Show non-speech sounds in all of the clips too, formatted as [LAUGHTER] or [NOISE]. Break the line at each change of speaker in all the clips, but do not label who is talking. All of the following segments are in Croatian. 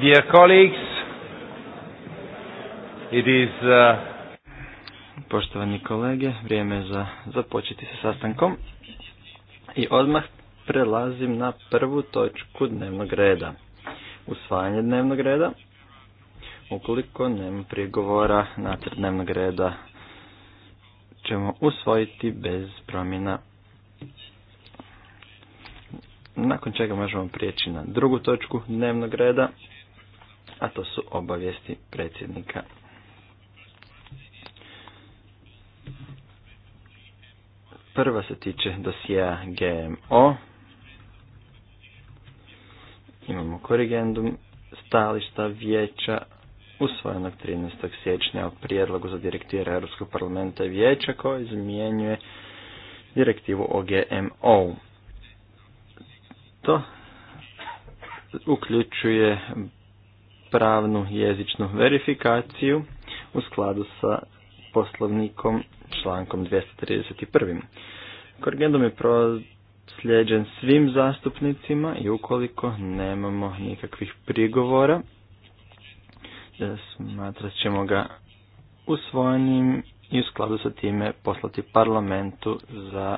Dear colleagues, it is... Uh, Poštovani kolege, vrijeme je za započeti sa sastankom. I odmah prelazim na prvu točku dnevnog reda. Usvajanje dnevnog reda. Ukoliko nema prigovora, na dnevnog reda ćemo usvojiti bez promjena nakon čega možemo prijeći na drugu točku dnevnog reda, a to su obavijesti predsjednika. Prva se tiče dosija GMO. Imamo korigendum stališta vijeća usvojenog 13. siječnja o prijedlogu za direktive Europskog parlamenta vijeća koji izmjenjuje direktivu o GMO. To uključuje pravnu jezičnu verifikaciju u skladu sa poslovnikom člankom 231. Korgendom je prosljeđen svim zastupnicima i ukoliko nemamo nikakvih prigovora, e, smatrat ćemo ga usvojenim i u skladu sa time poslati parlamentu za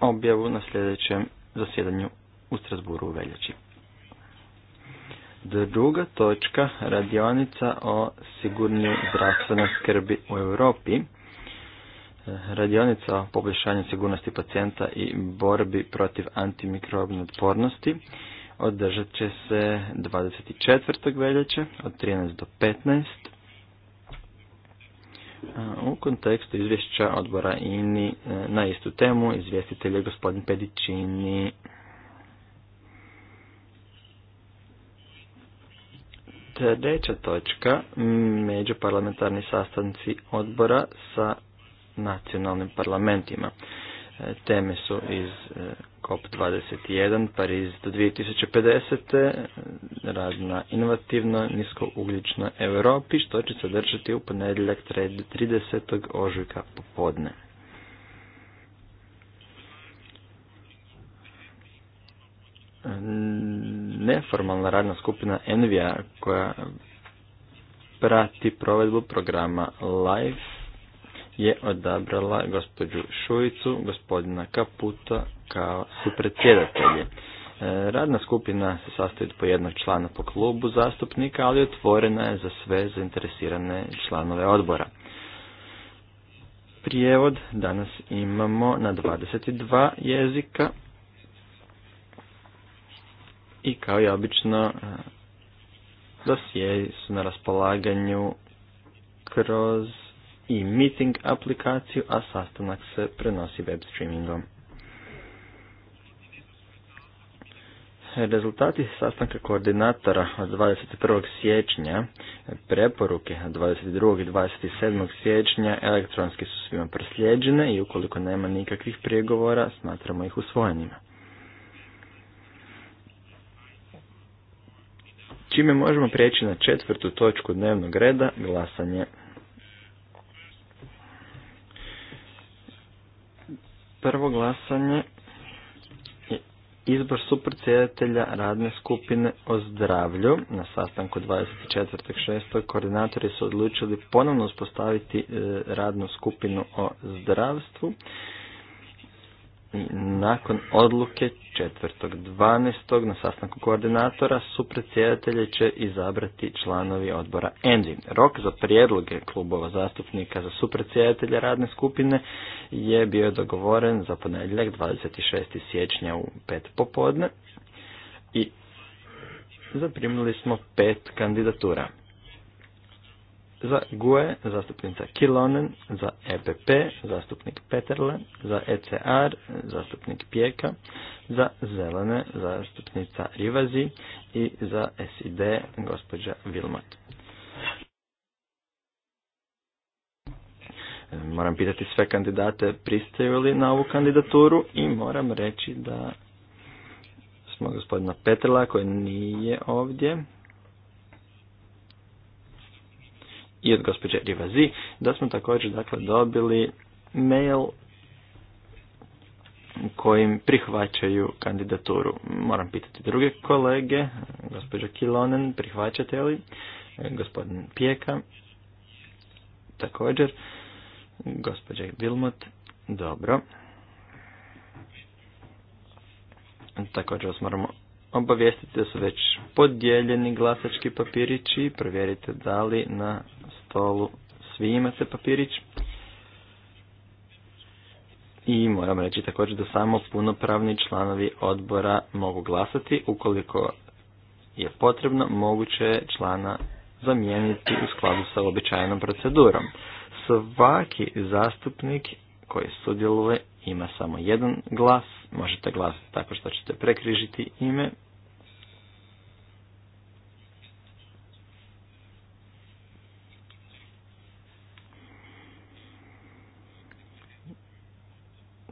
objavu na sljedećem zasjedanju u Strasburu u veljači. Druga točka, radionica o sigurnoj zdravstvenoj skrbi u Europi. E, radionica o poboljšanju sigurnosti pacijenta i borbi protiv antimikrobne otpornosti održat će se 24. veljače od 13 do 15 u kontekstu izvješća odbora INI e, na istu temu izvjestitelj je gospodin Pedicini. Treća točka, međuparlamentarni sastanci odbora sa nacionalnim parlamentima. E, teme su iz e, COP21, Pariz do 2050. E, rad na inovativno niskougljičnoj Europi, što će se držati u ponedjeljak 30. ožujka popodne neformalna radna skupina Envija koja prati provedbu programa Live je odabrala gospođu Šujicu, gospodina Kaputa kao su supredsjedatelje. Radna skupina se sastoji po jednog člana po klubu zastupnika, ali otvorena je za sve zainteresirane članove odbora. Prijevod danas imamo na 22 jezika, i kao i obično, e, dosije su na raspolaganju kroz i meeting aplikaciju, a sastanak se prenosi web streamingom. Rezultati sastanka koordinatora od 21. siječnja, preporuke 22. i 27. siječnja elektronski su svima proslijeđene i ukoliko nema nikakvih prijegovora smatramo ih usvojenima. čime možemo prijeći na četvrtu točku dnevnog reda, glasanje. Prvo glasanje je izbor supercijatelja radne skupine o zdravlju. Na sastanku 24.6. koordinatori su odlučili ponovno uspostaviti e, radnu skupinu o zdravstvu. nakon odluke 4.12. na sastanku koordinatora su predsjedatelje će izabrati članovi odbora ENDI. Rok za prijedloge klubova zastupnika za supredsjedatelje radne skupine je bio dogovoren za ponedjeljak 26. siječnja u pet popodne i zaprimili smo pet kandidatura za GUE, zastupnica Kilonen, za EPP, zastupnik Peterle, za ECR, zastupnik Pijeka, za Zelene, zastupnica Rivazi i za SID, gospođa Vilmat. Moram pitati sve kandidate pristaju li na ovu kandidaturu i moram reći da smo gospodina Petrla koji nije ovdje, i od gospođe Rivazi da smo također dakle, dobili mail kojim prihvaćaju kandidaturu. Moram pitati druge kolege, gospođa Kilonen, prihvaćate li? Gospodin Pijeka, također, gospođa Vilmot, dobro. Također vas moramo obavijestiti da su već podijeljeni glasački papirići. Provjerite da li na stolu. Svi imate papirić. I moram reći također da samo punopravni članovi odbora mogu glasati. Ukoliko je potrebno, moguće je člana zamijeniti u skladu sa običajnom procedurom. Svaki zastupnik koji sudjeluje ima samo jedan glas. Možete glasati tako što ćete prekrižiti ime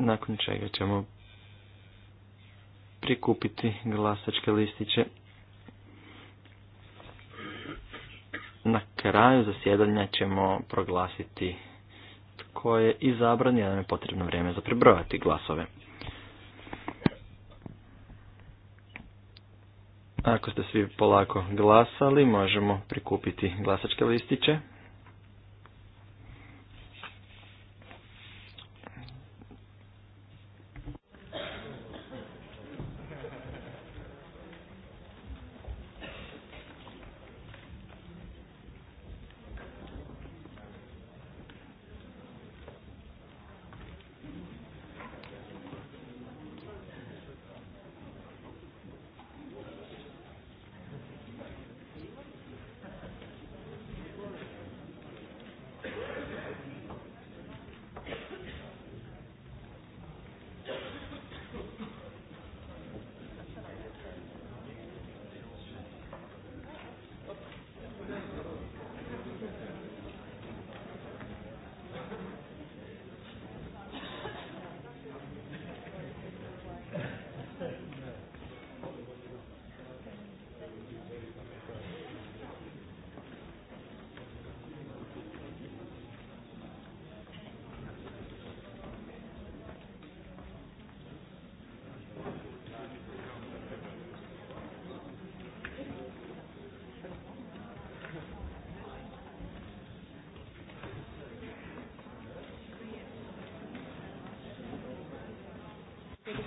nakon čega ćemo prikupiti glasačke listiće. Na kraju zasjedanja ćemo proglasiti tko je izabran jer nam je potrebno vrijeme za prebrojati glasove. Ako ste svi polako glasali, možemo prikupiti glasačke listiće.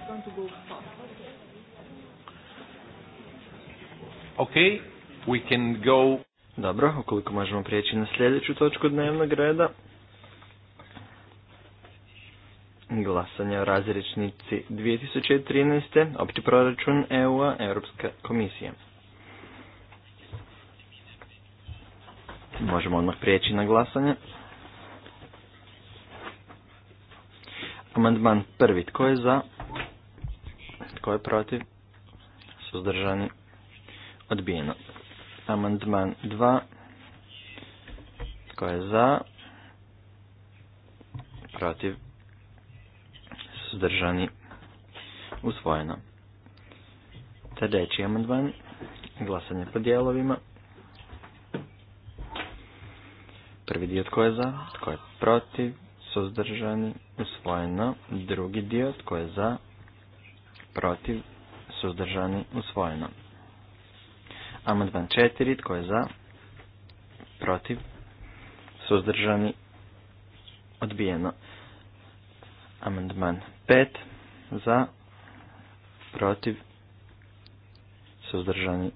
going to go
Okay, we
can go. Dobro, ukoliko možemo prijeći na sljedeću točku dnevnog reda. Glasanje o razrečnici 2013. Opći proračun EU-a, Europska komisija. Možemo odmah prijeći na glasanje. Amandman prvi, tko je za? Tko je protiv? Suzdržani. Odbijeno. Amandman 2. Tko je za? Protiv? Suzdržani. Usvojeno. Sljedeći amandman. Glasanje po dijelovima. Prvi dio tko je za, tko je protiv, suzdržani, usvojeno. Drugi dio tko je za, protiv, suzdržani, usvojeno. Amandman 4, tko je za, protiv, suzdržani, odbijeno. Amandman 5, za, protiv, suzdržani,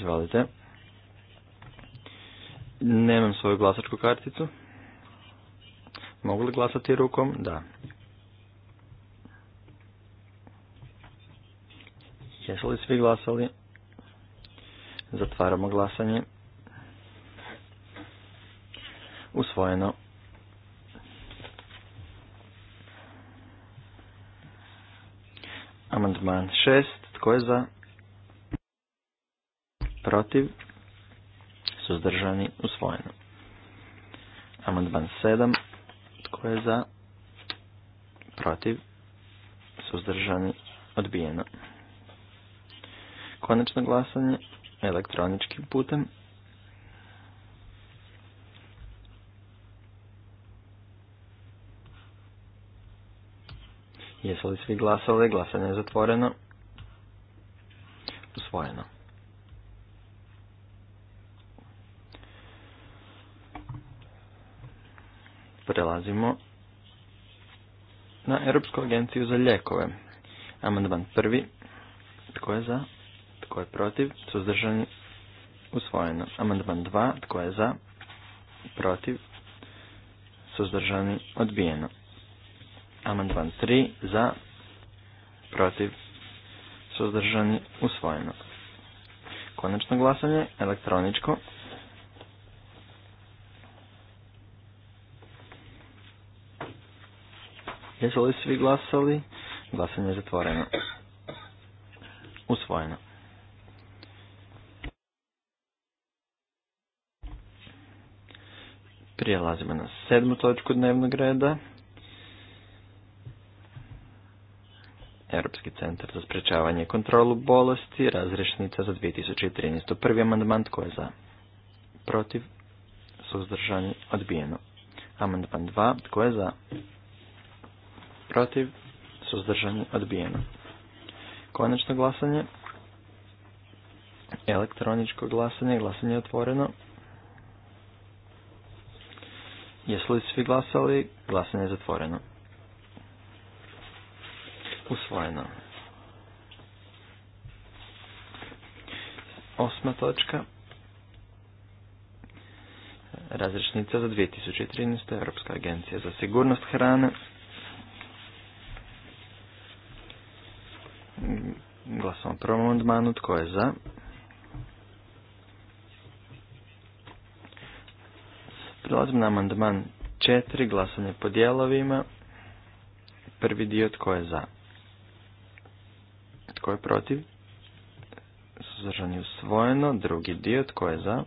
Izvolite svoju glasačku karticu? Mogu li glasati rukom? Da. Jesu li svi glasali? Zatvaramo glasanje. Usvojeno. Amandman 6. Tko je za? Protiv? suzdržani, usvojeno. Amandman 7. Tko je za? Protiv? Suzdržani? Odbijeno. Konačno glasanje elektroničkim putem. Jesu li svi glasali? Glasanje je zatvoreno. Usvojeno. prelazimo na Europsku agenciju za ljekove. Amandman prvi. Tko je za? Tko je protiv? Suzdržani? Usvojeno. Amandman 2. Tko je za? Protiv? Suzdržani? Odbijeno. Amandman 3. Za? Protiv? Suzdržani? Usvojeno. Konačno glasanje. Elektroničko. Jesu li svi glasali? Glasanje je zatvoreno. Usvojeno. Prijelazimo na sedmu točku dnevnog reda. Europski centar za sprečavanje i kontrolu bolesti, razrešnica za 2013. Prvi amandman tko je za? Protiv? Suzdržani? Odbijeno. Amandman 2. Tko je za? protiv, suzdržanje, odbijeno. Konačno glasanje, elektroničko glasanje, glasanje je otvoreno. Jesu li svi glasali, glasanje je zatvoreno. Usvojeno. Osma točka. Razrešnica za 2013. Europska agencija za sigurnost hrane. Glasamo o prvom amandmanu. Tko je za? Prelazim na amandman četiri, Glasanje po dijelovima. Prvi dio tko je za? Tko je protiv? je usvojeno. Drugi dio tko je za?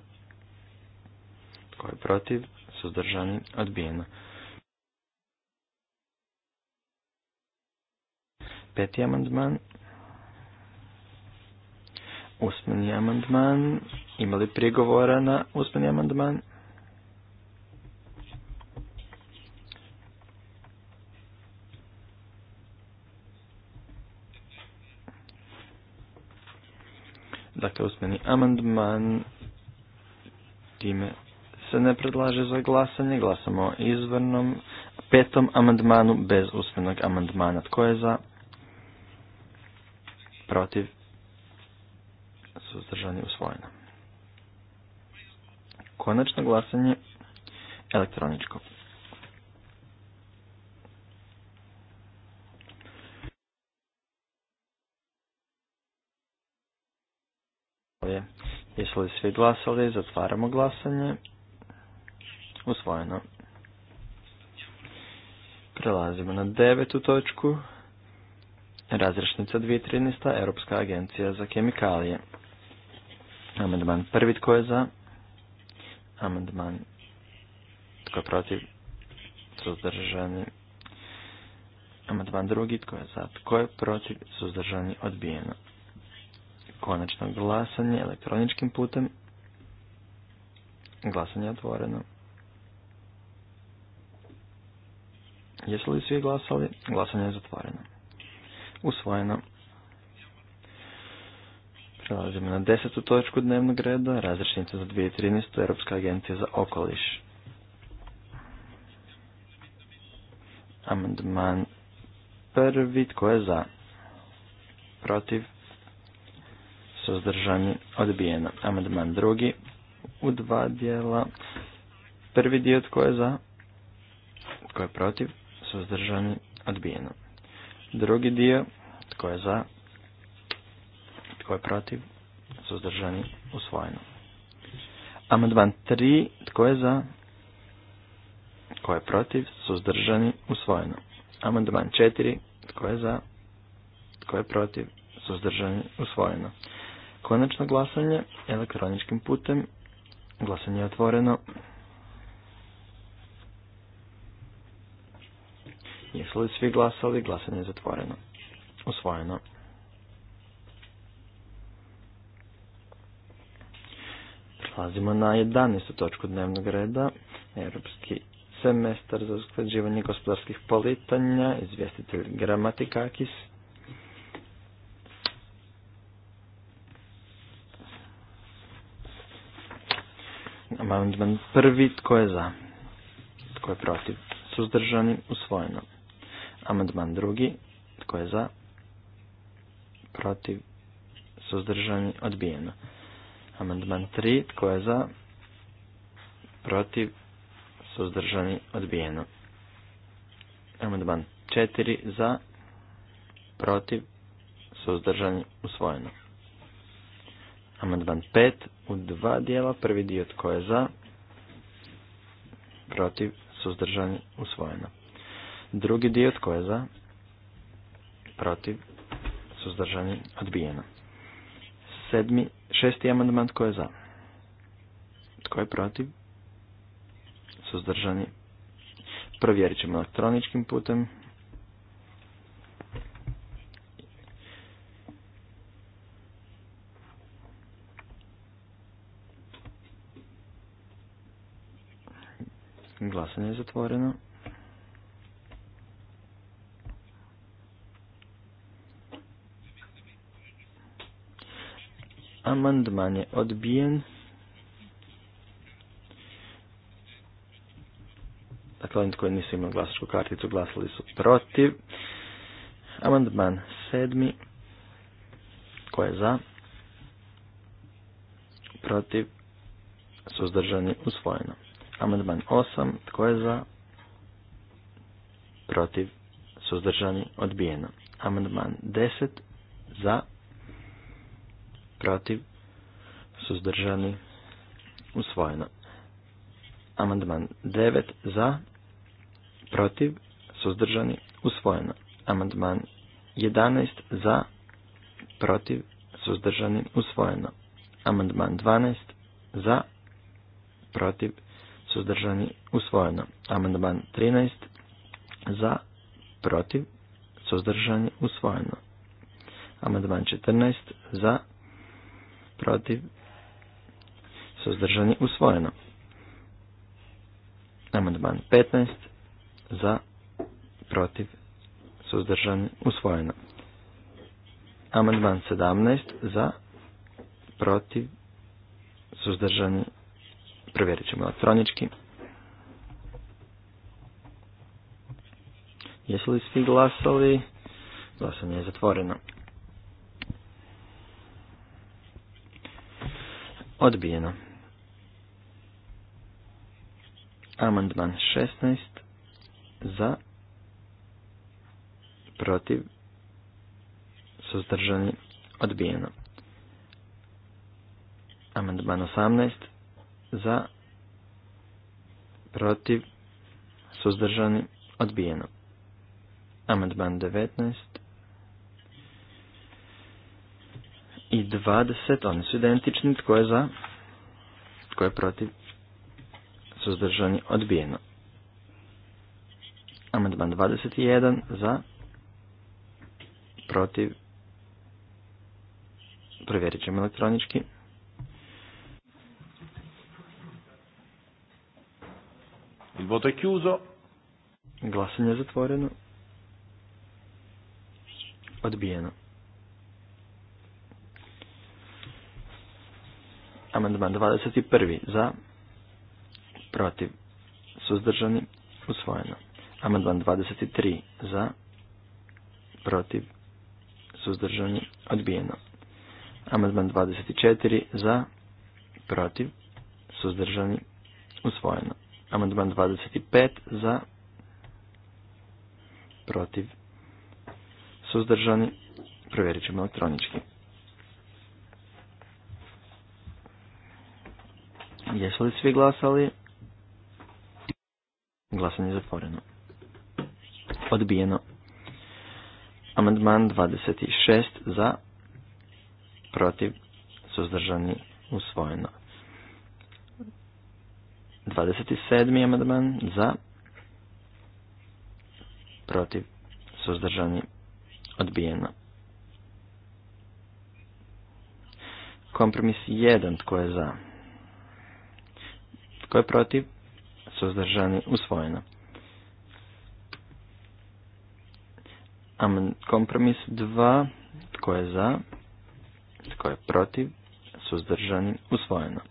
Tko je protiv? Suzdržani odbijeno. Peti amandman usmeni amandman. Imali prigovora na usmeni amandman? Dakle, usmeni amandman time se ne predlaže za glasanje. Glasamo o izvornom petom amandmanu bez usmenog amandmana. Tko je za? Protiv? suzdržani usvojeno. Konačno glasanje elektroničko. Jesu li svi glasali? Zatvaramo glasanje. Usvojeno. Prelazimo na devetu točku. Razrešnica 2013. Europska agencija za kemikalije. Amandman prvi tko je za? Amandman tko je protiv? Suzdržani. Amandman drugi tko je za? Tko je protiv? Suzdržani odbijeno. Konačno glasanje elektroničkim putem. Glasanje otvoreno. Jesu li svi glasali? Glasanje je zatvoreno. Usvojeno. Prelazimo na desetu točku dnevnog reda, razrešnica za 2013. Europska agencija za okoliš. Amandman prvi, tko je za? Protiv? Suzdržani? Odbijeno. Amandman drugi, u dva dijela. Prvi dio tko je za? Tko je protiv? Suzdržani? Odbijeno. Drugi dio, tko je za? Tko je protiv? Suzdržani? Usvojeno. Amandman 3. Tko je za? Tko je protiv? Suzdržani? Usvojeno. Amandman 4. Tko je za? Tko je protiv? Suzdržani? Usvojeno. Konačno glasanje elektroničkim putem. Glasanje je otvoreno. Jesu li svi glasali? Glasanje je zatvoreno. Usvojeno. Prelazimo na 11. točku dnevnog reda, Europski semestar za usklađivanje gospodarskih politanja, izvjestitelj Gramatikakis. Amandman prvi, tko je za? Tko je protiv? Suzdržani, usvojeno. Amandman drugi, tko je za? Protiv, suzdržani, odbijeno. Amandman 3. Tko je za? Protiv? Suzdržani? Odbijeno. Amandman 4. Za? Protiv? Suzdržani? Usvojeno. Amandman 5. U dva dijela. Prvi dio tko je za? Protiv? Suzdržani? Usvojeno. Drugi dio tko je za? Protiv? Suzdržani? Odbijeno. Sedmi Šesti amandman tko je za? Tko je protiv? Suzdržani. Provjerit ćemo elektroničkim putem. Glasanje je zatvoreno. Amandman je odbijen. Dakle, oni koji nisu imali glasačku karticu glasali su protiv. Amandman sedmi. Ko je za? Protiv. Suzdržani usvojeno. Amandman osam, Tko je za? Protiv. Suzdržani odbijeno. Amandman deset, Za protiv, suzdržani, usvojeno. Amandman 9 za, protiv, suzdržani, usvojeno. Amandman 11 za, protiv, suzdržani, usvojeno. Amandman 12 za, protiv, suzdržani, usvojeno. Amandman 13 za, protiv, suzdržani, usvojeno. Amandman 14 za, protiv, suzdržani, usvojeno. Amandman 15 za, protiv, suzdržani, usvojeno. Amandman 17 za, protiv, suzdržani, provjerit ćemo elektronički. Jesu li svi glasali? Glasanje je zatvoreno. Odbijeno. Amandman 16 za protiv suzdržani odbijeno. Amandman 18 za protiv suzdržani odbijeno. Amandman 19 i 20, oni su identični, tko je za, tko je protiv, suzdržani, odbijeno. Amandman 21, za, protiv, provjerit ćemo elektronički. Il voto è chiuso. Glasanje je zatvoreno. Odbijeno. Amandman 21. Za. Protiv. Suzdržani. Usvojeno. Amandman 23. Za. Protiv. Suzdržani. Odbijeno. Amandman 24. Za. Protiv. Suzdržani. Usvojeno. Amandman 25. Za. Protiv. Suzdržani. Provjerit ćemo elektronički. Jesu li svi glasali? Glasanje je zatvoreno. Odbijeno. Amandman 26 za, protiv, suzdržani, usvojeno. 27. amandman za, protiv, suzdržani, odbijeno. Kompromis 1 tko je za, tko je protiv? Suzdržani usvojeno. Kompromis 2. Tko je za? Tko je protiv? Suzdržani usvojeno.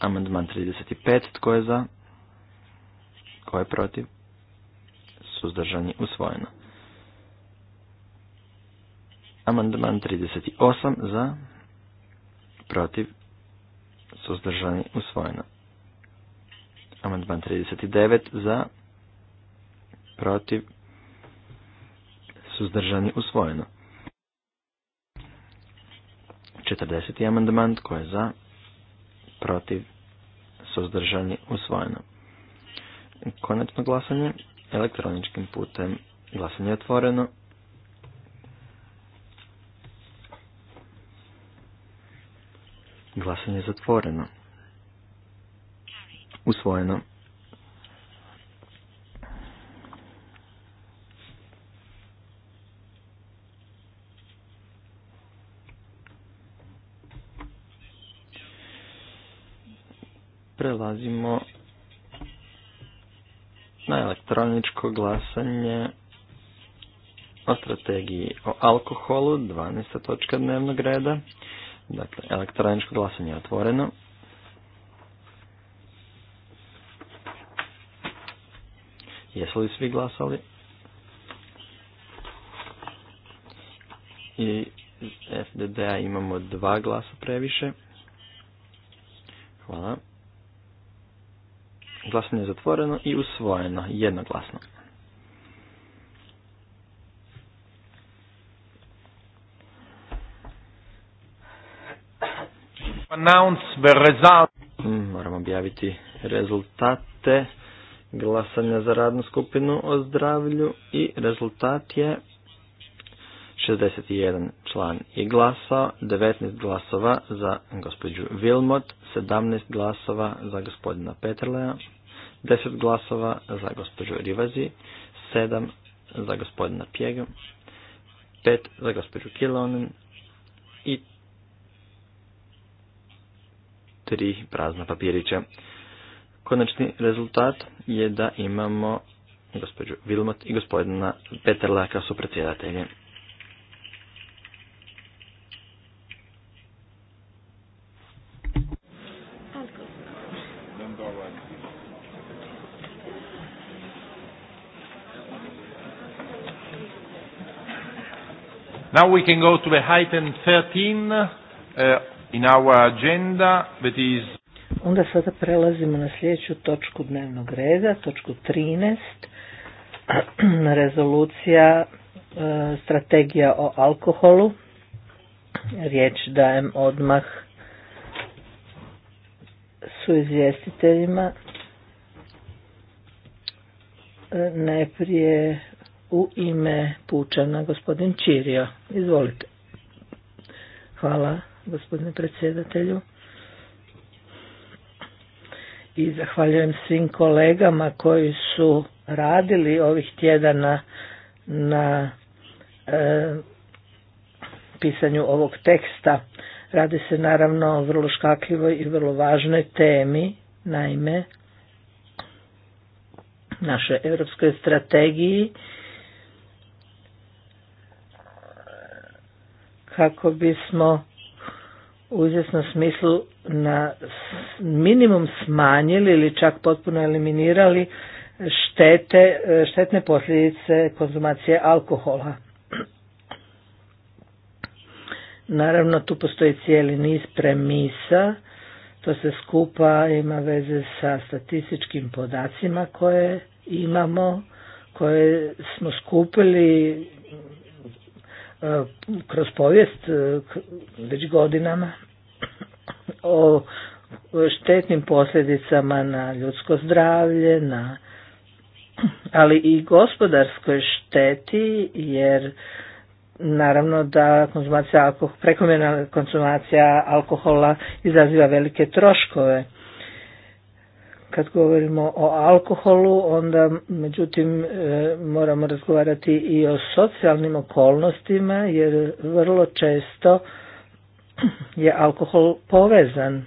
Amandman 35. Tko je za? Tko je protiv? Suzdržani usvojeno. Amandman 38. Za? Protiv? suzdržani, usvojeno. Amandman 39 za, protiv, suzdržani, usvojeno. 40. amandman, tko je za, protiv, suzdržani, usvojeno. Konačno glasanje, elektroničkim putem, glasanje otvoreno. Glasanje je zatvoreno. Usvojeno. Prelazimo na elektroničko glasanje o strategiji o alkoholu, 12. točka dnevnog reda. Dakle, elektroničko glasanje je otvoreno. Jesu li svi glasali? I FDD-a imamo dva glasa previše. Hvala. Glasanje je zatvoreno i usvojeno, jednoglasno. announce the mm, Moramo objaviti rezultate glasanja za radnu skupinu o zdravlju i rezultat je 61 član i glasao, 19 glasova za gospođu Vilmot, 17 glasova za gospodina Petrleja, 10 glasova za gospođu Rivazi, 7 za gospodina Pjega, 5 za gospođu Kilonen, tri prazna papirića. Konačni rezultat je da imamo gospođu Vilmot i gospodina Peterla kao su predsjedatelje.
Now we can go to the item 13, uh, in agenda that
Onda sada prelazimo na sljedeću točku dnevnog reda, točku 13, [CLEARS THROAT] rezolucija e, strategija o alkoholu. Riječ dajem odmah su izvjestiteljima. E, najprije u ime Pučana gospodin Čirio. Izvolite. Hvala gospodine predsjedatelju. I zahvaljujem svim kolegama koji su radili ovih tjedana na e, pisanju ovog teksta. Radi se naravno o vrlo škakljivoj i vrlo važnoj temi, naime našoj europskoj strategiji kako bismo u izvjesnom smislu na minimum smanjili ili čak potpuno eliminirali štete, štetne posljedice konzumacije alkohola. Naravno tu postoji cijeli niz premisa, to se skupa ima veze sa statističkim podacima koje imamo, koje smo skupili E, kroz povijest e, već godinama [CLEARS THROAT] o štetnim posljedicama na ljudsko zdravlje, na [CLEARS THROAT] ali i gospodarskoj šteti jer naravno da konzumacija alkohola, prekomjerna konzumacija alkohola izaziva velike troškove kad govorimo o alkoholu, onda međutim e, moramo razgovarati i o socijalnim okolnostima jer vrlo često je alkohol povezan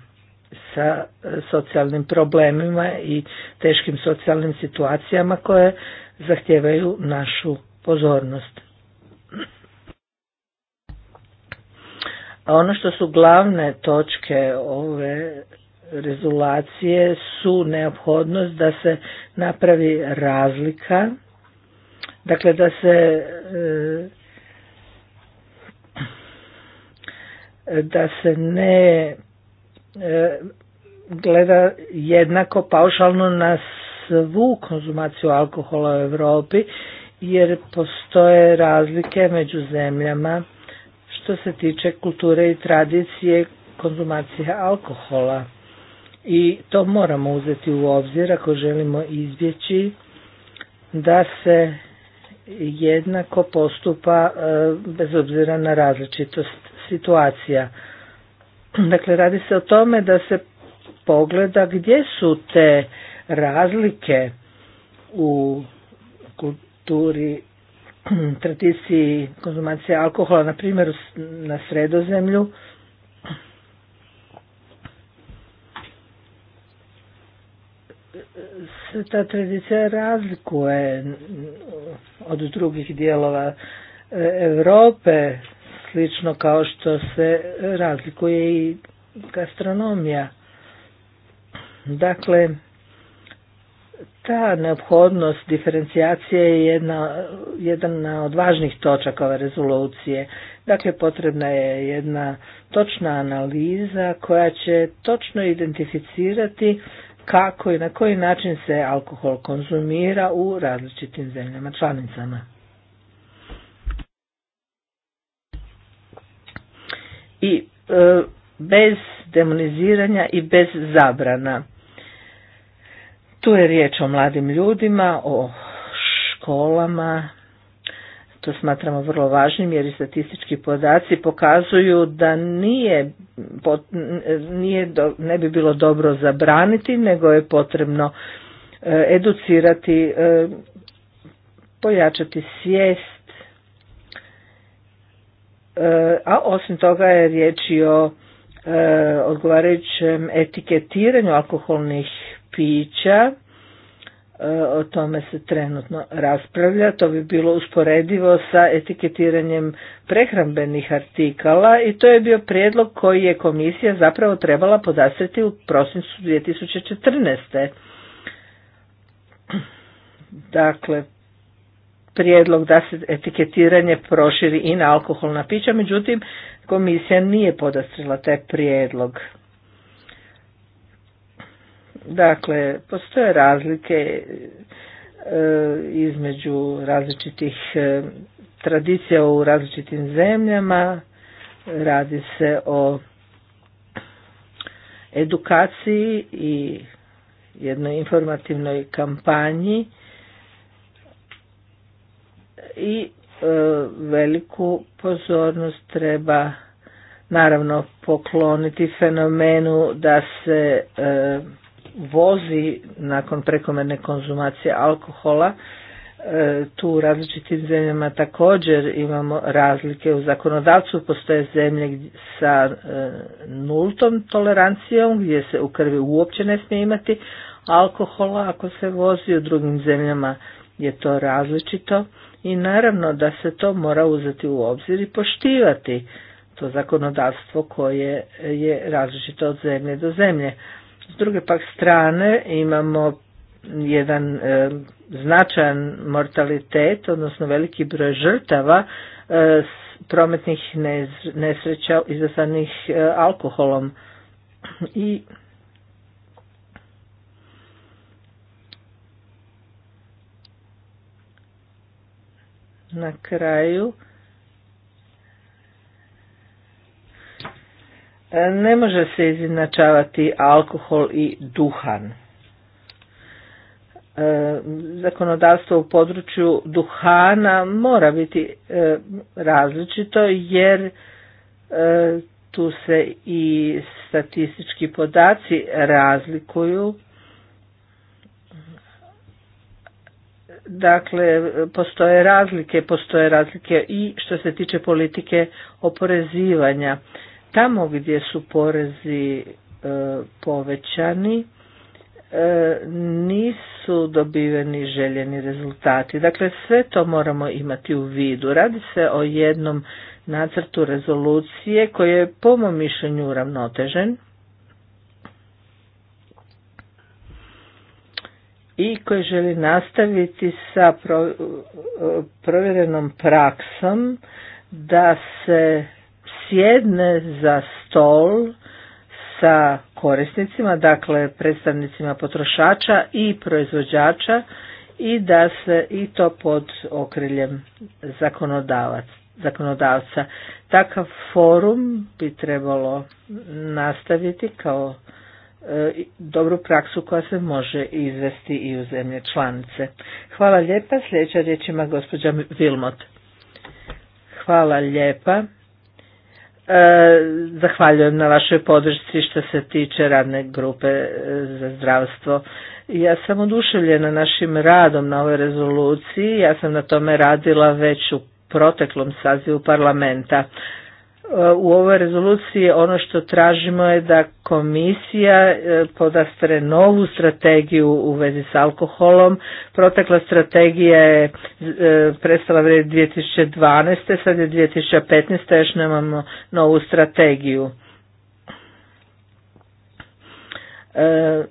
sa socijalnim problemima i teškim socijalnim situacijama koje zahtijevaju našu pozornost. A ono što su glavne točke ove rezolacije su neophodnost da se napravi razlika, dakle da se e, da se ne e, gleda jednako paušalno na svu konzumaciju alkohola u Europi jer postoje razlike među zemljama što se tiče kulture i tradicije konzumacije alkohola i to moramo uzeti u obzir ako želimo izbjeći da se jednako postupa e, bez obzira na različitost situacija. [CLEARS THROAT] Dakle, radi se o tome da se pogleda gdje su te razlike u kulturi, [CLEARS THROAT] tradiciji konzumacije alkohola, na primjer na sredozemlju, ta tradicija razlikuje od drugih dijelova e, Europe, slično kao što se razlikuje i gastronomija. Dakle, ta neophodnost diferencijacije je jedna, jedna od važnih točaka ove rezolucije. Dakle, potrebna je jedna točna analiza koja će točno identificirati kako i na koji način se alkohol konzumira u različitim zemljama članicama. I e, bez demoniziranja i bez zabrana. Tu je riječ o mladim ljudima, o školama, to smatramo vrlo važnim jer i statistički podaci pokazuju da nije, nije ne bi bilo dobro zabraniti, nego je potrebno e, educirati, e, pojačati svijest. E, a osim toga je riječ i o odgovarajućem etiketiranju alkoholnih pića E, o tome se trenutno raspravlja. To bi bilo usporedivo sa etiketiranjem prehrambenih artikala i to je bio prijedlog koji je komisija zapravo trebala podastriti u prosincu 2014. Dakle, prijedlog da se etiketiranje proširi i na alkoholna pića, međutim komisija nije podastrila taj prijedlog. Dakle, postoje razlike e, između različitih e, tradicija u različitim zemljama, radi se o edukaciji i jednoj informativnoj kampanji i e, veliku pozornost treba naravno pokloniti fenomenu da se vozi nakon prekomerne konzumacije alkohola. E, tu u različitim zemljama također imamo razlike u zakonodavcu. Postoje zemlje sa e, nultom tolerancijom gdje se u krvi uopće ne smije imati alkohola ako se vozi. U drugim zemljama je to različito i naravno da se to mora uzeti u obzir i poštivati to zakonodavstvo koje je različito od zemlje do zemlje. S druge pak strane imamo jedan e, značajan mortalitet, odnosno veliki broj žrtava e, prometnih nesreća izazvanih e, alkoholom. I na kraju E, ne može se izjednačavati alkohol i duhan. E, zakonodavstvo u području duhana mora biti e, različito jer tu se i statistički podaci razlikuju. Dakle, postoje razlike, postoje razlike i što se tiče politike oporezivanja tamo gdje su porezi e, povećani e, nisu dobiveni željeni rezultati. Dakle, sve to moramo imati u vidu. Radi se o jednom nacrtu rezolucije koji je po mom mišljenju uravnotežen i koji želi nastaviti sa e, provjerenom praksom da se sjedne za stol sa korisnicima, dakle predstavnicima potrošača i proizvođača i da se i to pod okriljem zakonodavca. Takav forum bi trebalo nastaviti kao e, dobru praksu koja se može izvesti i u zemlje članice. Hvala lijepa, sljedeća riječ ima gospođa Vilmot. Hvala lijepa. E, zahvaljujem na vašoj podršci što se tiče radne grupe e, za zdravstvo. Ja sam oduševljena našim radom na ovoj rezoluciji, ja sam na tome radila već u proteklom sazivu parlamenta u ovoj rezoluciji ono što tražimo je da komisija e, podastre novu strategiju u vezi s alkoholom. Protekla strategija je e, prestala vrijed 2012. sad je 2015. još nemamo novu strategiju. E,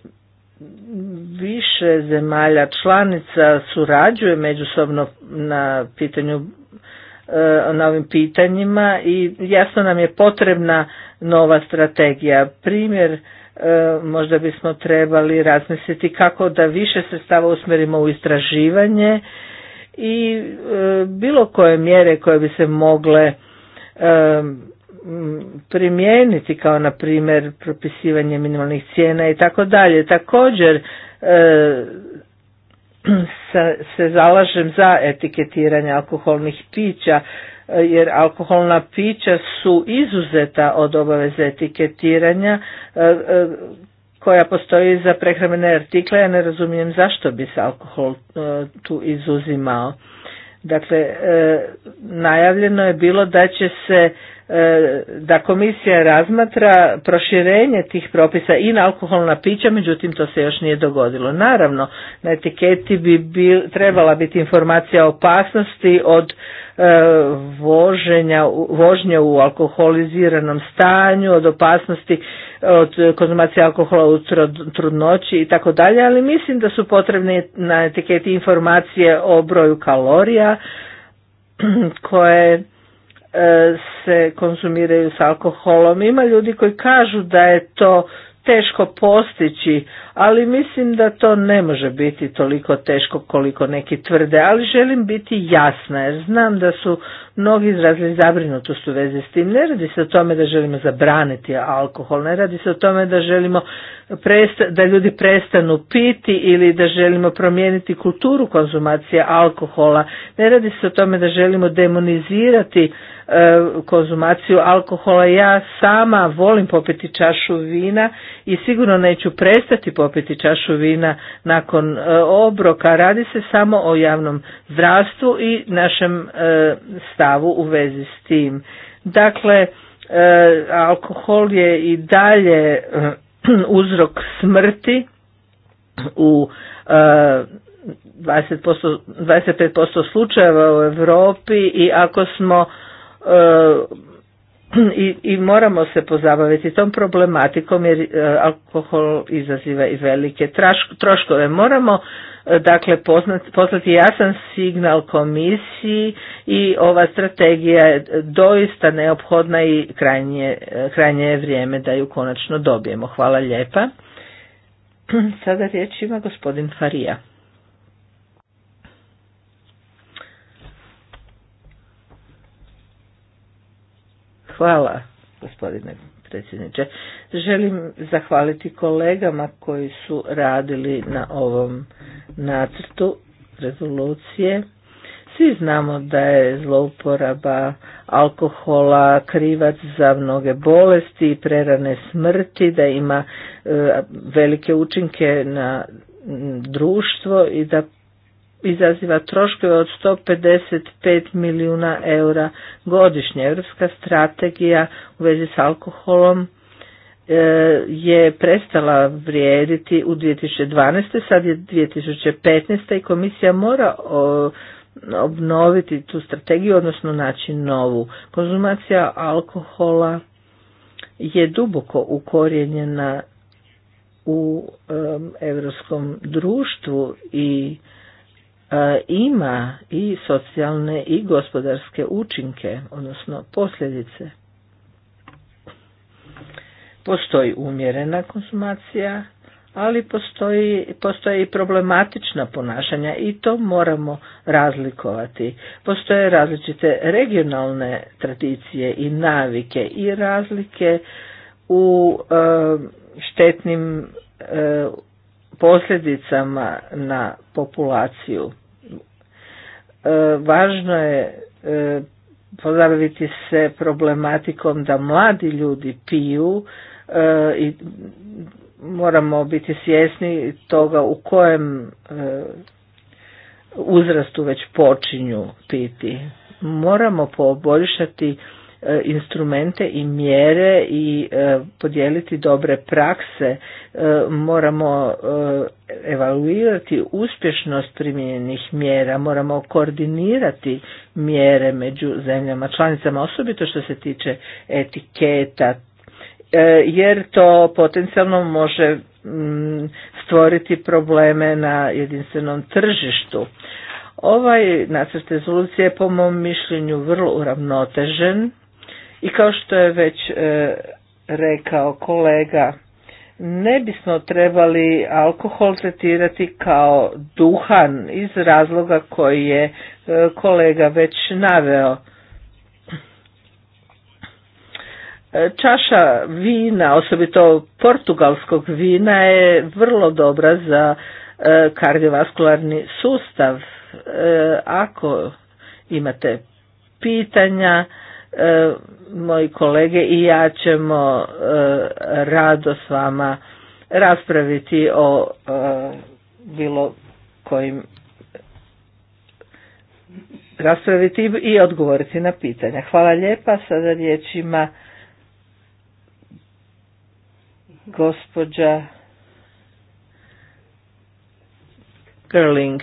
više zemalja članica surađuje međusobno na pitanju E, na ovim pitanjima i jasno nam je potrebna nova strategija. Primjer e, možda bismo trebali razmisliti kako da više sredstava usmjerimo u istraživanje i e, bilo koje mjere koje bi se mogle primijeniti kao na primjer propisivanje minimalnih cijena i tako dalje. Također se zalažem za etiketiranje alkoholnih pića e, jer alkoholna pića su izuzeta od obaveze etiketiranja e, e, koja postoji za prehrambene artikle, ja ne razumijem zašto bi se alkohol tu izuzimao. Dakle, e, najavljeno je bilo da će se e, da komisija razmatra proširenje tih propisa i na alkoholna pića, međutim to se još nije dogodilo. Naravno, na etiketi bi bil, trebala biti informacija o opasnosti od e, voženja, vožnje u alkoholiziranom stanju, od opasnosti od konzumacije alkohola u trudnoći i tako dalje, ali mislim da su potrebne na etiketi informacije o broju kalorija [CLEARS THROAT] koje e, se konzumiraju s alkoholom. Ima ljudi koji kažu da je to teško postići, ali mislim da to ne može biti toliko teško koliko neki tvrde, ali želim biti jasna jer znam da su mnogi izrazili zabrinutost u vezi s tim. Ne radi se o tome da želimo zabraniti alkohol, ne radi se o tome da želimo da ljudi prestanu piti ili da želimo promijeniti kulturu konzumacije alkohola, ne radi se o tome da želimo demonizirati e, konzumaciju alkohola. Ja sama volim popiti čašu vina i sigurno neću prestati popiti čašu vina nakon e, obroka. Radi se samo o javnom zdravstvu i našem e, stavu u vezi s tim. Dakle, e, alkohol je i dalje [CLEARS THROAT] uzrok smrti u 20%, 25% slučajeva u Europi i ako smo i, i moramo se pozabaviti tom problematikom jer e, alkohol izaziva i velike troškove. Moramo e, dakle poslati jasan signal komisiji i ova strategija je doista neophodna i krajnje, e, krajnje je vrijeme da ju konačno dobijemo. Hvala lijepa. [CLEARS THROAT] Sada riječ ima gospodin Farija. Hvala, gospodine predsjedniče. Želim zahvaliti kolegama koji su radili na ovom nacrtu rezolucije. Svi znamo da je zlouporaba alkohola krivac za mnoge bolesti i prerane smrti, da ima e, velike učinke na društvo i da izaziva troškove od 155 milijuna eura godišnje. Europska strategija u vezi s alkoholom e, je prestala vrijediti u 2012. sad je 2015. i komisija mora obnoviti tu strategiju, odnosno naći novu. Konzumacija alkohola je duboko ukorijenjena u europskom društvu i E, ima i socijalne i gospodarske učinke, odnosno posljedice. Postoji umjerena konsumacija, ali postoji, postoje i problematična ponašanja i to moramo razlikovati. Postoje različite regionalne tradicije i navike i razlike u e, štetnim e, posljedicama na populaciju.
E,
važno je e, pozabaviti se problematikom da mladi ljudi piju e, i moramo biti svjesni toga u kojem uzrastu već počinju piti. Moramo poboljšati E, instrumente i mjere i e, podijeliti dobre prakse. E, moramo evaluirati uspješnost primijenjenih mjera, moramo koordinirati mjere među zemljama članicama, osobito što se tiče etiketa, jer to potencijalno može mm, stvoriti probleme na jedinstvenom tržištu. Ovaj nacrt rezolucije je po mom mišljenju vrlo uravnotežen i kao što je već e, rekao kolega, ne bismo trebali alkohol tretirati kao duhan iz razloga koji je e, kolega već naveo. E, čaša vina, osobito portugalskog vina, je vrlo dobra za kardiovaskularni sustav. Ako imate pitanja, E, moji kolege i ja ćemo e, rado s vama raspraviti o e, bilo kojim raspraviti i odgovoriti na pitanja. Hvala lijepa. Sada riječima gospođa Curling.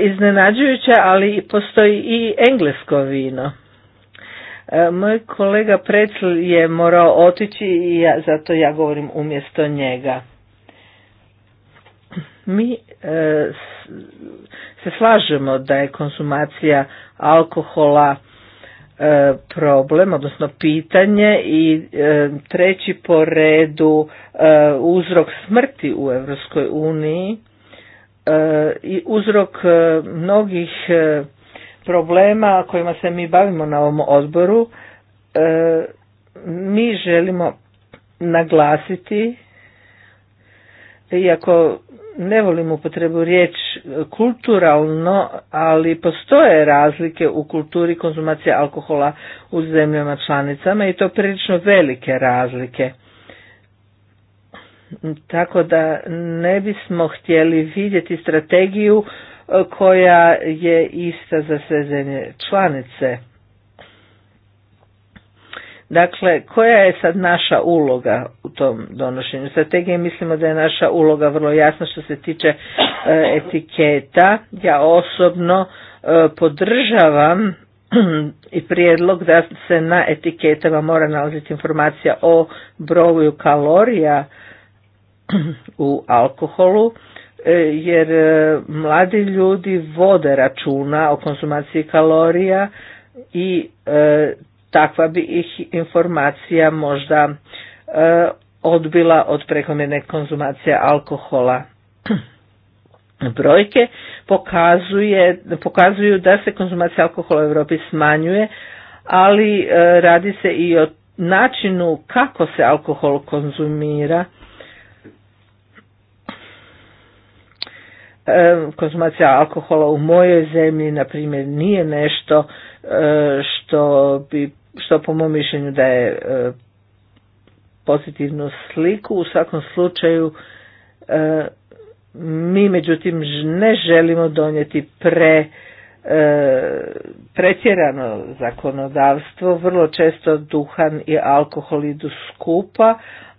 Iznenađujuće, ali postoji i englesko vino. E, moj kolega Precl je morao otići i ja, zato ja govorim umjesto njega. Mi e, se slažemo da je konzumacija alkohola e, problem, odnosno pitanje i e, treći po redu uzrok smrti u Europskoj uniji i uzrok mnogih problema kojima se mi bavimo na ovom odboru e, mi želimo naglasiti iako ne volim upotrebu riječ kulturalno, ali postoje razlike u kulturi konzumacije alkohola u zemljama članicama i to prilično velike razlike. Tako da ne bismo htjeli vidjeti strategiju koja je ista za sve zemlje članice. Dakle, koja je sad naša uloga u tom donošenju strategije? Mislimo da je naša uloga vrlo jasna što se tiče e, etiketa. Ja osobno e, podržavam [CLEARS THROAT] i prijedlog da se na etiketama mora nalaziti informacija o broju kalorija
[CLEARS THROAT]
u alkoholu E, jer e, mladi ljudi vode računa o konzumaciji kalorija i e, takva bi ih informacija možda odbila od prekomjerne konzumacije alkohola. [CLEARS THROAT] Brojke pokazuju da se konzumacija alkohola u Europi smanjuje, ali radi se i o načinu kako se alkohol konzumira E, konzumacija alkohola u mojoj zemlji na primjer nije nešto e, što bi što po mom mišljenju daje e, pozitivnu sliku u svakom slučaju mi međutim ne želimo donijeti pre E, pretjerano zakonodavstvo, vrlo često duhan i alkohol idu skupa,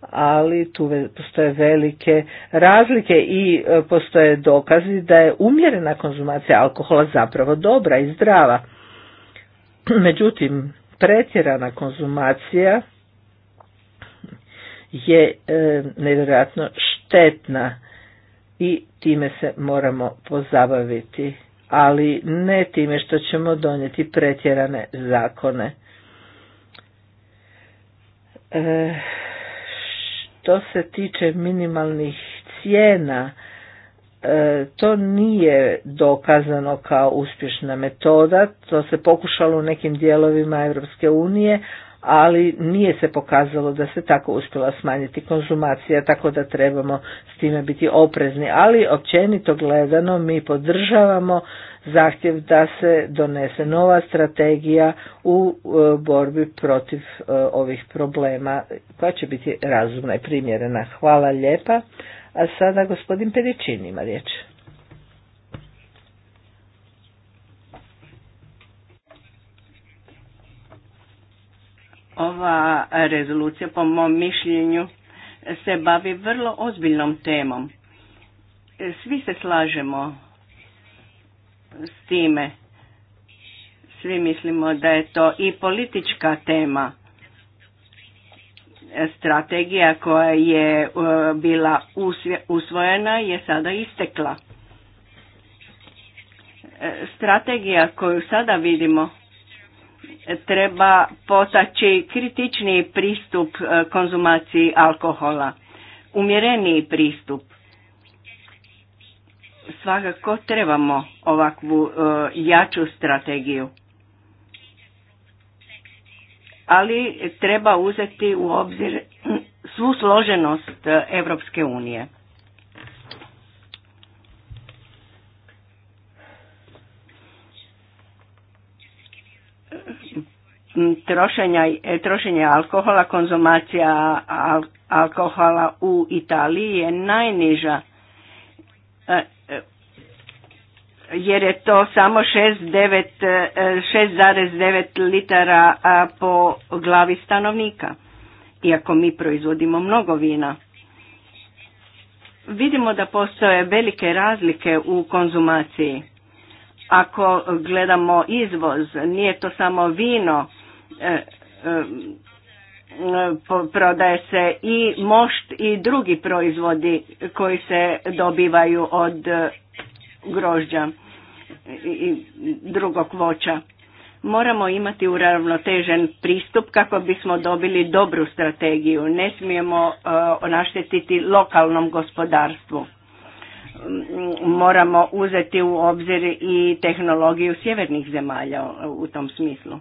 ali tu postoje velike razlike i e, postoje dokazi da je umjerena konzumacija alkohola zapravo dobra i zdrava. Međutim, pretjerana konzumacija je e, nevjerojatno štetna i time se moramo pozabaviti ali ne time što ćemo donijeti pretjerane zakone. E, što se tiče minimalnih cijena, e, to nije dokazano kao uspješna metoda, to se pokušalo u nekim dijelovima Europske unije, ali nije se pokazalo da se tako uspjela smanjiti konzumacija, tako da trebamo s time biti oprezni. Ali općenito gledano mi podržavamo zahtjev da se donese nova strategija u e, borbi protiv e, ovih problema koja će biti razumna i primjerena. Hvala lijepa. A sada gospodin Peričin ima riječ.
Ova rezolucija, po mom mišljenju, se bavi vrlo ozbiljnom temom. Svi se slažemo s time. Svi mislimo da je to i politička tema. Strategija koja je e, bila usvojena je sada istekla. E, strategija koju sada vidimo treba potaći kritični pristup e, konzumaciji alkohola, umjereniji pristup. Svakako trebamo ovakvu e, jaču strategiju. Ali treba uzeti u obzir svu složenost Europske unije. trošenja, trošenja alkohola, konzumacija alkohola u Italiji je najniža e, e, jer je to samo 6,9 e, litara po glavi stanovnika, iako mi proizvodimo mnogo vina. Vidimo da postoje velike razlike u konzumaciji. Ako gledamo izvoz, nije to samo vino, E, e, prodaje se i mošt i drugi proizvodi koji se dobivaju od e, grožđa i drugog voća. Moramo imati uravnotežen pristup kako bismo dobili dobru strategiju. Ne smijemo naštetiti lokalnom gospodarstvu. Moramo uzeti u obzir i tehnologiju sjevernih zemalja u tom smislu.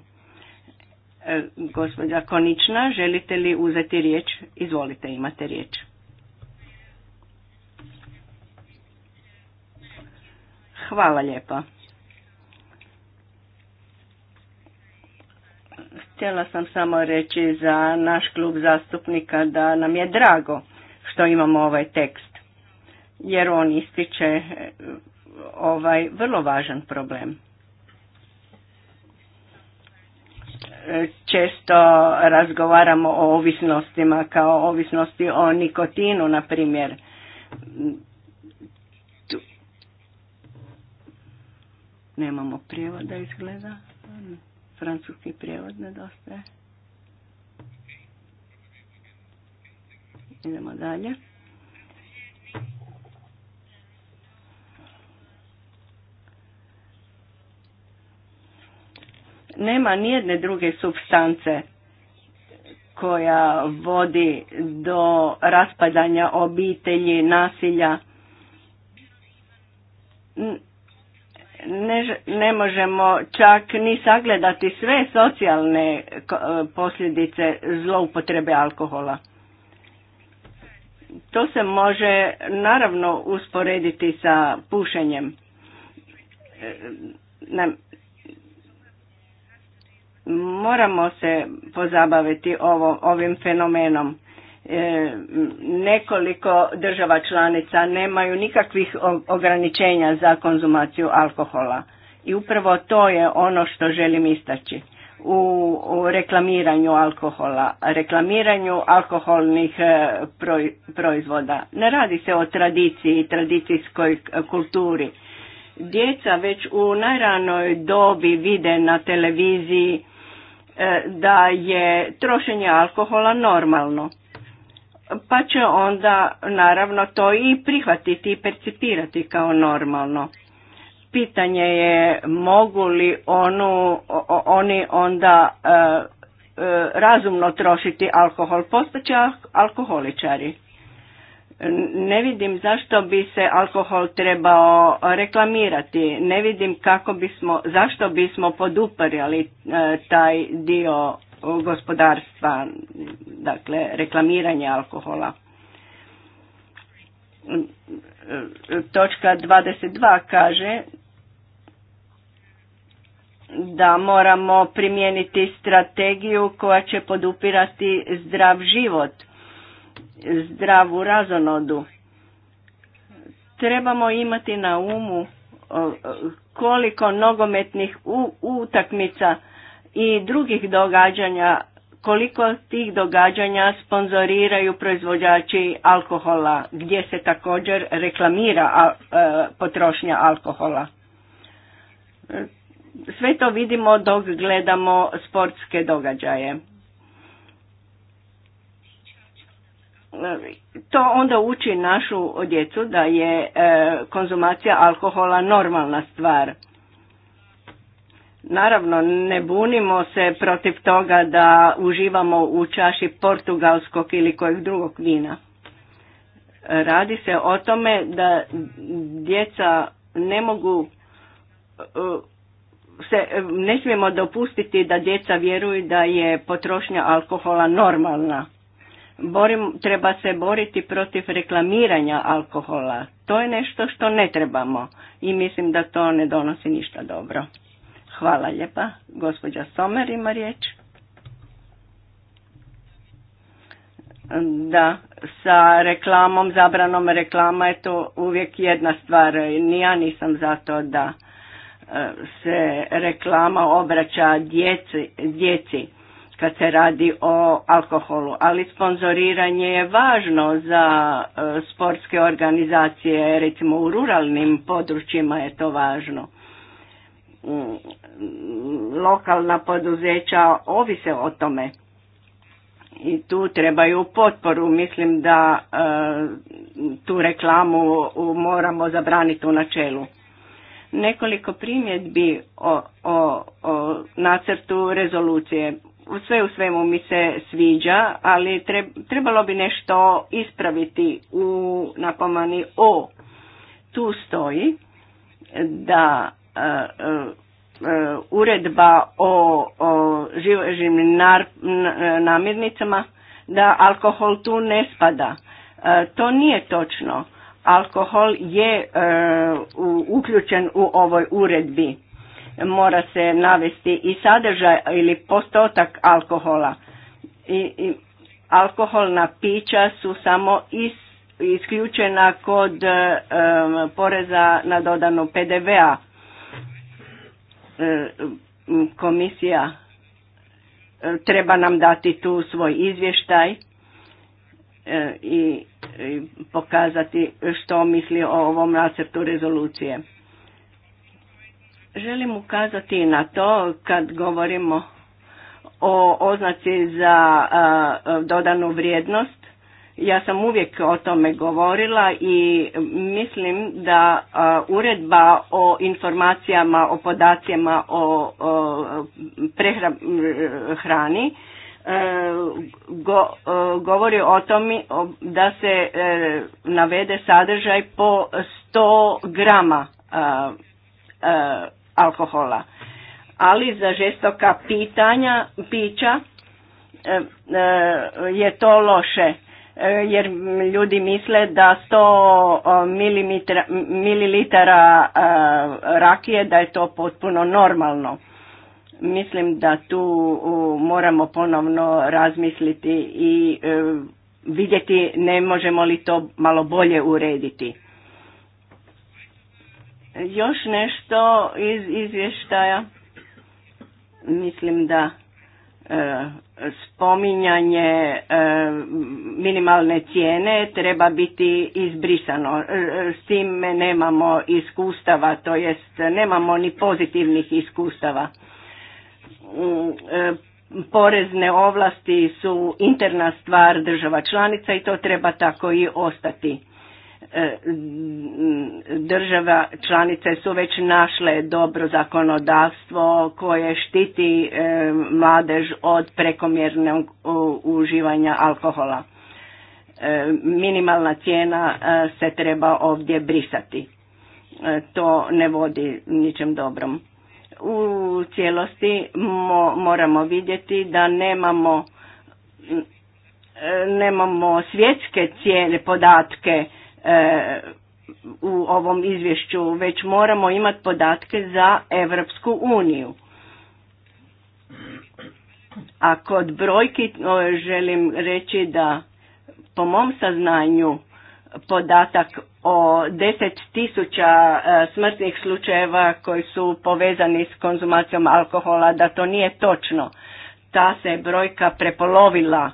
Gospođa Konična, želite li uzeti riječ? Izvolite, imate riječ. Hvala lijepa. Htjela sam samo reći za naš klub zastupnika da nam je drago što imamo ovaj tekst, jer on ističe eh, ovaj vrlo važan problem. često razgovaramo o ovisnostima kao ovisnosti o nikotinu, na primjer. Nemamo prijevoda izgleda. Francuski prijevod nedostaje. Idemo dalje. Nema nijedne druge substance koja vodi do raspadanja obitelji, nasilja. Ne, ne možemo čak ni sagledati sve socijalne e, posljedice zloupotrebe alkohola. To se može naravno usporediti sa pušenjem. E, Moramo se pozabaviti ovim fenomenom. E, nekoliko država članica nemaju nikakvih ograničenja za konzumaciju alkohola. I upravo to je ono što želim istaći u, u reklamiranju alkohola, reklamiranju alkoholnih e, proizvoda. Ne radi se o tradiciji tradicijskoj kulturi. Djeca već u najranoj dobi vide na televiziji E, da je trošenje alkohola normalno. Pa će onda naravno to i prihvatiti i percipirati kao normalno. Pitanje je mogu li onu, oni onda e, e, razumno trošiti alkohol, postaće alkoholičari. Ne vidim zašto bi se alkohol trebao reklamirati, ne vidim kako bismo, zašto bismo poduparjali e, taj dio gospodarstva, dakle reklamiranje alkohola. Točka 22 kaže da moramo primijeniti strategiju koja će podupirati zdrav život zdravu razonodu. Trebamo imati na umu koliko nogometnih utakmica i drugih događanja, koliko tih događanja sponzoriraju proizvođači alkohola, gdje se također reklamira e, potrošnja alkohola. E, sve to vidimo dok gledamo sportske događaje. to onda uči našu djecu da je e, konzumacija alkohola normalna stvar. Naravno, ne bunimo se protiv toga da uživamo u čaši portugalskog ili kojeg drugog vina. Radi se o tome da djeca ne mogu e, se, ne smijemo dopustiti da djeca vjeruju da je potrošnja alkohola normalna. Borim, treba se boriti protiv reklamiranja alkohola. To je nešto što ne trebamo i mislim da to ne donosi ništa dobro. Hvala lijepa. Gospođa Somer ima riječ. Da, sa reklamom, zabranom reklama je to uvijek jedna stvar. Ni ja nisam za to da e, se reklama obraća djeci. djeci kad se radi o alkoholu, ali sponzoriranje je važno za e, sportske organizacije, recimo u ruralnim područjima je to važno. Mm, lokalna poduzeća ovise o tome i tu trebaju potporu. Mislim da e, tu reklamu moramo zabraniti u načelu. Nekoliko primjedbi o, o nacrtu rezolucije sve u svemu mi se sviđa, ali trebalo bi nešto ispraviti u napomani O. Tu stoji da e, e, e, uredba o, o namirnicama, da alkohol tu ne spada. to nije točno. Alkohol je uključen u ovoj uredbi mora se navesti i sadržaj ili postotak alkohola. I, alkoholna pića su samo is, isključena kod e, poreza na dodanu PDV-a. E, komisija e, treba nam dati tu svoj izvještaj i pokazati što misli o ovom nacrtu rezolucije. Želim ukazati na to kad govorimo o oznaci za dodanu vrijednost. Ja sam uvijek o tome govorila i mislim da uredba o informacijama, o podacima o prehrani hrani e, e, govori o tome da se e, navede sadržaj po 100 grama alkohola. Ali za žestoka pitanja, pića e, e, je to loše e, jer ljudi misle da 100 mililitara rakije da je to potpuno normalno. Mislim da tu moramo ponovno razmisliti i vidjeti ne možemo li to malo bolje urediti. Još nešto iz izvještaja? Mislim da e, spominjanje e, minimalne cijene treba biti izbrisano. E, s tim nemamo iskustava, to jest nemamo ni pozitivnih iskustava. Mm, porezne ovlasti su interna stvar država članica i to treba tako i ostati E, država članice su već našle dobro zakonodavstvo koje štiti e, mladež od prekomjernog e, uživanja alkohola. Minimalna cijena se treba ovdje brisati. To ne vodi ničem dobrom. U cijelosti moramo vidjeti da nemamo nemamo svjetske cijene podatke E, u ovom izvješću, već moramo imati podatke za Evropsku uniju. A kod brojki e, želim reći da po mom saznanju podatak o 10.000 e, smrtnih slučajeva koji su povezani s konzumacijom alkohola, da to nije točno. Ta se brojka prepolovila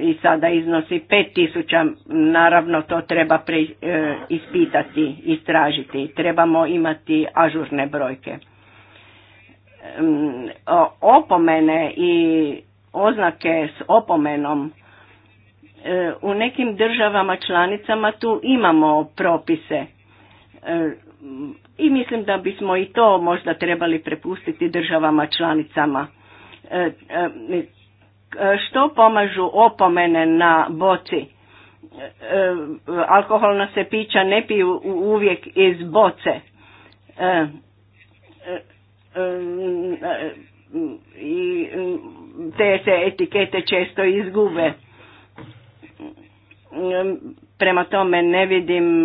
i sada iznosi 5000, naravno to treba pre, e, ispitati, istražiti, trebamo imati ažurne brojke. Mm, opomene i oznake s opomenom e, u nekim državama članicama tu imamo propise e, i mislim da bismo i to možda trebali prepustiti državama članicama E, što pomažu opomene na boci? E, e, alkoholna se pića ne piju uvijek iz boce. I mm, te se etikete često izgube. Prema tome ne vidim,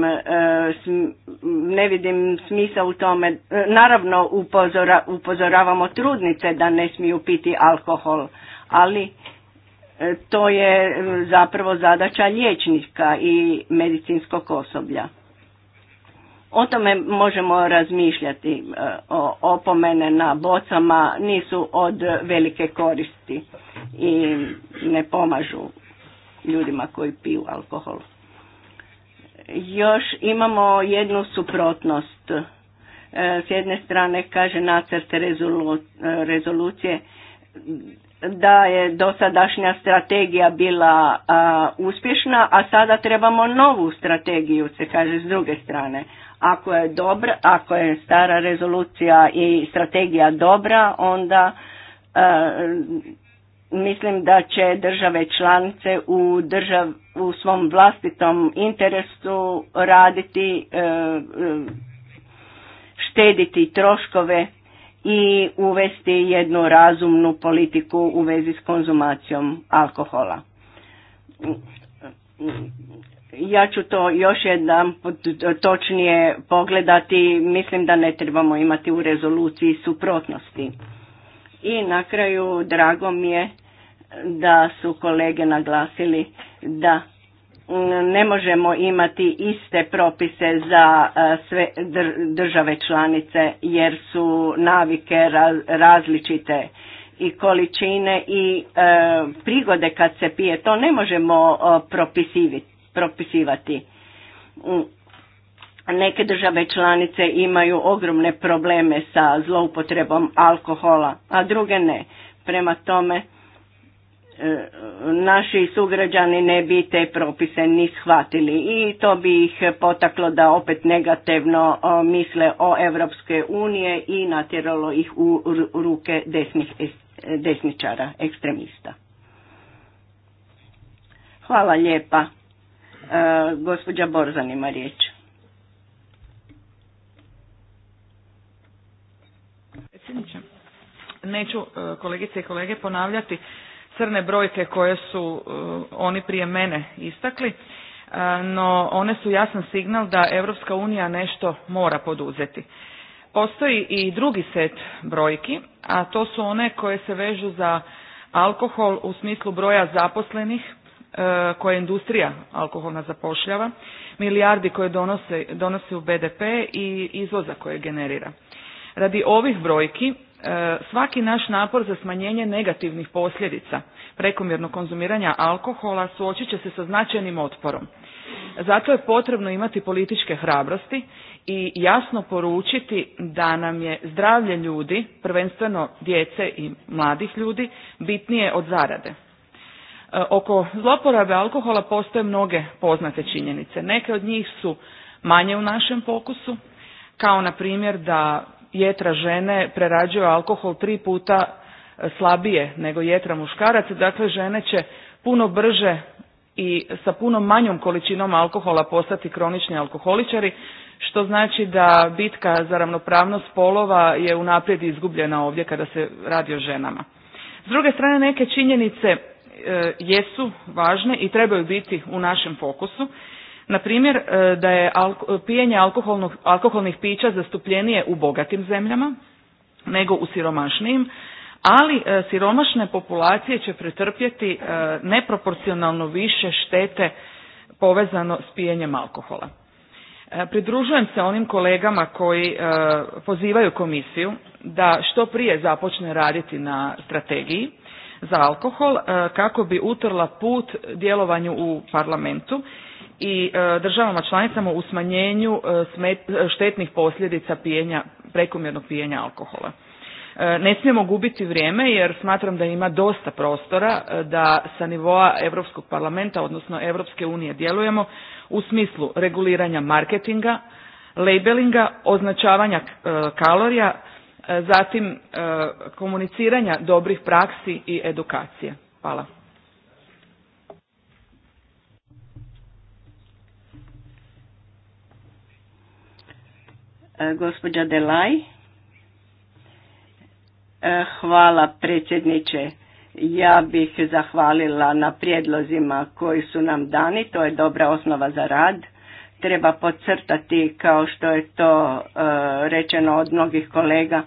ne vidim smisa u tome. Naravno upozora, upozoravamo trudnice da ne smiju piti alkohol ali e, to je e, zapravo zadaća liječnika i medicinskog osoblja. O tome možemo razmišljati. E, opomene na bocama nisu od velike koristi i ne pomažu ljudima koji piju alkohol. Još imamo jednu suprotnost. S jedne strane kaže nacrt rezolucije da je dosadašnja strategija bila a, uspješna, a sada trebamo novu strategiju, se kaže s druge strane. Ako je dobra, ako je stara rezolucija i strategija dobra, onda mislim da će države članice u, u svom vlastitom interesu raditi, e, e, štediti troškove i uvesti jednu razumnu politiku u vezi s konzumacijom alkohola. Ja ću to još jedan točnije pogledati, mislim da ne trebamo imati u rezoluciji suprotnosti. I na kraju drago mi je da su kolege naglasili da ne možemo imati iste propise za e, sve države članice jer su navike različite i količine i e, prigode kad se pije to ne možemo propisivati mm. neke države članice imaju ogromne probleme sa zloupotrebom alkohola a druge ne prema tome E, naši sugrađani ne bi te propise ni shvatili i to bi ih potaklo da opet negativno misle o Evropske unije i natjeralo ih u ruke desnih, desničara, ekstremista. Hvala lijepa. E, gospođa Borzan ima riječ.
Neću e, kolegice i kolege ponavljati crne brojke koje su eh, oni prije mene istakli, eh, no one su jasan signal da Europska unija nešto mora poduzeti. Postoji i drugi set brojki, a to su one koje se vežu za alkohol u smislu broja zaposlenih eh, koje industrija alkoholna zapošljava, milijardi koje donose, donosi u BDP i izvoza koje generira. Radi ovih brojki E, svaki naš napor za smanjenje negativnih posljedica prekomjernog konzumiranja alkohola suočit će se sa značajnim otporom. Zato je potrebno imati političke hrabrosti i jasno poručiti da nam je zdravlje ljudi, prvenstveno djece i mladih ljudi, bitnije od zarade. E, oko zloporabe alkohola postoje mnoge poznate činjenice. Neke od njih su manje u našem pokusu, kao na primjer da jetra žene prerađuje alkohol tri puta e, slabije nego jetra muškaraca, dakle žene će puno brže i sa puno manjom količinom alkohola postati kronični alkoholičari, što znači da bitka za ravnopravnost polova je unaprijed izgubljena ovdje kada se radi o ženama. S druge strane, neke činjenice e, jesu važne i trebaju biti u našem fokusu na primjer, e, da je e, pijenje alkoholnih pića zastupljenije u bogatim zemljama nego u siromašnijim, ali e, siromašne populacije će pretrpjeti neproporcionalno više štete povezano s pijenjem alkohola. Pridružujem se onim kolegama koji pozivaju komisiju da što prije započne raditi na strategiji za alkohol kako bi utrla put djelovanju u parlamentu i e, državama članicama u smanjenju e, e, štetnih posljedica pijenja, prekomjernog pijenja alkohola. Ne smijemo gubiti vrijeme jer smatram da ima dosta prostora da sa nivoa Europskog parlamenta, odnosno Europske unije djelujemo u smislu reguliranja marketinga, labelinga, označavanja kalorija, zatim komuniciranja dobrih praksi i edukacije. Hvala.
E, gospođa Delaj. E, hvala predsjedniče. Ja bih zahvalila na prijedlozima koji su nam dani, to je dobra osnova za rad. Treba podcrtati kao što je to e, rečeno od mnogih kolega,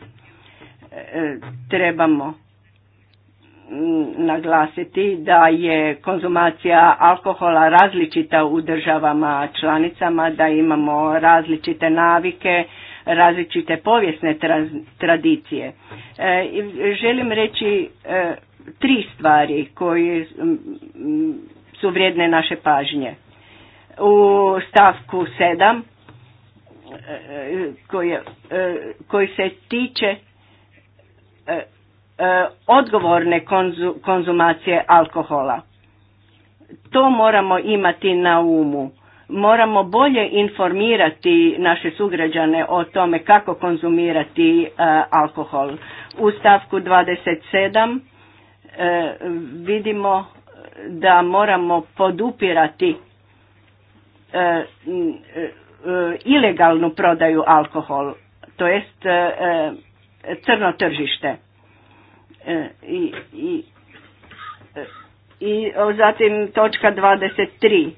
trebamo Mm, naglasiti da je konzumacija alkohola različita u državama članicama, da imamo različite navike, različite povijesne tradicije. E, želim reći e, tri stvari koje su vrijedne naše pažnje. U stavku sedam e, e, koji se tiče E, odgovorne konzumacije alkohola. To moramo imati na umu. Moramo bolje informirati naše sugrađane o tome kako konzumirati e, alkohol. U stavku 27 e, vidimo da moramo podupirati ilegalnu prodaju alkohol, to jest crno tržište. E, i, i, e, i zatim točka 23. E,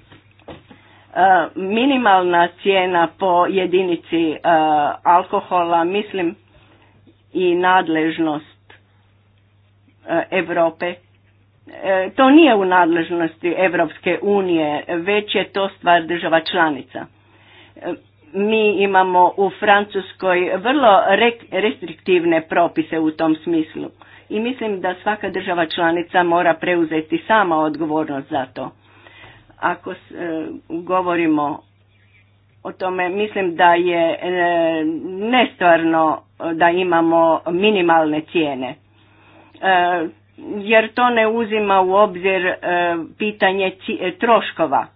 minimalna cijena po jedinici alkohola, mislim, i nadležnost Europe. To nije u nadležnosti Europske unije, već je to stvar država članica. Mi imamo u Francuskoj vrlo restriktivne propise u tom smislu i mislim da svaka država članica mora preuzeti sama odgovornost za to. Ako e, govorimo o tome, mislim da je e, nestvarno e, da imamo minimalne cijene jer to ne uzima u obzir pitanje troškova.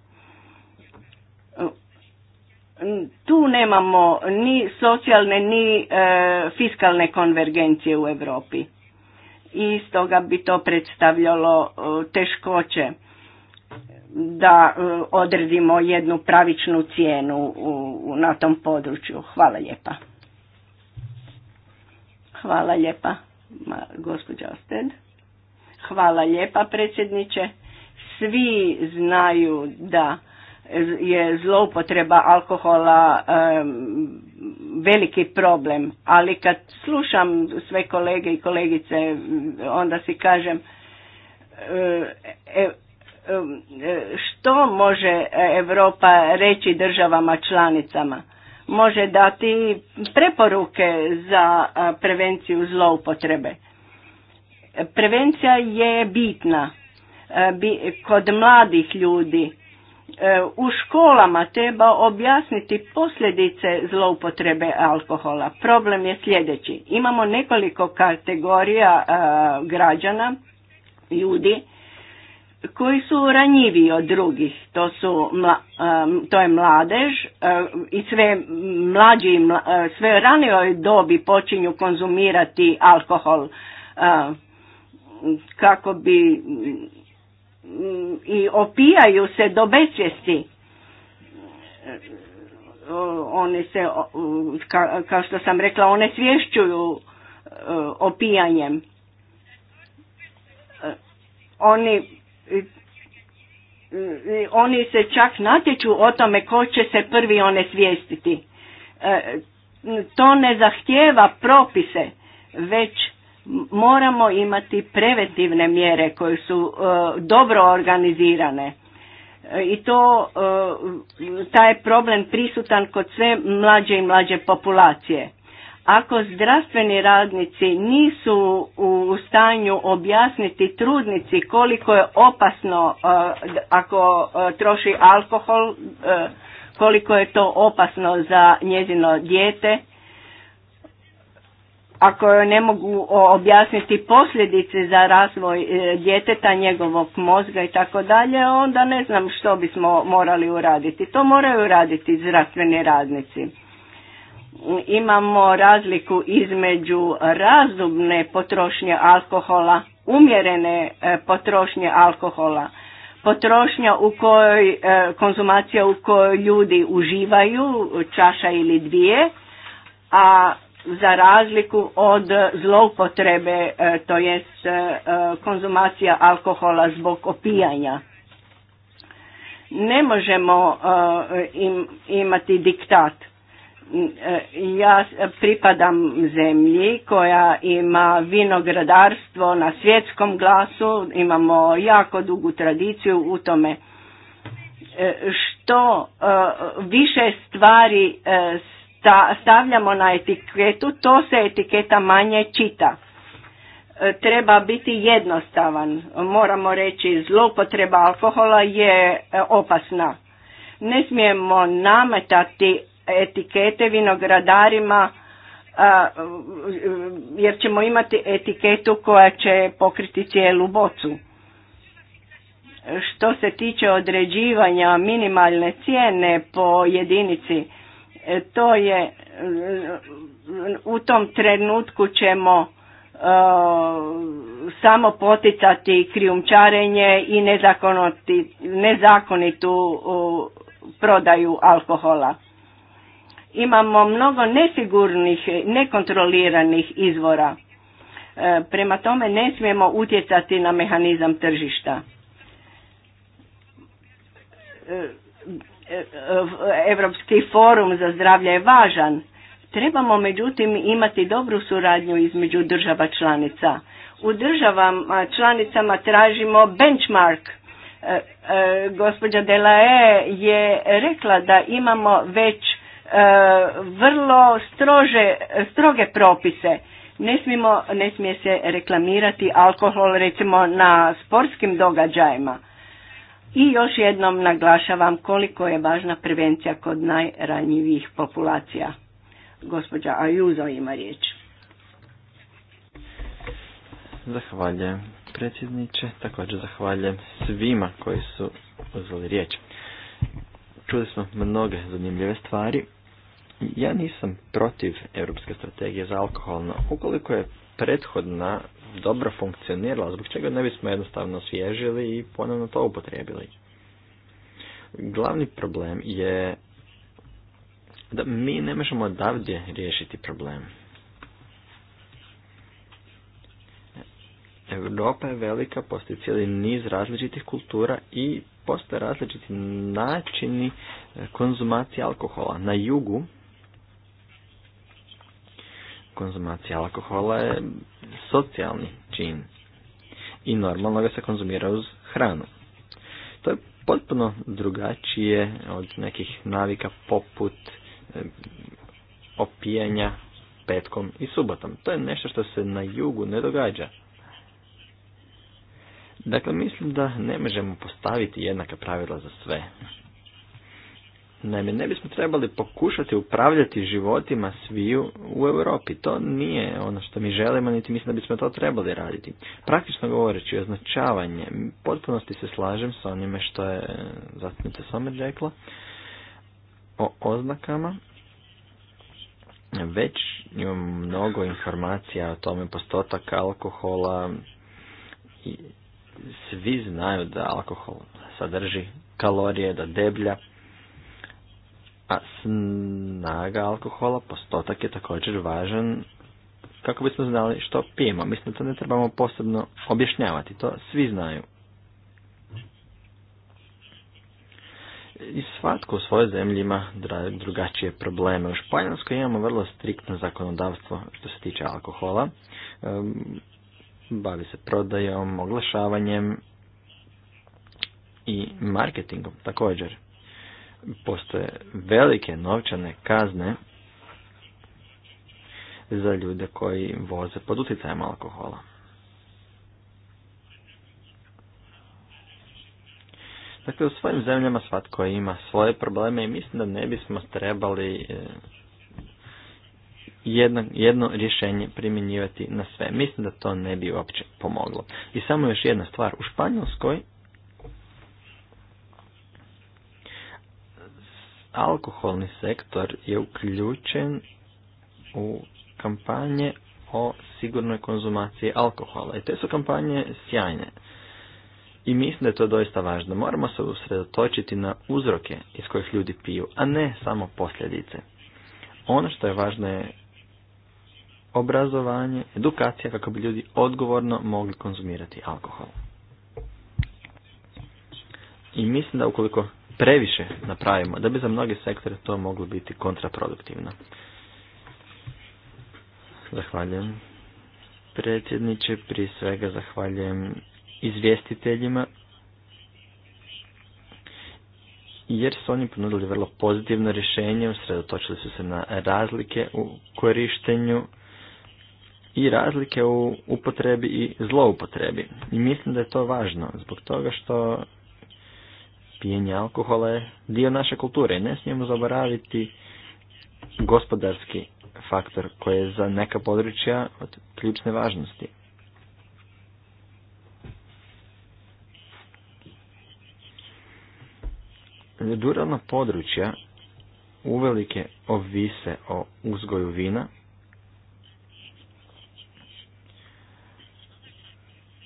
Tu nemamo ni socijalne ni fiskalne konvergencije u Europi i stoga bi to predstavljalo e, teškoće da e, odredimo jednu pravičnu cijenu na tom području. Hvala lijepa. Hvala lijepa, gospođa Osted. Hvala lijepa, predsjedniče. Svi znaju da je zloupotreba alkohola veliki problem, ali kad slušam sve kolege i kolegice, onda si kažem e, e, e, što može Europa reći državama članicama? Može dati preporuke za prevenciju zloupotrebe. Prevencija je bitna kod mladih ljudi E, u školama treba objasniti posljedice zloupotrebe alkohola. Problem je sljedeći. Imamo nekoliko kategorija e, građana, ljudi, koji su ranjivi od drugih. To, su, e, to je mladež i sve mlađi, sve ranijoj dobi počinju konzumirati alkohol kako bi i opijaju se do besvijesti. Oni se, kao što sam rekla, one svješćuju e, opijanjem. E, oni, oni se čak natječu o tome ko će se prvi one svjestiti. E, to ne zahtjeva propise, već moramo imati preventivne mjere koje su e, dobro organizirane e, i to e, taj problem prisutan kod sve mlađe i mlađe populacije. Ako zdravstveni radnici nisu u stanju objasniti trudnici koliko je opasno ako troši alkohol, koliko je to opasno za njezino dijete, ako joj ne mogu objasniti posljedice za razvoj e, djeteta, njegovog mozga i tako dalje, onda ne znam što bismo morali uraditi. To moraju raditi zdravstveni radnici. Imamo razliku između razumne potrošnje alkohola, umjerene e, potrošnje alkohola, potrošnja u kojoj, e, konzumacija u kojoj ljudi uživaju, čaša ili dvije, a za razliku od zloupotrebe, e, to jest e, e, konzumacija alkohola zbog opijanja. Ne možemo imati diktat. Ja pripadam zemlji koja ima vinogradarstvo na svjetskom glasu, imamo jako dugu tradiciju u tome što više stvari stavljamo na etiketu, to se etiketa manje čita. E, treba biti jednostavan. Moramo reći zloupotreba alkohola je e, opasna. Ne smijemo nametati etikete vinogradarima e, jer ćemo imati etiketu koja će pokriti cijelu bocu. Što se tiče određivanja minimalne cijene po jedinici, E, to je, e, u tom trenutku ćemo e, samo poticati krijumčarenje i nezakonitu prodaju alkohola. Imamo mnogo nesigurnih, nekontroliranih izvora. prema tome ne smijemo utjecati na mehanizam tržišta. Europski forum za zdravlje je važan. Trebamo međutim imati dobru suradnju između država članica. U državama članicama tražimo benchmark. E, e, gospođa Delae je rekla da imamo već e, vrlo strože, stroge propise. Ne, ne smije se reklamirati alkohol recimo na sportskim događajima i još jednom naglašavam koliko je važna prevencija kod najranjivijih populacija. Gospođa Ajuzo ima riječ.
Zahvaljujem predsjedniče, također zahvaljujem svima koji su uzeli riječ. Čuli smo mnoge zanimljive stvari. Ja nisam protiv Europske strategije za alkoholno, ukoliko je prethodna dobro funkcionirala, zbog čega ne bismo jednostavno osvježili i ponovno to upotrijebili. Glavni problem je da mi ne možemo odavdje riješiti problem. Europa je velika, postoji cijeli niz različitih kultura i postoje različiti načini konzumacije alkohola. Na jugu konzumacija alkohola je socijalni čin i normalno ga se konzumira uz hranu. To je potpuno drugačije od nekih navika poput opijanja petkom i subotom. To je nešto što se na jugu ne događa. Dakle, mislim da ne možemo postaviti jednaka pravila za sve. Naime, ne bismo trebali pokušati upravljati životima sviju u Europi. To nije ono što mi želimo, niti mislim da bismo to trebali raditi. Praktično govoreći, označavanje, potpunosti se slažem sa onime što je e, zastupnica Somer rekla o oznakama. Već imam mnogo informacija o tome postotak alkohola i svi znaju da alkohol sadrži kalorije, da deblja, a snaga alkohola, postotak je također važan kako bismo znali što pijemo. Mislim da to ne trebamo posebno objašnjavati, to svi znaju. I svatko u svojoj zemlji ima drugačije probleme. U Španjolskoj imamo vrlo striktno zakonodavstvo što se tiče alkohola. Bavi se prodajom, oglašavanjem i marketingom također postoje velike novčane kazne za ljude koji voze pod utjecajem alkohola. Dakle, u svojim zemljama svatko ima svoje probleme i mislim da ne bismo trebali e, jedno, jedno rješenje primjenjivati na sve. Mislim da to ne bi uopće pomoglo. I samo još jedna stvar. U Španjolskoj alkoholni sektor je uključen u kampanje o sigurnoj konzumaciji alkohola. I te su kampanje sjajne. I mislim da je to doista važno. Moramo se usredotočiti na uzroke iz kojih ljudi piju, a ne samo posljedice. Ono što je važno je obrazovanje, edukacija kako bi ljudi odgovorno mogli konzumirati alkohol. I mislim da ukoliko previše napravimo, da bi za mnoge sektore to moglo biti kontraproduktivno. Zahvaljujem predsjedniče, prije svega zahvaljujem izvjestiteljima jer su oni ponudili vrlo pozitivno rješenje, usredotočili su se na razlike u korištenju i razlike u upotrebi i zloupotrebi. I mislim da je to važno zbog toga što pijenje alkohola je dio naše kulture ne smijemo zaboraviti gospodarski faktor koji je za neka područja od ključne važnosti. Duralna područja uvelike ovise o uzgoju vina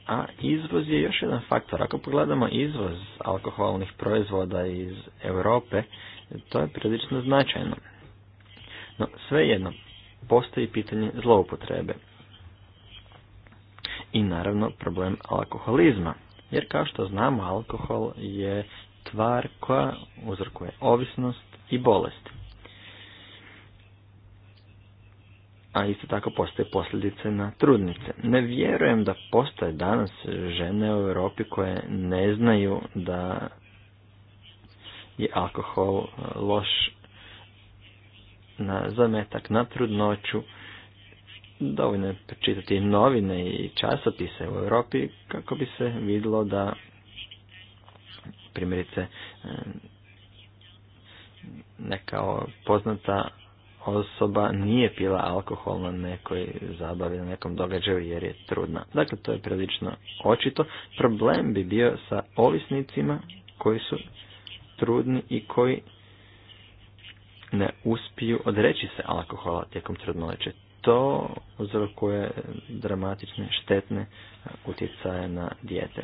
A izvoz je još jedan faktor. Ako pogledamo izvoz alkoholnih proizvoda iz Europe, to je prilično značajno. No, svejedno, postoji pitanje zloupotrebe. I naravno problem alkoholizma. Jer kao što znamo, alkohol je tvar koja uzrokuje ovisnost i bolest. a isto tako postoje posljedice na trudnice. Ne vjerujem da postoje danas žene u Europi koje ne znaju da je alkohol e, loš na zametak, na trudnoću. Dovoljno je čitati novine i časopise u Europi kako bi se vidjelo da primjerice e, neka poznata osoba nije pila alkohol na nekoj zabavi, na nekom događaju jer je trudna. Dakle, to je prilično očito. Problem bi bio sa ovisnicima koji su trudni i koji ne uspiju odreći se alkohola tijekom trudnoće. To uzrokuje dramatične, štetne utjecaje na dijete.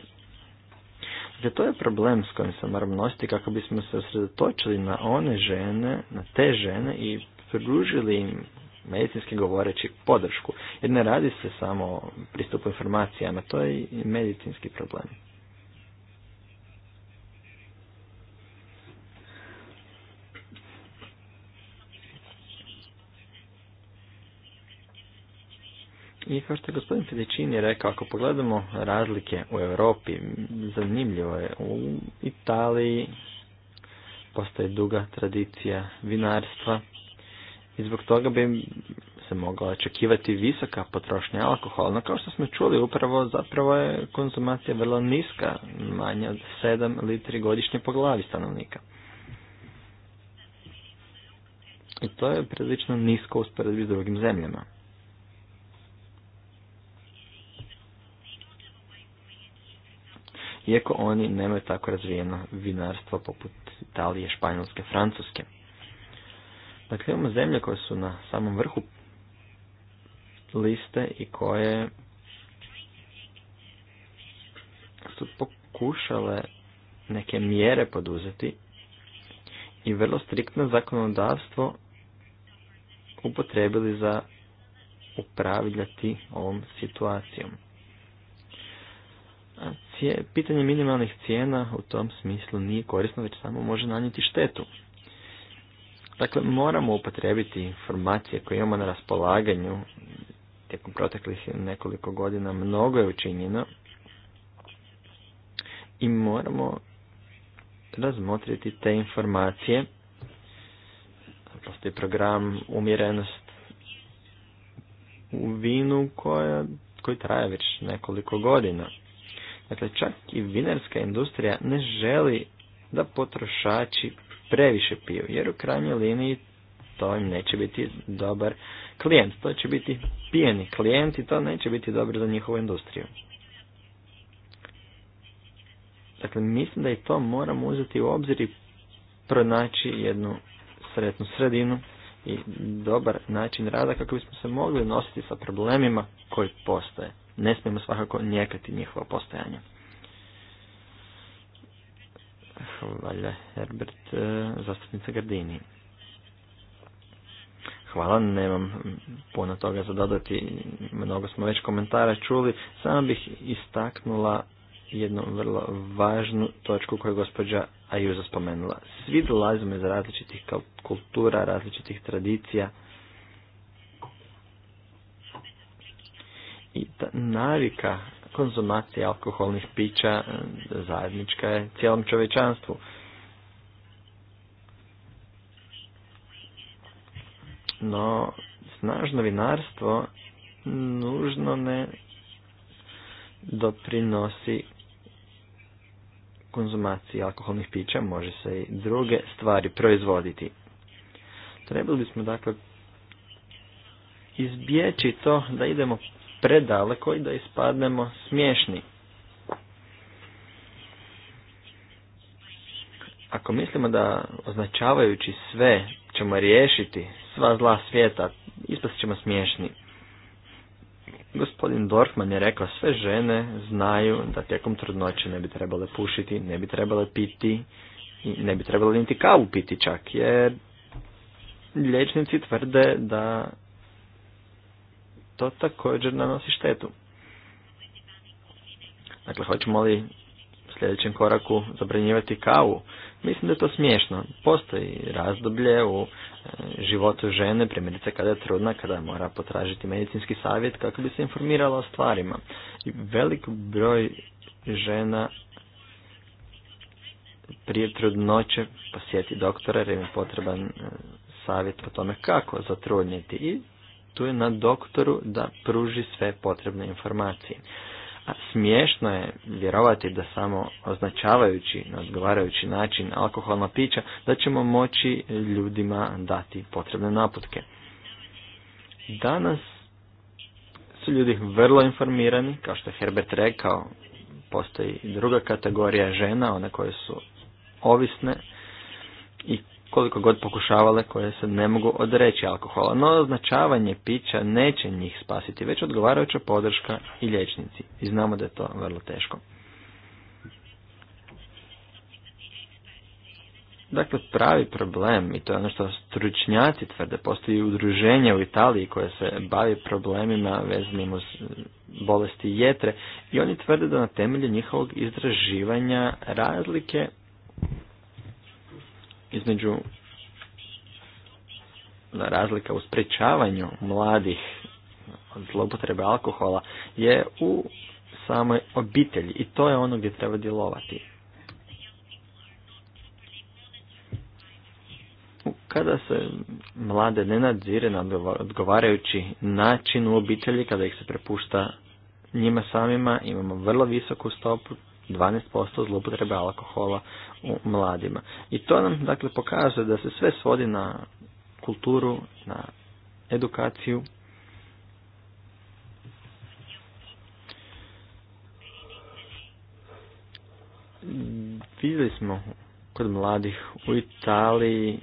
Dakle, to je problem s kojim se moramo nositi kako bismo se osredotočili na one žene, na te žene i pružili im medicinski govoreći podršku. Jer ne radi se samo o pristupu informacijama, to je i medicinski problem. I kao što je gospodin je rekao, ako pogledamo razlike u Europi, zanimljivo je, u Italiji postoji duga tradicija vinarstva, i zbog toga bi se mogla očekivati visoka potrošnja alkohola. No kao što smo čuli upravo zapravo je konzumacija vrlo niska, manja od 7 litri godišnje po glavi stanovnika. I to je prilično nisko usporedbi s drugim zemljama. Iako oni nemaju tako razvijeno vinarstvo poput Italije, Španjolske, Francuske. Dakle, imamo zemlje koje su na samom vrhu liste i koje su pokušale neke mjere poduzeti i vrlo striktno zakonodavstvo upotrebili za upravljati ovom situacijom. A pitanje minimalnih cijena u tom smislu nije korisno, već samo može nanijeti štetu. Dakle, moramo upotrebiti informacije koje imamo na raspolaganju tijekom proteklih nekoliko godina. Mnogo je učinjeno i moramo razmotriti te informacije. Postoji program umjerenost u vinu koja, koji traje već nekoliko godina. Dakle, čak i vinarska industrija ne želi da potrošači previše piju, jer u krajnjoj liniji to im neće biti dobar klijent. To će biti pijeni klijent i to neće biti dobro za njihovu industriju. Dakle, mislim da i to moramo uzeti u obzir i pronaći jednu sretnu sredinu i dobar način rada kako bismo se mogli nositi sa problemima koji postoje. Ne smijemo svakako njekati njihova postojanja. Hvala Herbert, e, zastupnica Gardini. Hvala, nemam puno toga za dodati, mnogo smo već komentara čuli, samo bih istaknula jednu vrlo važnu točku koju je gospođa Ajuza spomenula. Svi dolazimo iz različitih kultura, različitih tradicija i ta navika konzumacija alkoholnih pića e, zajednička je cijelom čovječanstvu. No, snažno vinarstvo nužno ne doprinosi konzumaciji alkoholnih pića, može se i druge stvari proizvoditi. Trebali smo, dakle izbjeći to da idemo predaleko i da ispadnemo smiješni. Ako mislimo da označavajući sve ćemo riješiti sva zla svijeta, ispast ćemo smiješni. Gospodin Dorfman je rekao sve žene znaju da tijekom trudnoće ne bi trebale pušiti, ne bi trebale piti i ne bi trebale niti kavu piti čak jer liječnici tvrde da to također nanosi štetu. Dakle, hoćemo li sljedećem koraku zabranjivati kavu. Mislim da je to smiješno. Postoji razdoblje u e, životu žene, primjerice kada je trudna, kada mora potražiti medicinski savjet kako bi se informirala o stvarima. I velik broj žena prije trudnoće posjeti doktora jer im je potreban e, savjet o tome kako zatrudniti i tu je na doktoru da pruži sve potrebne informacije. A smiješno je vjerovati da samo označavajući na odgovarajući način alkoholna pića da ćemo moći ljudima dati potrebne naputke. Danas su ljudi vrlo informirani, kao što je Herbert rekao, postoji druga kategorija žena, one koje su ovisne i koliko god pokušavale koje se ne mogu odreći alkohola, no označavanje pića neće njih spasiti, već odgovarajuća podrška i liječnici. I znamo da je to vrlo teško. Dakle, pravi problem, i to je ono što stručnjaci tvrde, postoji udruženje u Italiji koje se bavi problemima vezanim uz bolesti jetre i oni tvrde da na temelju njihovog izraživanja razlike između razlika u sprečavanju mladih od zloupotrebe alkohola je u samoj obitelji i to je ono gdje treba djelovati. Kada se mlade ne nadzire na odgovarajući način u obitelji, kada ih se prepušta njima samima, imamo vrlo visoku stopu 12% zloupotrebe alkohola u mladima. I to nam dakle pokazuje da se sve svodi na kulturu, na edukaciju. Vidjeli smo kod mladih u Italiji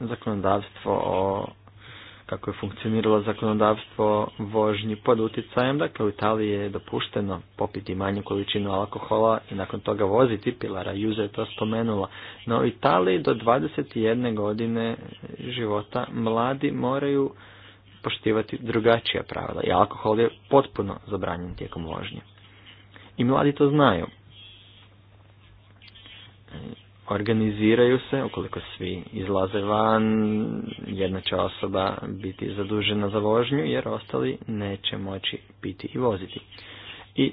zakonodavstvo o kako je funkcioniralo zakonodavstvo vožnji pod utjecajem. Dakle, u Italiji je dopušteno popiti manju količinu alkohola i nakon toga voziti pilara. Juza je to spomenula. No, u Italiji do 21 godine života mladi moraju poštivati drugačija pravila i alkohol je potpuno zabranjen tijekom vožnje. I mladi to znaju organiziraju se, ukoliko svi izlaze van, jedna će osoba biti zadužena za vožnju jer ostali neće moći piti i voziti. I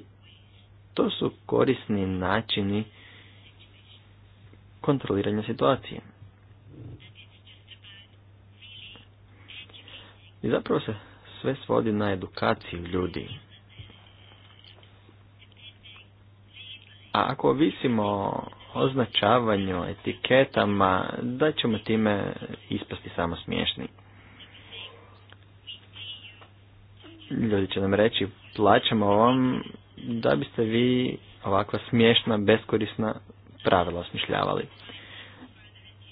to su korisni načini kontroliranja situacije. I zapravo se sve svodi na edukaciju ljudi. A ako visimo označavanju, etiketama, da ćemo time ispasti samo smiješni. Ljudi će nam reći, plaćamo vam da biste vi ovakva smiješna, beskorisna pravila osmišljavali.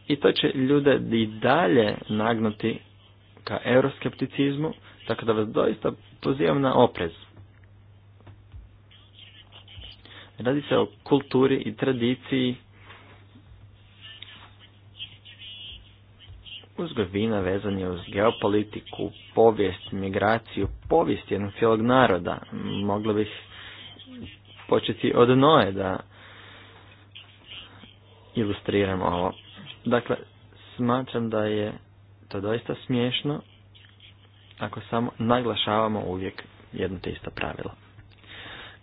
I to će ljude i dalje nagnuti ka euroskepticizmu, tako da vas doista pozivam na oprez. Radi se o kulturi i tradiciji Uzgoj vina vezan je uz geopolitiku, povijest, migraciju, povijest jednog cijelog naroda. Moglo bih početi od Noe da ilustriram ovo. Dakle, smatram da je to doista smiješno ako samo naglašavamo uvijek jedno te isto pravilo.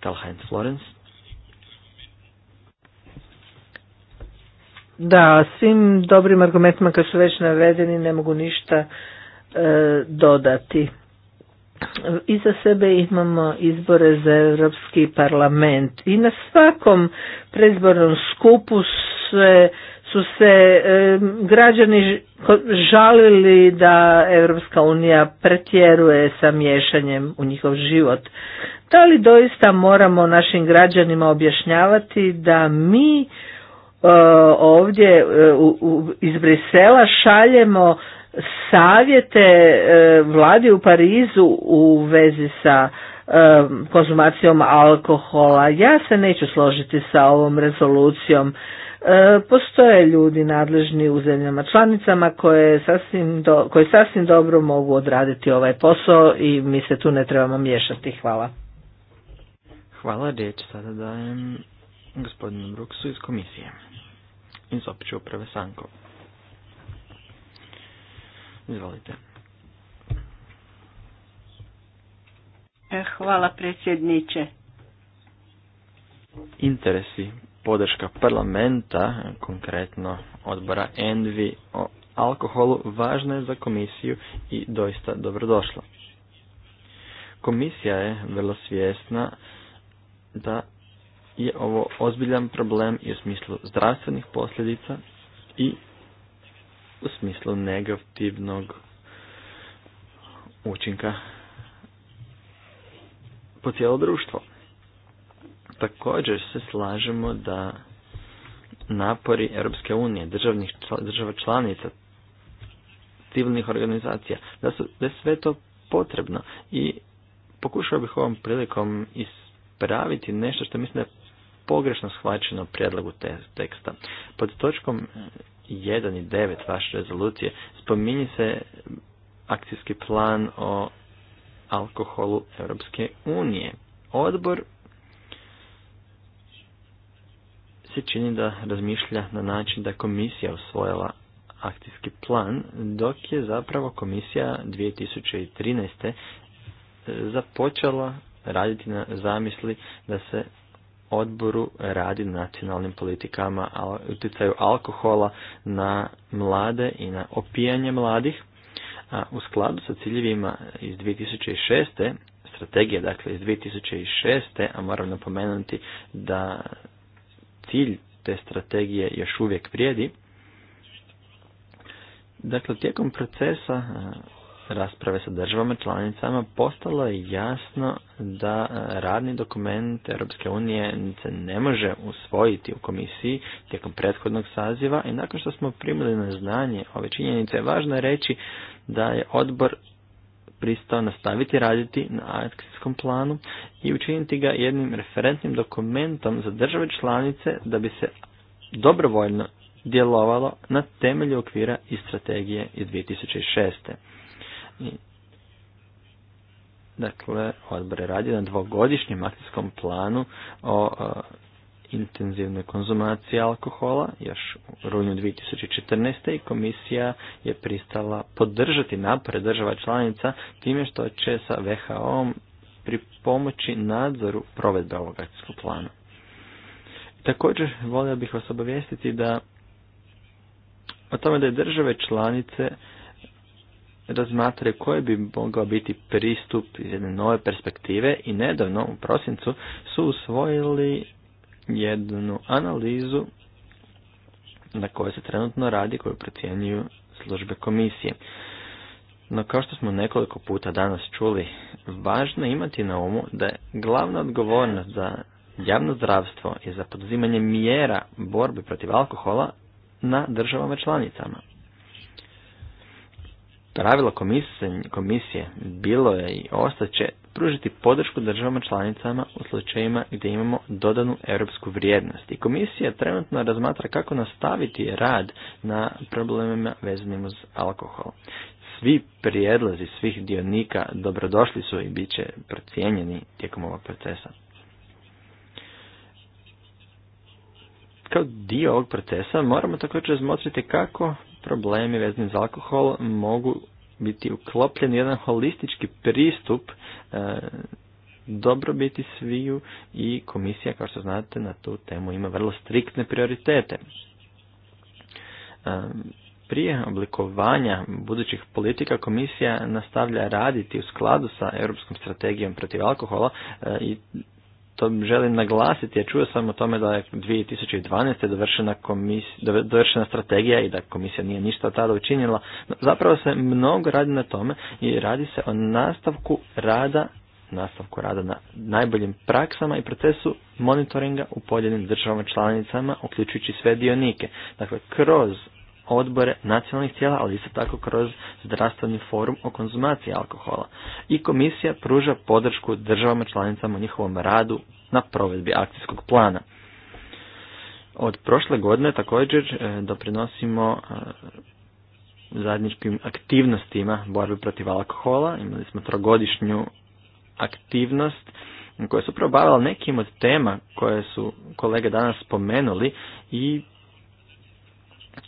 Karl Heinz Florence
Da, svim dobrim argumentima kad su već navedeni ne mogu ništa e, dodati. Iza sebe imamo izbore za Europski parlament i na svakom predizbornom skupu se, su se e, građani žalili da Europska unija pretjeruje sa miješanjem u njihov život. Da li doista moramo našim građanima objašnjavati da mi E, ovdje e, iz Brisela šaljemo savjete e, vladi u Parizu u vezi sa konzumacijom alkohola. Ja se neću složiti sa ovom rezolucijom. Postoje ljudi nadležni u zemljama članicama koje sasvim, do, koje sasvim dobro mogu odraditi ovaj posao i mi se tu ne trebamo miješati. Hvala.
Hvala, riječ sada dajem gospodinu Bruksu iz komisije iz opće uprave Sanko. Izvolite.
E, hvala predsjedniče.
Interesi podrška parlamenta, konkretno odbora Envi o alkoholu, važna je za komisiju i doista dobrodošla. Komisija je vrlo svjesna da je ovo ozbiljan problem i u smislu zdravstvenih posljedica i u smislu negativnog učinka po cijelo društvo. Također se slažemo da napori Europske unije, državnih, država članica, civilnih organizacija, da, su, da je sve to potrebno i pokušao bih ovom prilikom ispraviti nešto što mislim da je pogrešno shvaćeno prijedlogu teksta. Pod točkom 1 e, i 9 vaše rezolucije spominje se akcijski plan o alkoholu Europske unije. Odbor se čini da razmišlja na način da komisija usvojila akcijski plan, dok je zapravo komisija 2013. E, započela raditi na zamisli da se odboru radi na nacionalnim politikama utjecaju alkohola na mlade i na opijanje mladih. A u skladu sa ciljevima iz 2006. strategije dakle iz 2006. a moram napomenuti da cilj te strategije još uvijek vrijedi. Dakle, tijekom procesa rasprave sa državama članicama postalo je jasno da radni dokument Europske unije se ne može usvojiti u komisiji tijekom prethodnog saziva i nakon što smo primili na znanje ove činjenice važno je reći da je odbor pristao nastaviti raditi na akcijskom planu i učiniti ga jednim referentnim dokumentom za države članice da bi se dobrovoljno djelovalo na temelju okvira i strategije iz 2006. Dakle, odbor je radio na dvogodišnjem akcijskom planu o e, intenzivnoj konzumaciji alkohola još u rujnu 2014. i komisija je pristala podržati napore država članica time što će sa who pri pomoći nadzoru provedbe ovog akcijskog plana. Također, volio bih vas obavijestiti da o tome da je države članice razmatraju koji bi mogao biti pristup iz jedne nove perspektive i nedavno u prosincu su usvojili jednu analizu na kojoj se trenutno radi, koju procjenjuju službe komisije. No kao što smo nekoliko puta danas čuli, važno je imati na umu da je glavna odgovornost za javno zdravstvo i za poduzimanje mjera borbe protiv alkohola na državama članicama. Pravilo komisije, komisije bilo je i ostaće pružiti podršku državama članicama u slučajima gdje imamo dodanu europsku vrijednost. I komisija trenutno razmatra kako nastaviti rad na problemima vezanim uz alkohol. Svi prijedlozi svih dionika dobrodošli su i bit će procijenjeni tijekom ovog procesa. Kao dio ovog procesa moramo također razmotriti kako problemi vezni za alkohol mogu biti uklopljeni jedan holistički pristup e, dobrobiti sviju i komisija, kao što znate, na tu temu ima vrlo striktne prioritete. E, prije oblikovanja budućih politika komisija nastavlja raditi u skladu sa europskom strategijom protiv alkohola e, i to želim naglasiti, ja čuo sam o tome da je 2012. dovršena, komis, dovršena strategija i da komisija nije ništa tada učinila. Zapravo se mnogo radi na tome i radi se o nastavku rada nastavku rada na najboljim praksama i procesu monitoringa u pojedinim državama članicama, uključujući sve dionike. Dakle, kroz odbore nacionalnih tijela, ali isto tako kroz zdravstveni forum o konzumaciji alkohola. I komisija pruža podršku državama članicama u njihovom radu na provedbi akcijskog plana. Od prošle godine također e, doprinosimo e, zajedničkim aktivnostima borbe protiv alkohola. Imali smo trogodišnju aktivnost se su bavila nekim od tema koje su kolege danas spomenuli i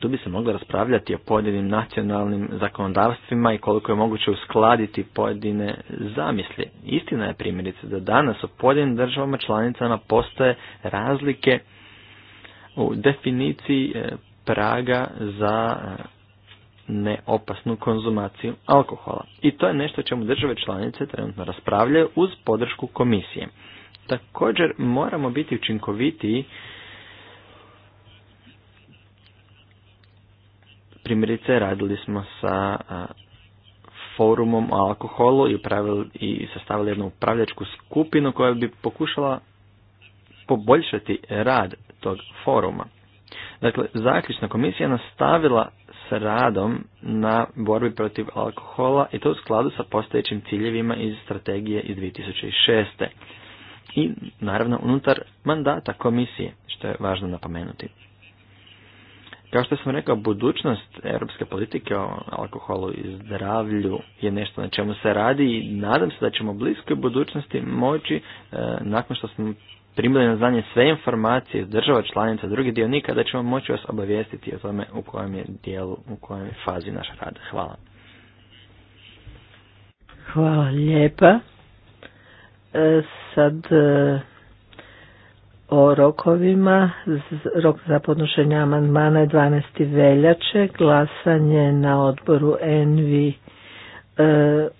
tu bi se moglo raspravljati o pojedinim nacionalnim zakonodavstvima i koliko je moguće uskladiti pojedine zamisli. Istina je primjerice da danas u pojedinim državama članicama postoje razlike u definiciji e, praga za e, neopasnu konzumaciju alkohola. I to je nešto čemu države članice trenutno raspravljaju uz podršku komisije. Također moramo biti učinkovitiji Primjerice, radili smo sa forumom o alkoholu i, i sastavili jednu upravljačku skupinu koja bi pokušala poboljšati rad tog foruma. Dakle, zaključna komisija nastavila s radom na borbi protiv alkohola i to u skladu sa postojećim ciljevima iz strategije iz 2006. I naravno unutar mandata komisije, što je važno napomenuti. Kao što sam rekao, budućnost europske politike o alkoholu i zdravlju je nešto na čemu se radi i nadam se da ćemo u bliskoj budućnosti moći, e, nakon što smo primili na znanje sve informacije iz država članica drugih dionika, da ćemo moći vas obavijestiti o tome u kojem je dijelu, u kojem je fazi naš rad. Hvala.
Hvala lijepa. E, sad... E, o rokovima. Rok za podnošenje amandmana je 12. veljače, glasanje na odboru Envi 12.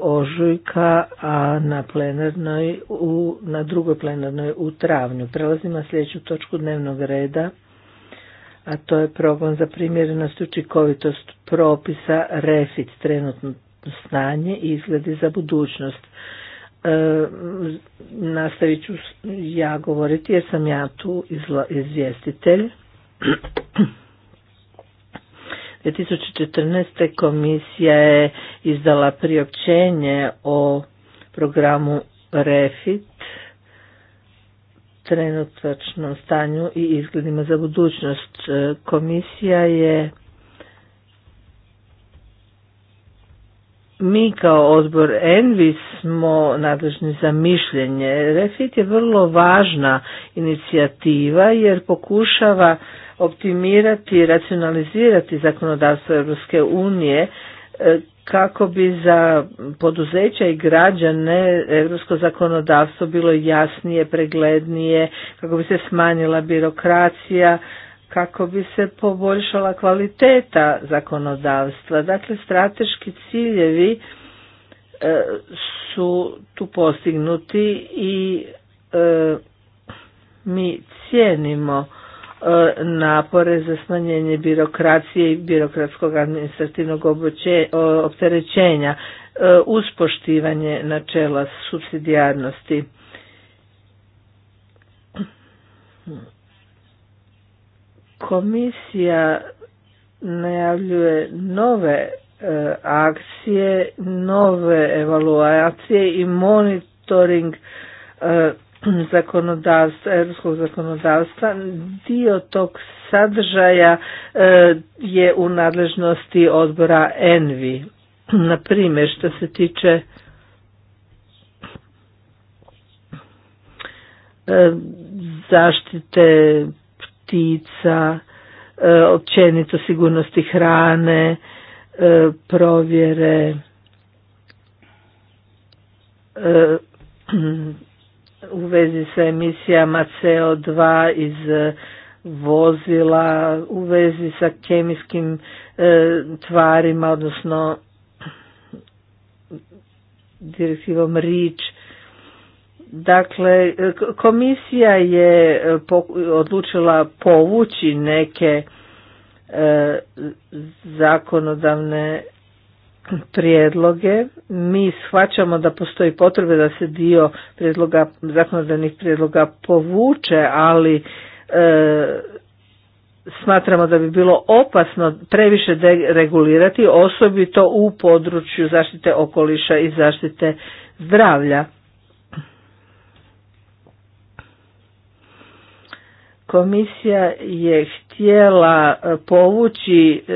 ožujka, a na, plenarnoj, u, na drugoj plenarnoj u travnju. Prelazimo na sljedeću točku dnevnog reda a to je program za primjerenost i učinkovitost propisa REFIT, trenutno stanje i izgledi za budućnost. E, nastavit ću ja govoriti jer sam ja tu izla, izvjestitelj. 2014. [CLEARS THROAT] komisija je izdala priopćenje o programu REFIT trenutačnom stanju i izgledima za budućnost. E, komisija je mi kao odbor Envi smo nadležni za mišljenje. Refit je vrlo važna inicijativa jer pokušava optimirati i racionalizirati zakonodavstvo Europske unije e, kako bi za poduzeća i građane europsko zakonodavstvo bilo jasnije, preglednije, kako bi se smanjila birokracija, kako bi se poboljšala kvaliteta zakonodavstva. Dakle, strateški ciljevi e, su tu postignuti i e, mi cijenimo e, napore za smanjenje birokracije i birokratskog administrativnog opterećenja uz poštivanje načela subsidijarnosti. Komisija najavljuje nove e, akcije, nove evaluacije i monitoring e, zakonodavstva, europskog zakonodavstva. Dio tog sadržaja e, je u nadležnosti odbora ENVI. Na primjer, što se tiče zaštite ptica, e, općenito sigurnosti hrane, e, provjere e, u vezi sa emisijama CO2 iz vozila, u vezi sa kemijskim tvarima, odnosno direktivom REACH, Dakle, komisija je e, odlučila povući neke e, zakonodavne prijedloge. Mi shvaćamo da postoji potrebe da se dio prijedloga, zakonodavnih prijedloga povuče, ali e, smatramo da bi bilo opasno previše regulirati, osobito u području zaštite okoliša i zaštite zdravlja. Komisija je htjela e, povući e,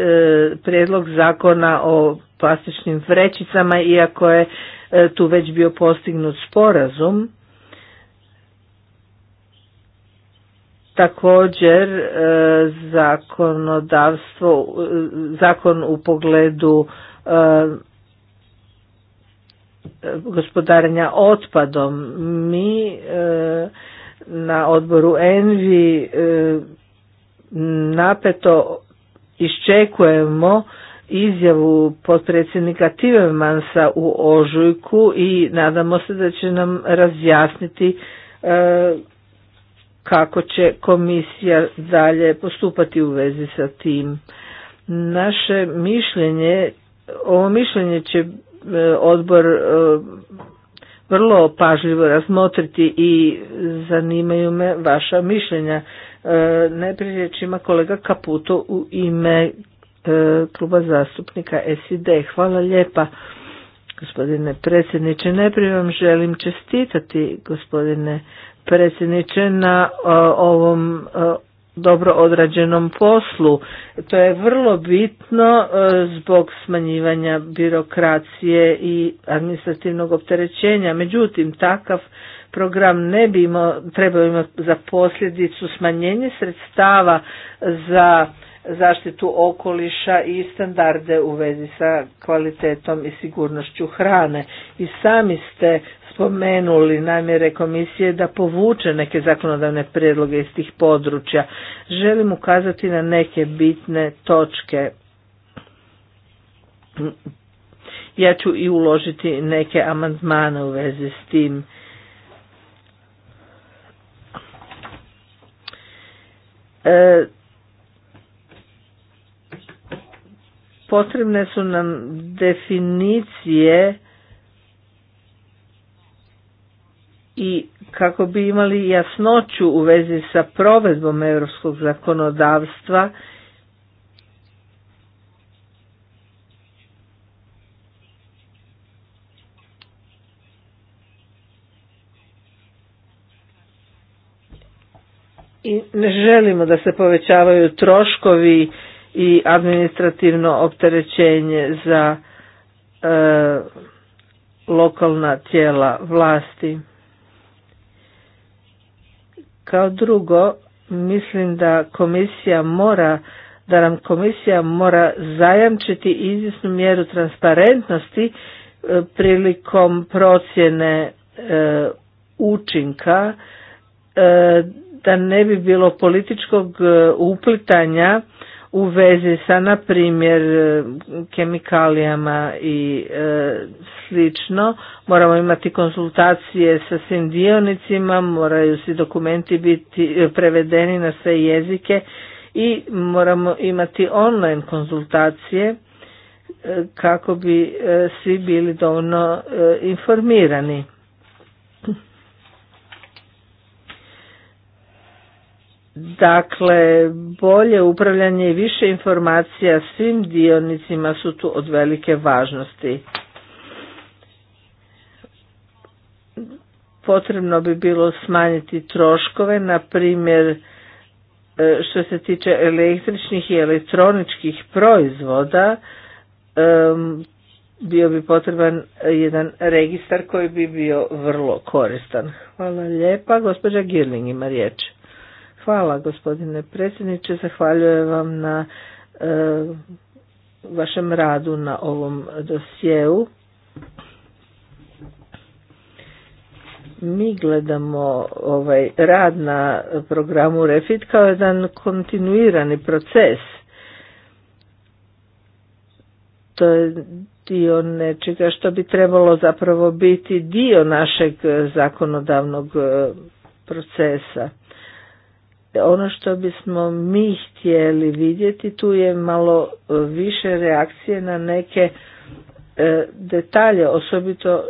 predlog zakona o plastičnim vrećicama iako je e, tu već bio postignut sporazum. Također zakonodavstvo, zakon u pogledu gospodarenja otpadom. Mi na odboru Envi e, napeto iščekujemo izjavu potpredsjednika Tivemansa u ožujku i nadamo se da će nam razjasniti e, kako će komisija dalje postupati u vezi sa tim. Naše mišljenje, ovo mišljenje će e, odbor vrlo pažljivo razmotriti i zanimaju me vaša mišljenja. E, najprije riječ ima kolega Kaputo u ime e, kluba zastupnika SID. Hvala lijepa gospodine predsjedniče. Najprije vam želim čestitati gospodine predsjedniče na e, ovom dobro odrađenom poslu. To je vrlo bitno e, zbog smanjivanja birokracije i administrativnog opterećenja. Međutim, takav program ne bi imao, trebao imati za posljedicu smanjenje sredstava za zaštitu okoliša i standarde u vezi sa kvalitetom i sigurnošću hrane. I sami ste spomenuli namjere komisije da povuče neke zakonodavne prijedloge iz tih područja. Želim ukazati na neke bitne točke. Ja ću i uložiti neke amandmane u vezi s tim. E, potrebne su nam definicije i kako bi imali jasnoću u vezi sa provedbom europskog zakonodavstva i ne želimo da se povećavaju troškovi i administrativno opterećenje za e, lokalna tijela vlasti. Kao drugo, mislim da komisija mora da nam komisija mora zajamčiti izvjesnu mjeru transparentnosti e, prilikom procjene e, učinka e, da ne bi bilo političkog uplitanja u vezi sa, na primjer, e, kemikalijama i e, slično. Moramo imati konsultacije sa svim dionicima, moraju svi dokumenti biti e, prevedeni na sve jezike i moramo imati online konzultacije e, kako bi svi bili dovoljno informirani. Dakle, bolje upravljanje i više informacija svim dionicima su tu od velike važnosti. Potrebno bi bilo smanjiti troškove, na primjer e, što se tiče električnih i elektroničkih proizvoda, bio bi potreban jedan registar koji bi bio vrlo koristan. Hvala lijepa. Gospođa Girling ima riječ. Hvala gospodine predsjedniče, zahvaljujem vam na e, vašem radu na ovom dosjeu. Mi gledamo ovaj rad na programu Refit kao jedan kontinuirani proces. To je dio nečega što bi trebalo zapravo biti dio našeg zakonodavnog e, procesa ono što bismo mi htjeli vidjeti tu je malo e, više reakcije na neke e, detalje, osobito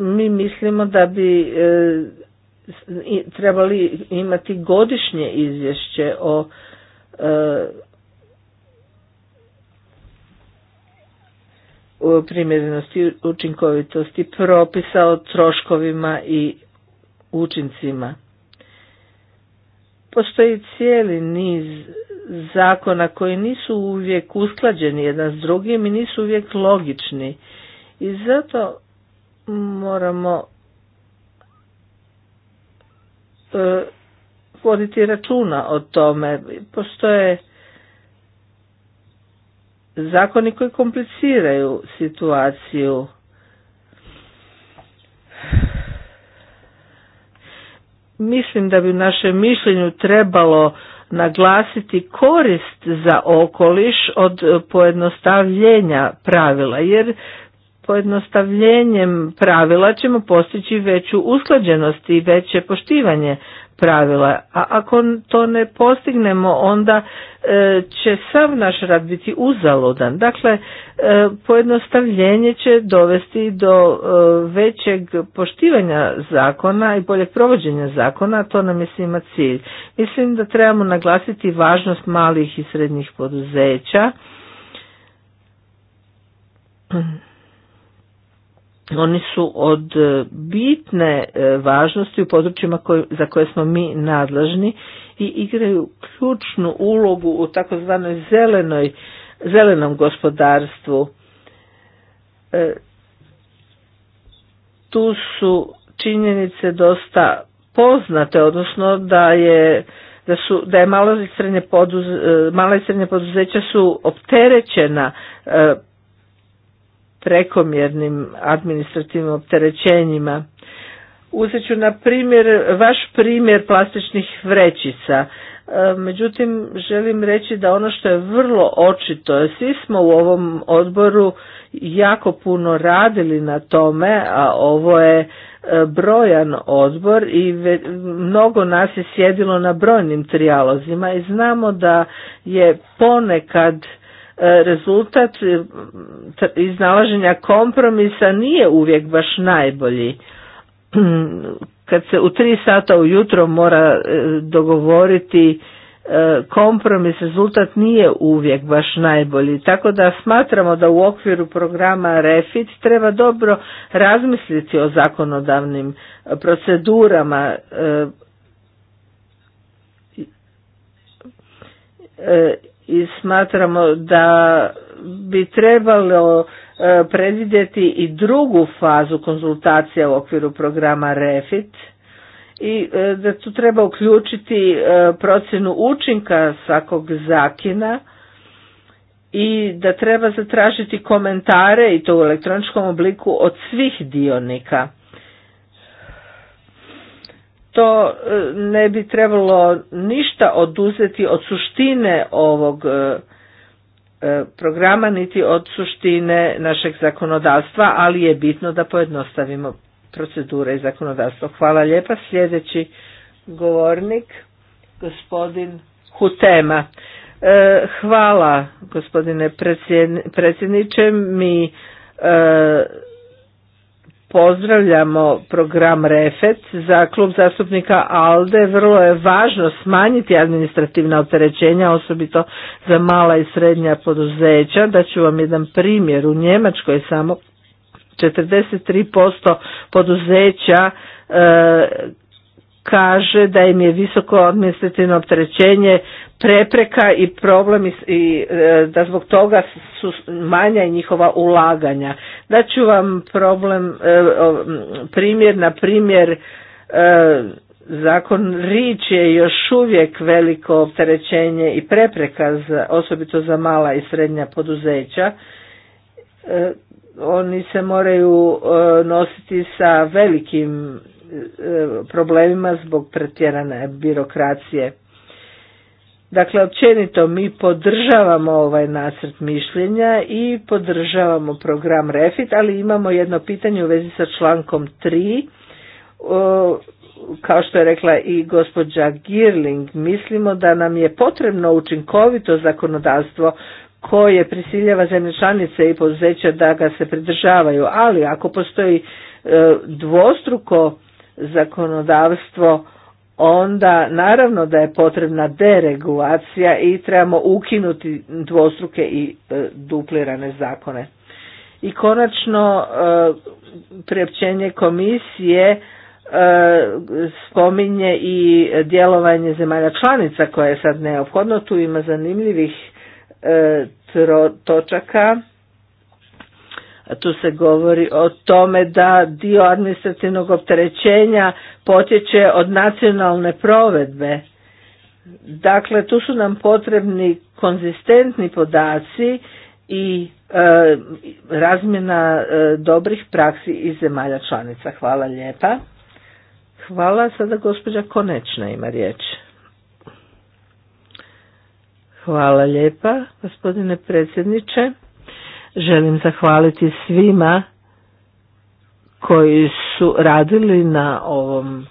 mi mislimo da bi e, trebali imati godišnje izvješće o primjerenosti učinkovitosti propisa o troškovima i učincima. Postoji cijeli niz zakona koji nisu uvijek usklađeni jedan s drugim i nisu uvijek logični. I zato moramo e, voditi računa o tome. Postoje zakoni koji kompliciraju situaciju. Mislim da bi u našem mišljenju trebalo naglasiti korist za okoliš od pojednostavljenja pravila, jer pojednostavljenjem pravila ćemo postići veću usklađenost i veće poštivanje pravila. A ako to ne postignemo, onda e, će sav naš rad biti uzaludan. Dakle, e, pojednostavljenje će dovesti do e, većeg poštivanja zakona i boljeg provođenja zakona, a to nam je svima cilj. Mislim da trebamo naglasiti važnost malih i srednjih poduzeća oni su od e, bitne e, važnosti u područjima za koje smo mi nadležni i igraju ključnu ulogu u takozvanoj zelenoj zelenom gospodarstvu. E, tu su činjenice dosta poznate, odnosno da je da su da je malo mala i srednje poduzeća su opterećena prekomjernim administrativnim opterećenjima. Uzet ću na primjer vaš primjer plastičnih vrećica. E, međutim, želim reći da ono što je vrlo očito, svi smo u ovom odboru jako puno radili na tome, a ovo je e, brojan odbor i mnogo nas je sjedilo na brojnim trijalozima i znamo da je ponekad E, rezultat e, iznalaženja kompromisa nije uvijek baš najbolji. [CLEARS THROAT] Kad se u tri sata ujutro mora e, dogovoriti kompromis, rezultat nije uvijek baš najbolji. Tako da smatramo da u okviru programa REFIT treba dobro razmisliti o zakonodavnim procedurama i i smatramo da bi trebalo e, predvidjeti i drugu fazu konzultacija u okviru programa REFIT i e, da tu treba uključiti e, procjenu učinka svakog zakina i da treba zatražiti komentare i to u elektroničkom obliku od svih dionika to e, ne bi trebalo ništa oduzeti od suštine ovog e, e, programa niti od suštine našeg zakonodavstva, ali je bitno da pojednostavimo procedure i zakonodavstvo. Hvala lijepa. Sljedeći govornik, gospodin Hutema. Hvala gospodine predsjedniče. Mi pozdravljamo program REFET za klub zastupnika ALDE. Vrlo je važno smanjiti administrativna opterećenja, osobito za mala i srednja poduzeća. Da ću vam jedan primjer. U Njemačkoj samo 43% poduzeća e, kaže da im je visoko administrativno opterećenje prepreka i problem i e, da zbog toga su manja i njihova ulaganja. ću vam problem, e, primjer na primjer e, Zakon Rič je još uvijek veliko opterećenje i prepreka, za, osobito za mala i srednja poduzeća. Oni se moraju nositi sa velikim problemima zbog pretjerane birokracije. Dakle, općenito mi podržavamo ovaj nacrt mišljenja i podržavamo program REFIT, ali imamo jedno pitanje u vezi sa člankom 3. kao što je rekla i gospođa Girling, mislimo da nam je potrebno učinkovito zakonodavstvo koje prisiljava zemlje članice i poduzeća da ga se pridržavaju, ali ako postoji e, dvostruko zakonodavstvo onda naravno da je potrebna deregulacija i trebamo ukinuti dvostruke i e, duplirane zakone. I konačno e, priopćenje komisije e, spominje i djelovanje zemalja članica koje je sad neophodno, tu ima zanimljivih e, tro, točaka tu se govori o tome da dio administrativnog opterećenja potječe od nacionalne provedbe. Dakle, tu su nam potrebni konzistentni podaci i e, razmjena e, dobrih praksi iz zemalja članica. Hvala lijepa. Hvala. Sada gospođa Konečna ima riječ. Hvala lijepa, gospodine predsjedniče. Želim zahvaliti svima koji su radili na ovom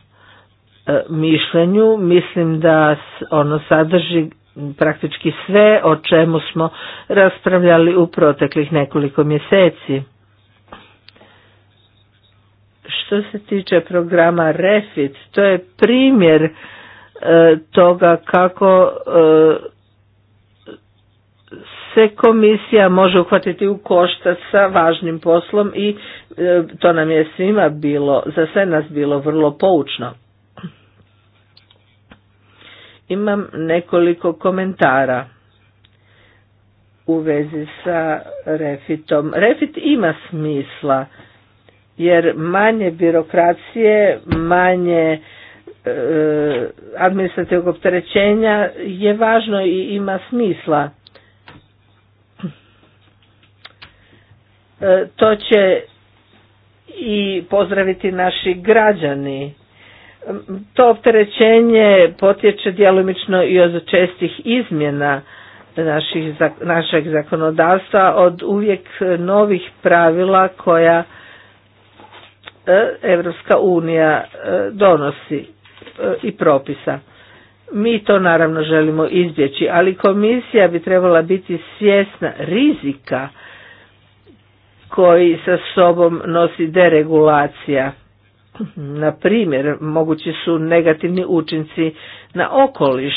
e, mišljenju. Mislim da ono sadrži praktički sve o čemu smo raspravljali u proteklih nekoliko mjeseci. Što se tiče programa REFIT, to je primjer e, toga kako e, se komisija može uhvatiti u koštac sa važnim poslom i e, to nam je svima bilo, za sve nas bilo vrlo poučno. Imam nekoliko komentara u vezi sa refitom. Refit ima smisla jer manje birokracije, manje e, administrativnog opterećenja je važno i ima smisla. E, to će i pozdraviti naši građani. E, to opterećenje potječe djelomično i od čestih izmjena naših, našeg zakonodavstva, od uvijek novih pravila koja e, Evropska unija donosi i propisa. Mi to naravno želimo izbjeći, ali komisija bi trebala biti svjesna rizika koji sa sobom nosi deregulacija. Na primjer, mogući su negativni učinci na okoliš.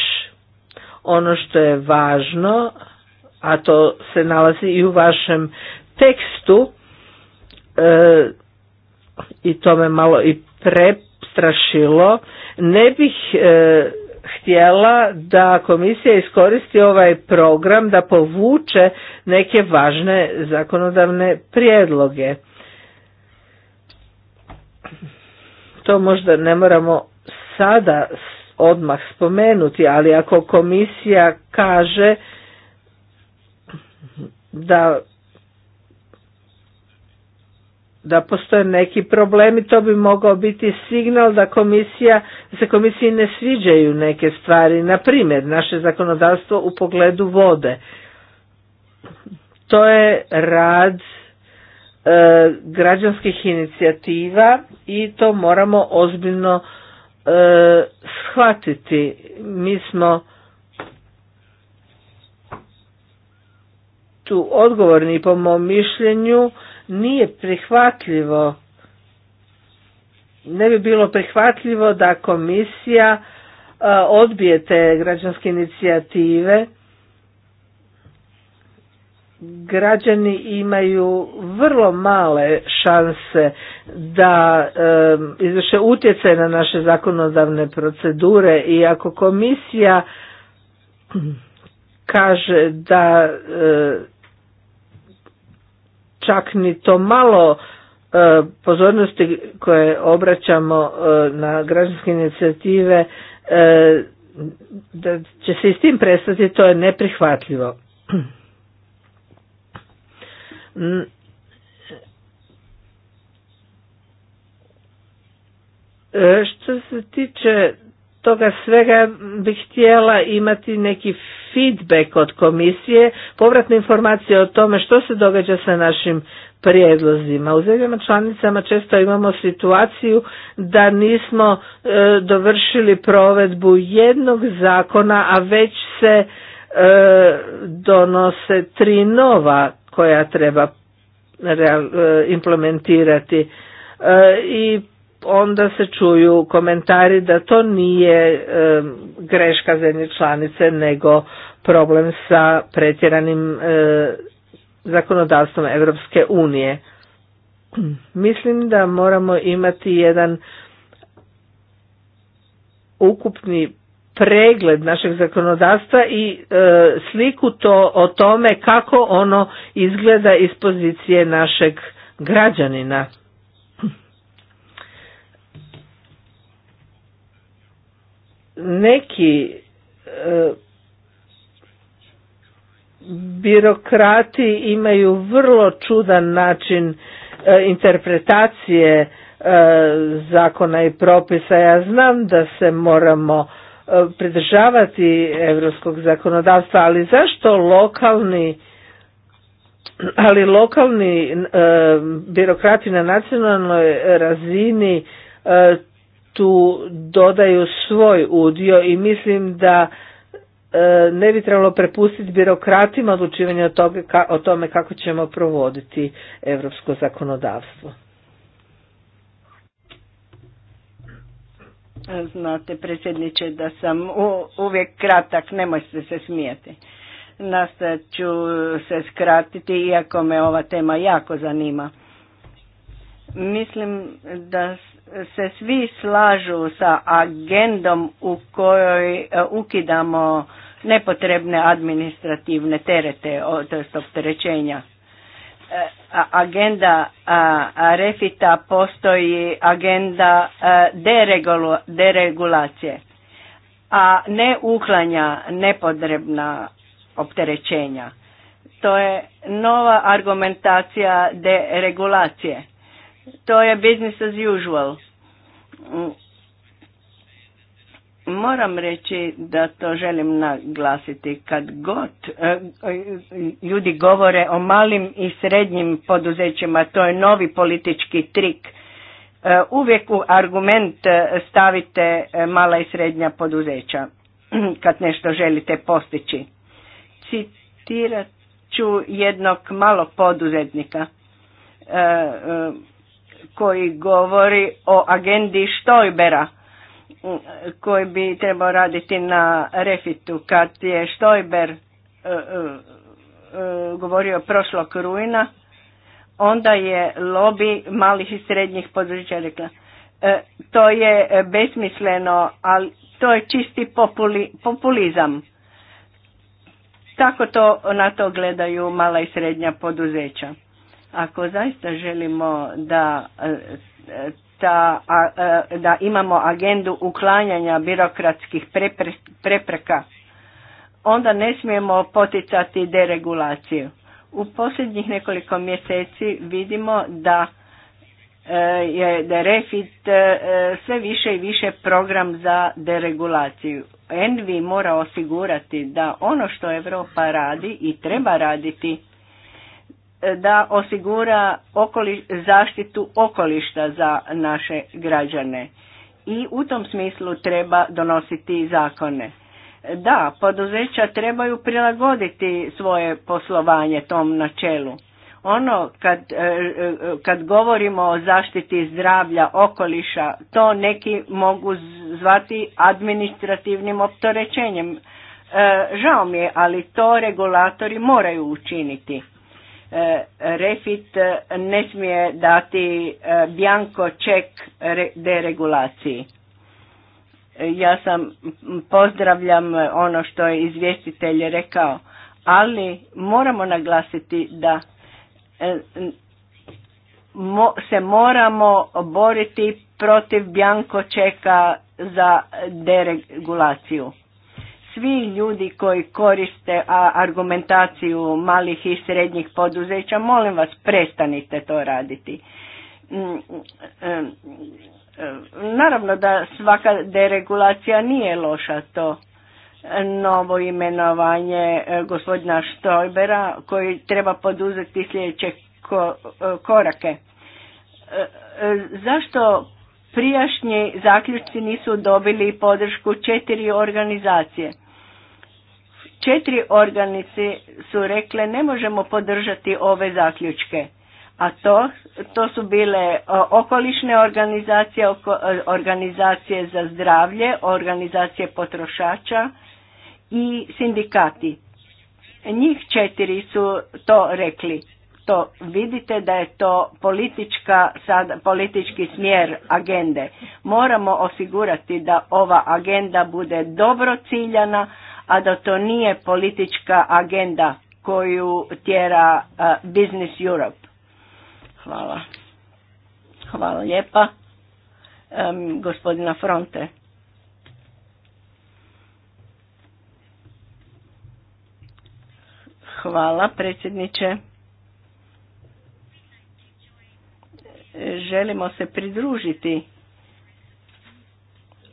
Ono što je važno, a to se nalazi i u vašem tekstu, e, i to me malo i prestrašilo, ne bih e, htjela da komisija iskoristi ovaj program da povuče neke važne zakonodavne prijedloge. To možda ne moramo sada odmah spomenuti, ali ako komisija kaže da da postoje neki problemi, to bi mogao biti signal da komisija, se komisiji ne sviđaju neke stvari, na primjer naše zakonodavstvo u pogledu vode. To je rad e, građanskih inicijativa i to moramo ozbiljno e, shvatiti. Mi smo tu odgovorni po mom mišljenju nije prihvatljivo ne bi bilo prihvatljivo da komisija e, odbije te građanske inicijative građani imaju vrlo male šanse da e, izvrše utjecaj na naše zakonodavne procedure i ako komisija [CLEARS THROAT] kaže da e, čak ni to malo e, pozornosti koje obraćamo e, na građanske inicijative e, da će se i s tim prestati, to je neprihvatljivo. Mm. Što se tiče toga svega bih htjela imati neki feedback od komisije, povratne informacije o tome što se događa sa našim prijedlozima. U zemljama članicama često imamo situaciju da nismo e, dovršili provedbu jednog zakona, a već se e, donose tri nova koja treba e, implementirati. I onda se čuju komentari da to nije greška zemlje članice nego problem sa pretjeranim e, zakonodavstvom Europske unije. Mislim da moramo imati jedan ukupni pregled našeg zakonodavstva i e, sliku to o tome kako ono izgleda iz pozicije našeg građanina. neki e, birokrati imaju vrlo čudan način e, interpretacije e, zakona i propisa. Ja znam da se moramo pridržavati europskog zakonodavstva, ali zašto lokalni ali lokalni birokrati na nacionalnoj razini tu dodaju svoj udio i mislim da e, ne bi trebalo prepustiti birokratima odlučivanje o tome kako ćemo provoditi evropsko zakonodavstvo.
Znate, predsjedniče, da sam uvijek kratak, nemojte se smijeti. Nastat ću se skratiti, iako me ova tema jako zanima. Mislim da se svi slažu sa agendom u kojoj e, ukidamo nepotrebne administrativne terete, to opterećenja. E, agenda refita postoji agenda e, deregulacije, a ne uklanja nepotrebna opterećenja. To je nova argumentacija deregulacije to je business as usual. Moram reći da to želim naglasiti. Kad god e, e, ljudi govore o malim i srednjim poduzećima, to je novi politički trik. E, uvijek u argument stavite mala i srednja poduzeća [CLEARS THROAT] kad nešto želite postići. Citirat ću jednog malog poduzetnika koji govori o agendi Štojbera mm, koji bi trebao raditi na refitu. Kad je Štojber e, e, e, govorio prošlog rujna, onda je lobby malih i srednjih područja rekla to je besmisleno, ali to je čisti populizam. Tako to na to gledaju mala i srednja poduzeća. Ako zaista želimo da eh, ta, eh, da imamo agendu uklanjanja birokratskih prepreka, onda ne smijemo poticati deregulaciju. U posljednjih nekoliko mjeseci vidimo da eh, je da Refit sve više i više program za deregulaciju. Envi mora osigurati da ono što Europa radi i treba raditi E, da osigura zaštitu okolišta za naše građane. I u tom smislu treba donositi zakone. Da, poduzeća trebaju prilagoditi svoje poslovanje tom načelu. Ono kad, e, e, kad govorimo o zaštiti zdravlja, okoliša, to neki mogu zvati administrativnim opterećenjem. Žao mi je, ali to regulatori moraju učiniti E, Refit e, ne smije dati e, bjanko ček deregulaciji. Ja sam pozdravljam ono što je izvjestitelj rekao, ali moramo naglasiti da se moramo boriti protiv bjanko čeka za deregulaciju svi ljudi koji koriste argumentaciju malih i srednjih poduzeća, molim vas prestanite to raditi. Mm, mm, mm, naravno da svaka deregulacija nije loša to novo imenovanje e, gospodina Štojbera koji treba poduzeti sljedeće e, korake. E, zašto prijašnji zaključci nisu dobili podršku četiri organizacije? Četiri organici su rekle ne možemo podržati ove zaključke, a to, to su bile e, okolišne organizacije, e, organizacije za zdravlje, organizacije potrošača i sindikati. Njih četiri su to rekli. To vidite da je to politička, sad, politički smjer agende. Moramo osigurati da ova agenda bude dobro ciljana, a da to nije politička agenda koju tjera Business Europe. Hvala. Hvala lijepa. gospodina Fronte. Hvala predsjedniče. Želimo se pridružiti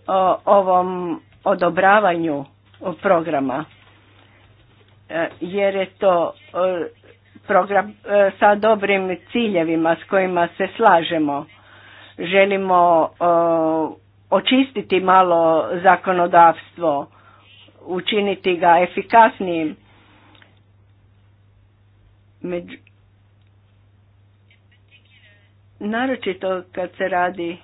o ovom odobravanju programa e, jer je to e, program e, sa dobrim ciljevima s kojima se slažemo. Želimo očistiti malo zakonodavstvo, učiniti ga efikasnijim. Među... Naročito kad se radi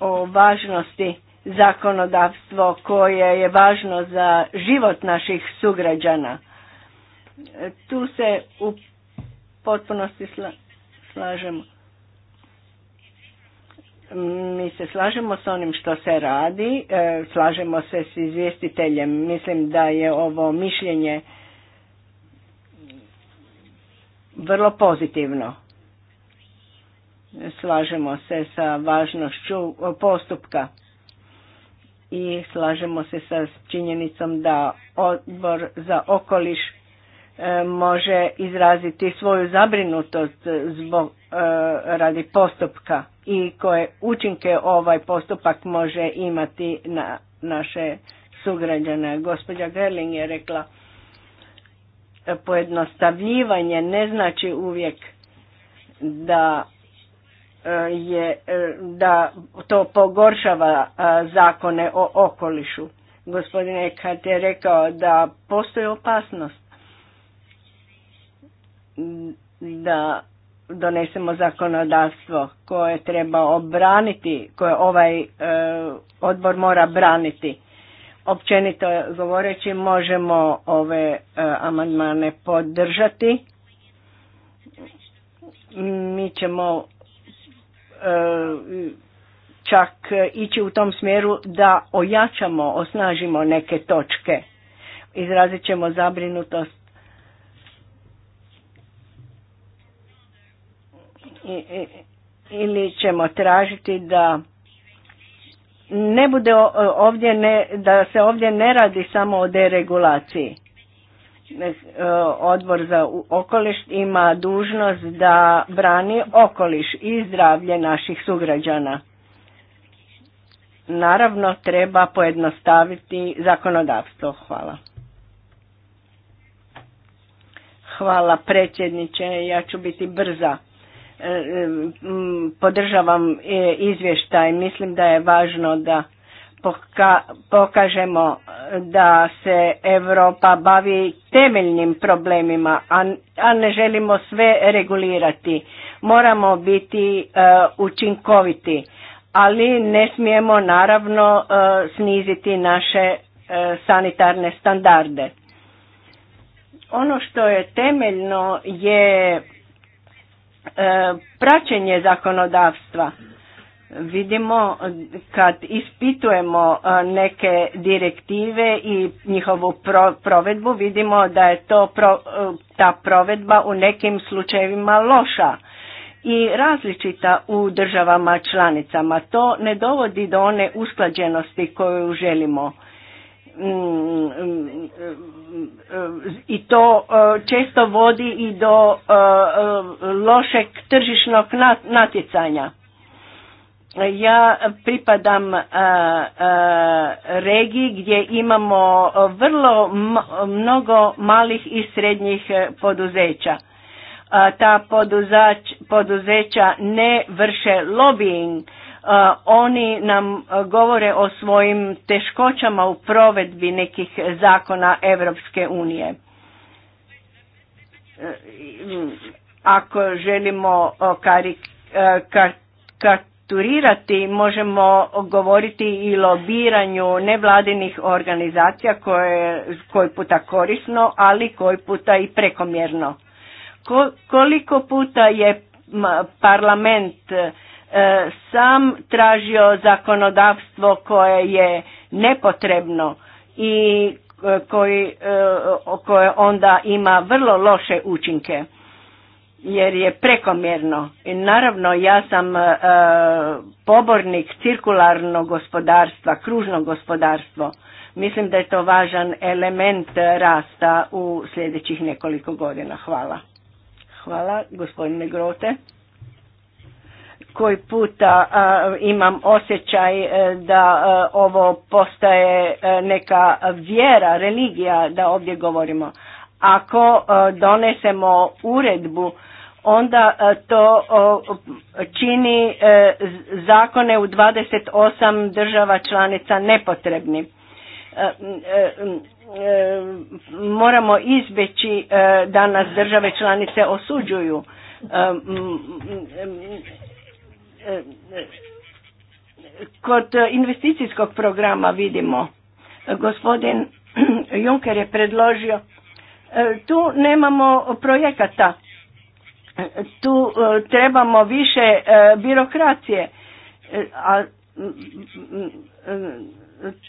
o važnosti zakonodavstvo koje je važno za život naših sugrađana. E, tu se u potpunosti sla, slažemo. Mi se slažemo s onim što se radi, e, slažemo se s izvjestiteljem. Mislim da je ovo mišljenje vrlo pozitivno. Slažemo se sa važnošću postupka i slažemo se sa činjenicom da odbor za okoliš e, može izraziti svoju zabrinutost zbog e, radi postupka i koje učinke ovaj postupak može imati na naše sugrađane. Gospođa Gerling je rekla e, pojednostavljivanje ne znači uvijek da E, je e, da to pogoršava e, zakone o okolišu. Gospodine Kat je rekao da postoji opasnost da donesemo zakonodavstvo koje treba obraniti, koje ovaj odbor mora braniti. Općenito govoreći možemo ove amandmane podržati. Mi ćemo E, čak ići u tom smjeru da ojačamo, osnažimo neke točke. Izrazit ćemo zabrinutost ili ćemo tražiti da ne bude ovdje ne, da se ovdje ne radi samo o deregulaciji E, odbor za okoliš ima dužnost da brani okoliš i zdravlje naših sugrađana. Naravno, treba pojednostaviti zakonodavstvo. Hvala. Hvala predsjedniče, ja ću biti brza. E, podržavam e, izvještaj, mislim da je važno da pokažemo eh, da se Europa bavi temeljnim problemima, a, ne želimo sve regulirati. Moramo biti eh, učinkoviti, ali ne smijemo naravno eh, sniziti naše sanitarne standarde. Ono što je temeljno
je
praćenje zakonodavstva Vidimo kad ispitujemo e, neke direktive i njihovu provedbu, vidimo da je to e, ta provedba u nekim slučajevima loša i različita u državama članicama. To ne dovodi do one usklađenosti koju želimo. I to e, često vodi i do lošeg tržišnog natjecanja. Ja pripadam regiji gdje imamo vrlo mnogo malih i srednjih e, poduzeća. Ta poduzeća ne vrše lobbying, oni nam govore o svojim teškoćama u provedbi nekih zakona Europske unije. E, ako želimo e, restrukturirati, možemo govoriti i lobiranju nevladinih organizacija koje koji puta korisno, ali koji puta i prekomjerno. koliko puta je parlament e, sam tražio zakonodavstvo koje je nepotrebno i e, koji, e, koje onda ima vrlo loše učinke jer je prekomjerno. I naravno ja sam e, pobornik cirkularnog gospodarstva, kružnog gospodarstvo. Mislim da je to važan element rasta u sljedećih nekoliko godina. Hvala. Hvala gospodine Grote. Koji puta e, imam osjećaj e, da ovo postaje neka vjera, religija da ovdje govorimo. Ako donesemo uredbu onda e, to čini e, zakone u 28 država članica nepotrebni. E, moramo izbeći da nas države članice osuđuju. Kod investicijskog programa vidimo, gospodin [CLEARS THROAT] Juncker je predložio, tu nemamo projekata tu e, trebamo više e, birokracije, e, a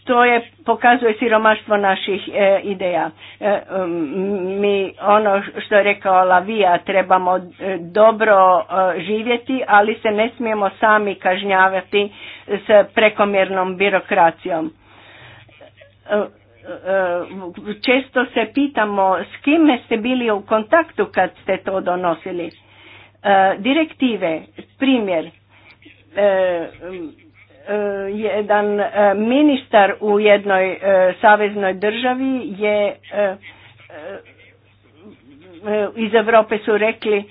to je pokazuje siromaštvo naših ideja. mi ono što je rekao Lavija trebamo dobro živjeti, ali se ne smijemo sami kažnjavati s prekomjernom birokracijom. E, često se pitamo s kime ste bili u kontaktu kad ste to donosili. E, direktive, primjer, e, jedan ministar u jednoj saveznoj državi je iz Europe su rekli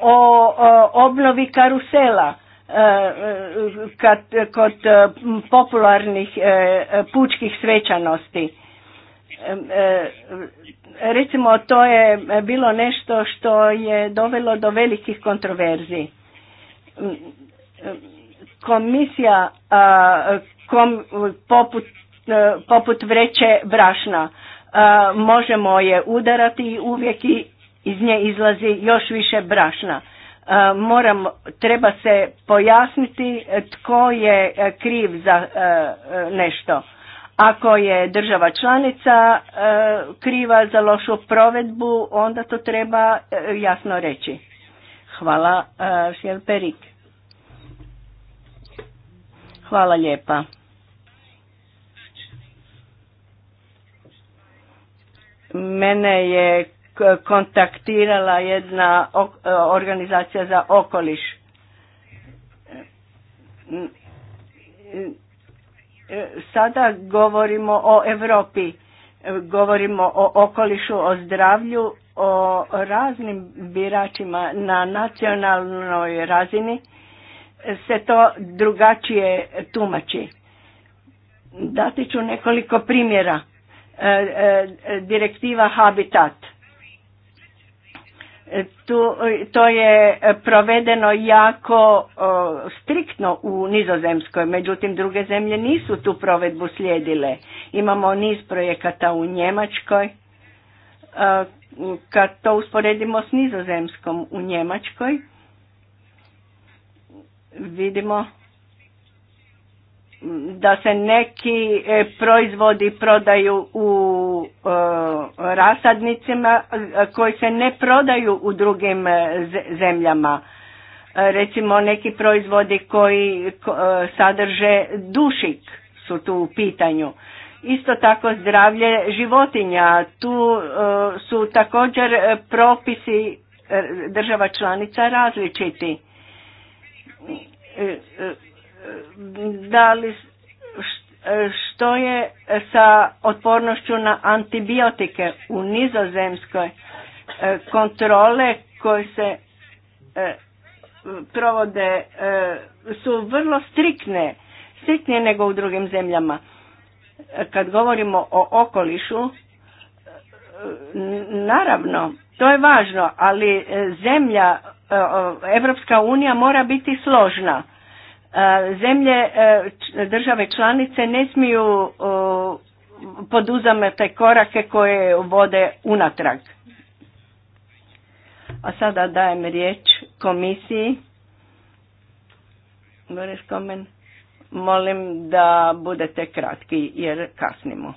o obnovi karusela Eh, kad, kod eh, popularnih eh, pučkih svećanosti. Recimo to je bilo nešto što je dovelo do velikih kontroverzi. Komisija kom, poput, poput vreće brašna možemo je udarati i uvijek iz nje izlazi još više brašna E, moram, treba se pojasniti tko je e, kriv za e, nešto. Ako je država članica kriva za lošu provedbu, onda to treba jasno reći. Hvala, Sjel Perik. Hvala lijepa. Mene je kontaktirala jedna e, organizacija za okoliš. E, sada govorimo o Europi, e, govorimo o okolišu, o zdravlju, o raznim biračima na nacionalnoj razini se to drugačije tumači. Dati ću nekoliko primjera. Direktiva Habitat E, tu, e, to je provedeno jako striktno u Nizozemskoj, međutim druge zemlje nisu tu provedbu slijedile. Imamo niz projekata u Njemačkoj. E, kad to usporedimo s Nizozemskom u Njemačkoj, vidimo da se neki e, proizvodi prodaju u e, rasadnicima e, koji se ne prodaju u drugim zemljama. Recimo neki proizvodi koji sadrže dušik su tu u pitanju. Isto tako zdravlje životinja, tu su također propisi država članica različiti da li što je sa otpornošću na antibiotike u nizozemskoj e, kontrole koje se e, provode e, su vrlo striktne, striknije nego u drugim zemljama. Kad govorimo o okolišu, naravno, to je važno, ali zemlja, Evropska unija mora biti složna E, zemlje e, države članice ne smiju te korake koje vode unatrag. A sada dajem riječ komisiji. Boris Komen, molim da budete kratki jer kasnimo.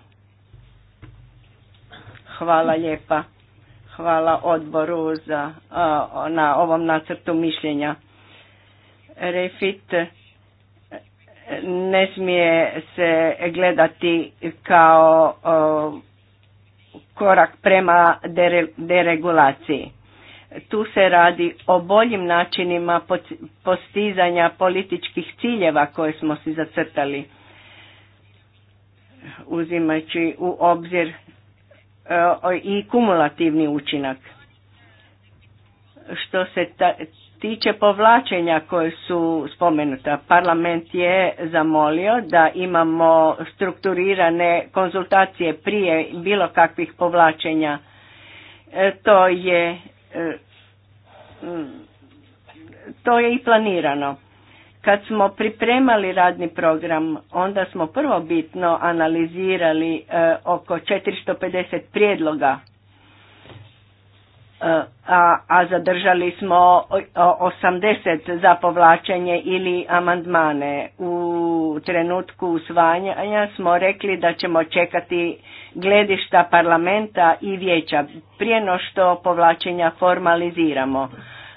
Hvala lijepa. Hvala odboru na ovom nacrtu mišljenja. Refit ne smije se gledati kao korak prema deregulaciji. Tu se radi o boljim načinima postizanja političkih ciljeva koje smo si zacrtali, uzimajući u obzir i kumulativni učinak. Što se tiče povlačenja koje su spomenuta, parlament je zamolio da imamo strukturirane konzultacije prije bilo kakvih povlačenja. E, to je e, to je i planirano. Kad smo pripremali radni program, onda smo prvobitno analizirali e, oko 450 prijedloga Eh, a, a zadržali smo 80 za povlačenje ili amandmane. U trenutku usvajanja smo rekli da ćemo čekati gledišta parlamenta i vijeća prije no što povlačenja formaliziramo.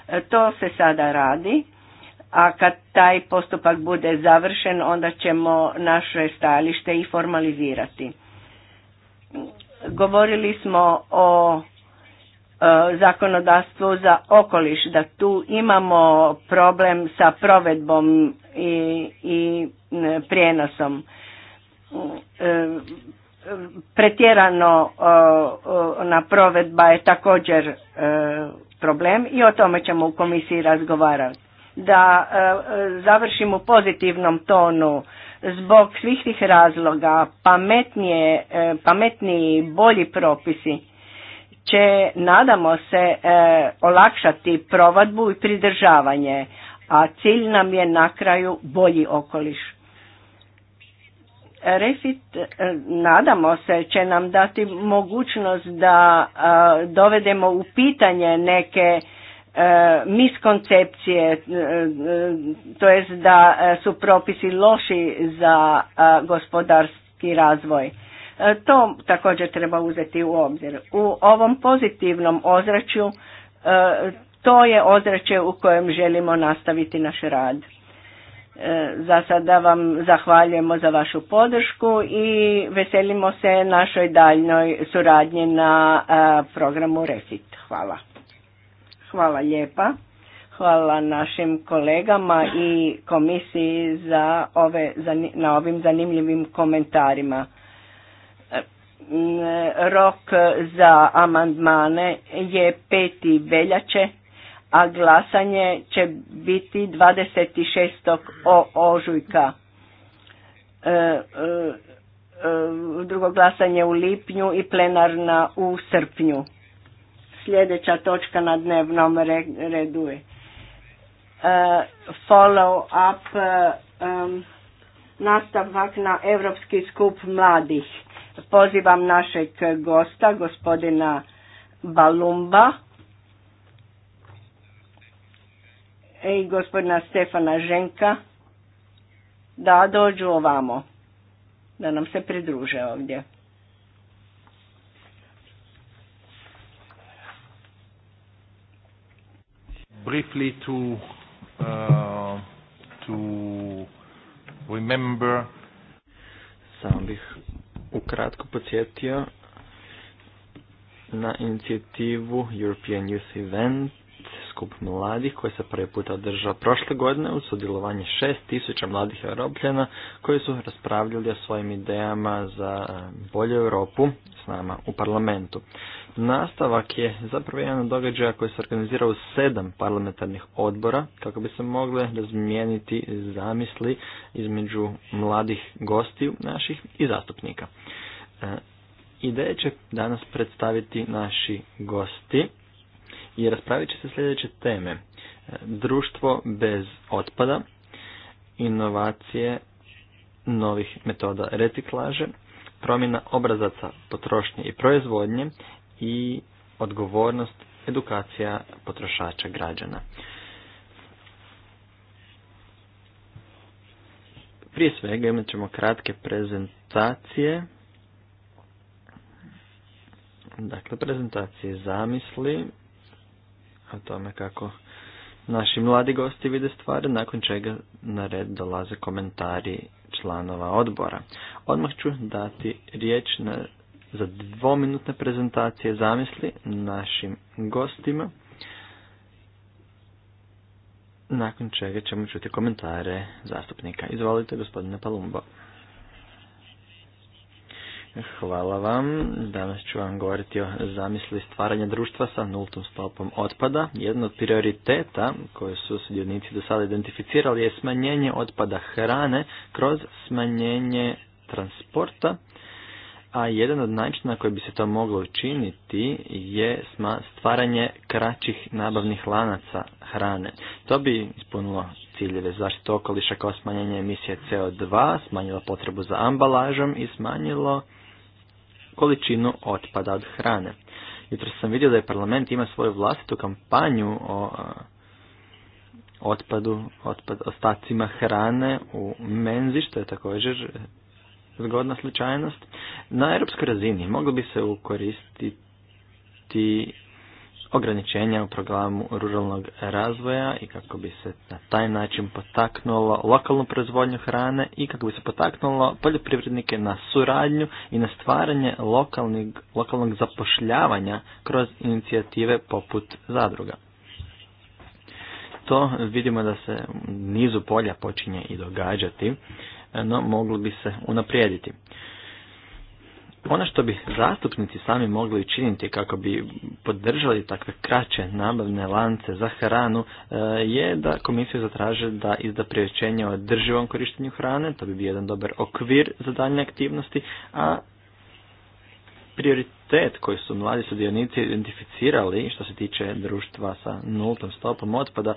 Eh, to se sada radi, a kad taj postupak bude završen onda ćemo naše stajalište i formalizirati. Govorili smo o E, zakonodavstvu za okoliš, da tu imamo problem sa provedbom i, i e, prijenosom. E, pretjerano na provedba je također problem i o tome ćemo u komisiji razgovarati. Da završimo u pozitivnom tonu zbog svih tih razloga, pametnije, pametniji, bolji propisi će, nadamo se, e, olakšati provadbu i pridržavanje, a cilj nam je na kraju bolji okoliš. Refit, e, nadamo se, će nam dati mogućnost da e, dovedemo u pitanje neke miskoncepcije, to jest da su propisi loši za gospodarski razvoj. E, to također treba uzeti u obzir. U ovom pozitivnom ozračju e, to je ozračje u kojem želimo nastaviti naš rad. E, za sada vam zahvaljujemo za vašu podršku i veselimo se našoj daljnoj suradnji na programu Resit. Hvala. Hvala lijepa. Hvala našim kolegama i komisiji za ove, na ovim zanimljivim komentarima. E, rok za amandmane je 5. veljače, a glasanje će biti 26. ožujka. E, e, drugo glasanje u lipnju i plenarna u srpnju. Sljedeća točka na dnevnom redu je follow up nastavak na Europski skup mladih. Pozivam našeg gosta, gospodina Balumba i gospodina Stefana Ženka da dođu ovamo, da nam se pridruže ovdje.
briefly to uh, to remember. Samo bih ukratko podsjetio na inicijativu European Youth Event skup mladih koji se prvi put održao prošle godine u sudjelovanje tisuća mladih europljana koji su raspravljali o svojim idejama za bolju Europu s nama u parlamentu. Nastavak je zapravo jedan od događaja koji se organizira u sedam parlamentarnih odbora kako bi se mogle razmijeniti zamisli između mladih gostiju naših i zastupnika. E, ideje će danas predstaviti naši gosti i raspravit će se sljedeće teme. E, društvo bez otpada, inovacije novih metoda reciklaže, promjena obrazaca potrošnje i proizvodnje i odgovornost edukacija potrošača građana. Prije svega imat ćemo kratke prezentacije. Dakle, prezentacije zamisli o tome kako naši mladi gosti vide stvari, nakon čega na red dolaze komentari članova odbora. Odmah ću dati riječ na za dvominutne prezentacije zamisli našim gostima. Nakon čega ćemo čuti komentare zastupnika. Izvolite gospodine Palumbo. Hvala vam. Danas ću vam govoriti o zamisli stvaranja društva sa nultom stopom otpada. Jedno od prioriteta koje su sudionici do sada identificirali je smanjenje otpada hrane kroz smanjenje transporta a jedan od načina koji bi se to moglo učiniti je stvaranje kraćih nabavnih lanaca hrane. To bi ispunilo ciljeve zaštite okoliša kao smanjenje emisije CO2, smanjilo potrebu za ambalažom i smanjilo količinu otpada od hrane. Jutro sam vidio da je parlament ima svoju vlastitu kampanju o otpadu, otpad, ostacima hrane u menzi, što je također zgodna slučajnost. Na europskoj razini moglo bi se ukoristiti ograničenja u programu ruralnog razvoja i kako bi se na taj način potaknulo lokalnu proizvodnju hrane i kako bi se potaknulo poljoprivrednike na suradnju i na stvaranje lokalnog, lokalnog zapošljavanja kroz inicijative poput zadruga. To vidimo da se nizu polja počinje i događati no moglo bi se unaprijediti. Ono što bi zastupnici sami mogli učiniti kako bi podržali takve kraće nabavne lance za hranu e, je da komisija zatraže da izda priječenje o drživom korištenju hrane, to bi bio jedan dobar okvir za daljne aktivnosti, a prioritet koji su mladi sudionici identificirali što se tiče društva sa nultom stopom otpada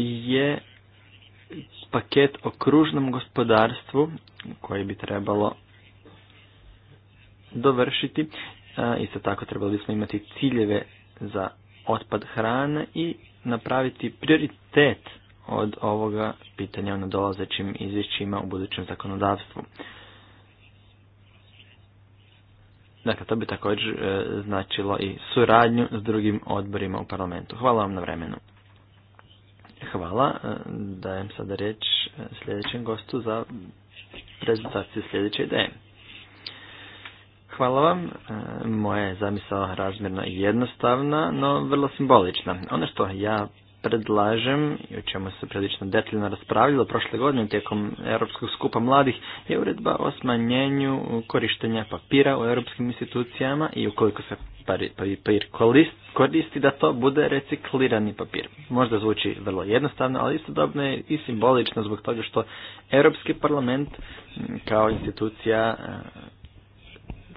je paket o kružnom gospodarstvu koji bi trebalo dovršiti. Isto tako trebali bismo imati ciljeve za otpad hrane i napraviti prioritet od ovoga pitanja na dolazećim izvješćima u budućem zakonodavstvu. Dakle, to bi također e, značilo i suradnju s drugim odborima u parlamentu. Hvala vam na vremenu. Hvala. E, dajem sada riječ e, sljedećem gostu za prezentaciju sljedeće ideje. Hvala vam. E, moja je zamisao razmjerno jednostavna, no vrlo simbolična. Ono što ja predlažem i o čemu se prilično detaljno raspravljalo prošle godine tijekom Europskog skupa mladih je uredba o smanjenju korištenja papira u europskim institucijama i ukoliko se papir koristi da to bude reciklirani papir. Možda zvuči vrlo jednostavno, ali istodobno je i simbolično zbog toga što Europski parlament kao institucija e,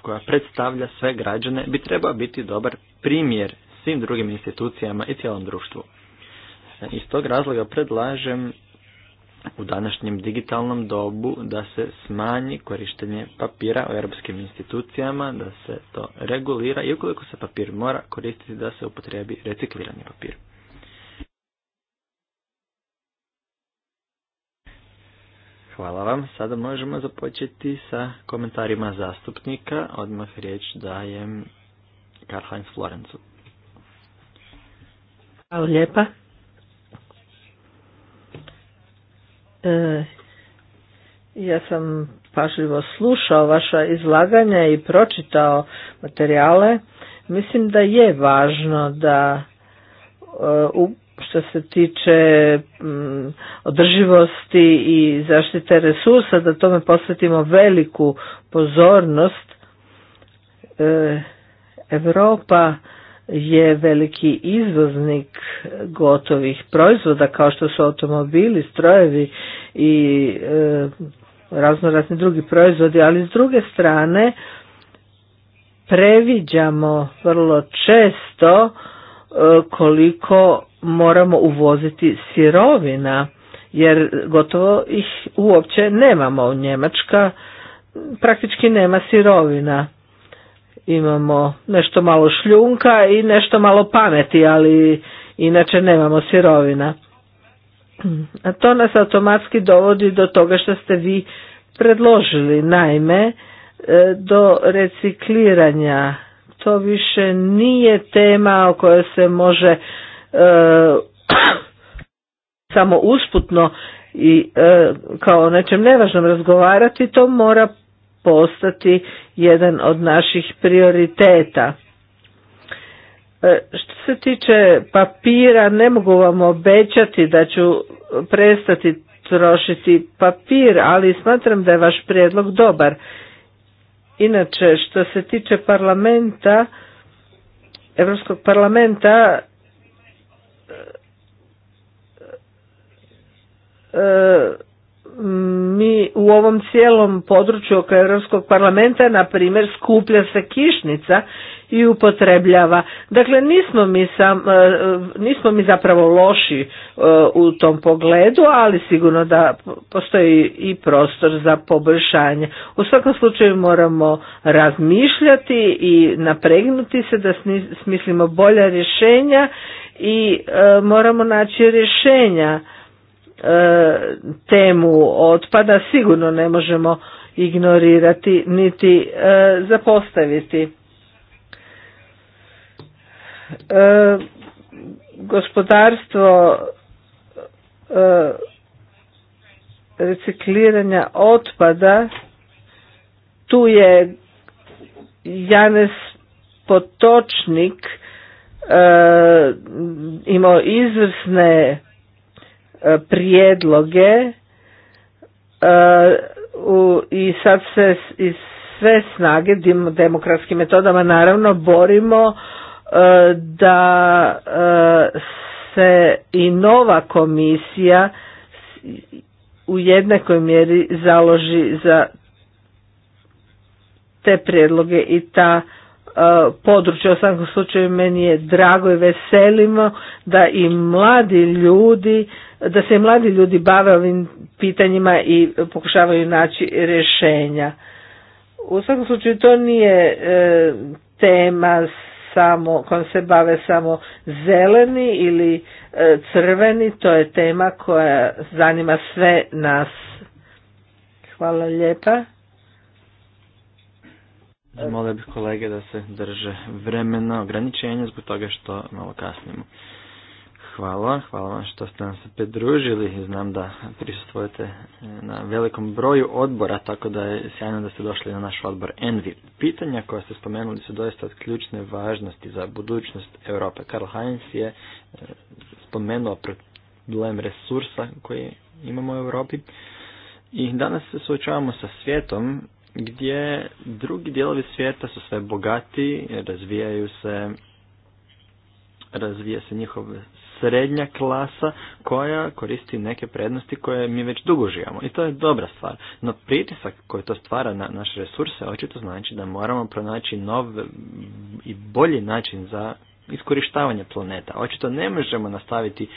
koja predstavlja sve građane bi trebao biti dobar primjer svim drugim institucijama i cijelom društvu. Iz tog razloga predlažem u današnjem digitalnom dobu da se smanji korištenje papira u europskim institucijama, da se to regulira i ukoliko se papir mora koristiti da se upotrebi reciklirani papir. Hvala vam. Sada možemo započeti sa komentarima zastupnika. Odmah riječ dajem Karl-Heinz Florencu.
Hvala lijepa. E, ja sam pažljivo slušao vaša izlaganja i pročitao materijale. Mislim da je važno da e, što se tiče održivosti i zaštite resursa, da tome posvetimo veliku pozornost. Europa je veliki izvoznik gotovih proizvoda kao što su automobili, strojevi i razno e, raznorazni drugi proizvodi, ali s druge strane previđamo vrlo često e, koliko moramo uvoziti sirovina jer gotovo ih uopće nemamo. u Njemačka praktički nema sirovina imamo nešto malo šljunka i nešto malo pameti, ali inače nemamo sirovina. A to nas automatski dovodi do toga što ste vi predložili, naime, e, do recikliranja. To više nije tema o kojoj se može e, [COUGHS] samo usputno i e, kao o nečem nevažnom razgovarati, to mora postati jedan od naših prioriteta. E, što se tiče papira, ne mogu vam obećati da ću prestati trošiti papir, ali smatram da je vaš prijedlog dobar. Inače, što se tiče parlamenta, Europskog parlamenta, e, e mi u ovom cijelom području oko Europskog parlamenta, na primjer, skuplja se kišnica i upotrebljava. Dakle, nismo mi, sam, e, nismo mi zapravo loši e, u tom pogledu, ali sigurno da postoji i prostor za poboljšanje. U svakom slučaju moramo razmišljati i napregnuti se da smislimo bolja rješenja i e, moramo naći rješenja E, temu otpada sigurno ne možemo ignorirati niti e, zapostaviti. E, gospodarstvo recikliranja otpada tu je Janes Potočnik imao izvrsne E, prijedloge e, i sad se iz sve snage demokratskim metodama naravno borimo e, da se i nova komisija u jednakoj mjeri založi za te prijedloge i ta područja. U svakom slučaju meni je drago i veselimo da i mladi ljudi da se mladi ljudi bave ovim pitanjima i pokušavaju naći rješenja. U svakom slučaju to nije e, tema samo kojom se bave samo zeleni ili e, crveni, to je tema koja zanima sve nas. Hvala lijepa.
Zamolio bih kolege da se drže vremena ograničenja zbog toga što malo kasnimo. Hvala, hvala vam što ste nam se pridružili. Znam da prisustvujete e, na velikom broju odbora, tako da je sjajno da ste došli na naš odbor Envi. Pitanja koja ste spomenuli su doista od ključne važnosti za budućnost Europe. Karl Heinz je e, spomenuo problem resursa koji imamo u Europi. I danas se suočavamo sa svijetom gdje drugi dijelovi svijeta su sve bogati, razvijaju se, razvija se njihov srednja klasa koja koristi neke prednosti koje mi već dugo živamo. I to je dobra stvar. No pritisak koji to stvara na naše resurse očito znači da moramo pronaći nov i bolji način za iskorištavanje planeta. Očito ne možemo nastaviti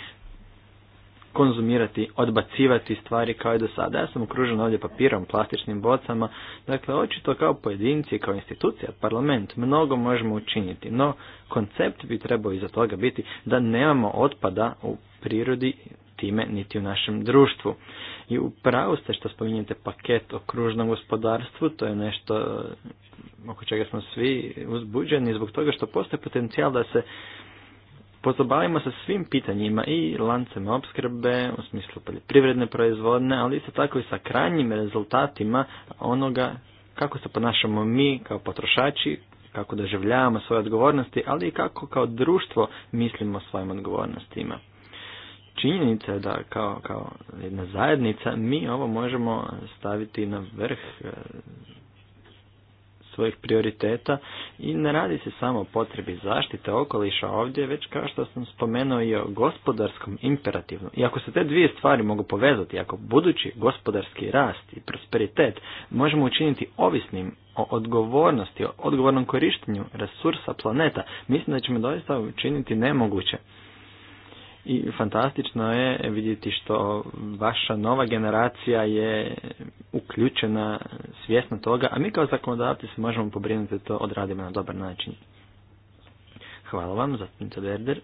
konzumirati, odbacivati stvari kao i do sada. Ja sam okružen ovdje papirom, plastičnim bocama, dakle očito kao pojedinci, kao institucija, parlament, mnogo možemo učiniti, no koncept bi trebao iza toga biti da nemamo otpada u prirodi time niti u našem društvu. I u pravu ste što spominjete paket o kružnom gospodarstvu, to je nešto e, oko čega smo svi uzbuđeni zbog toga što postoji potencijal da se pozabavimo se svim pitanjima i lancem opskrbe u smislu poljoprivredne proizvodne, ali isto tako i sa krajnjim rezultatima onoga kako se ponašamo mi kao potrošači, kako doživljavamo svoje odgovornosti, ali i kako kao društvo mislimo o svojim odgovornostima. Činjenica je da kao, kao jedna zajednica mi ovo možemo staviti na vrh eh, svojih prioriteta i ne radi se samo o potrebi zaštite okoliša ovdje, već kao što sam spomenuo i o gospodarskom imperativnom. I ako se te dvije stvari mogu povezati, ako budući gospodarski rast i prosperitet možemo učiniti ovisnim o odgovornosti, o odgovornom korištenju resursa planeta, mislim da ćemo doista učiniti nemoguće. I fantastično je vidjeti što vaša nova generacija je uključena svjesna toga, a mi kao zakonodavci se možemo pobrinuti da to odradimo na dobar način. Hvala vam, zastupnica Berder.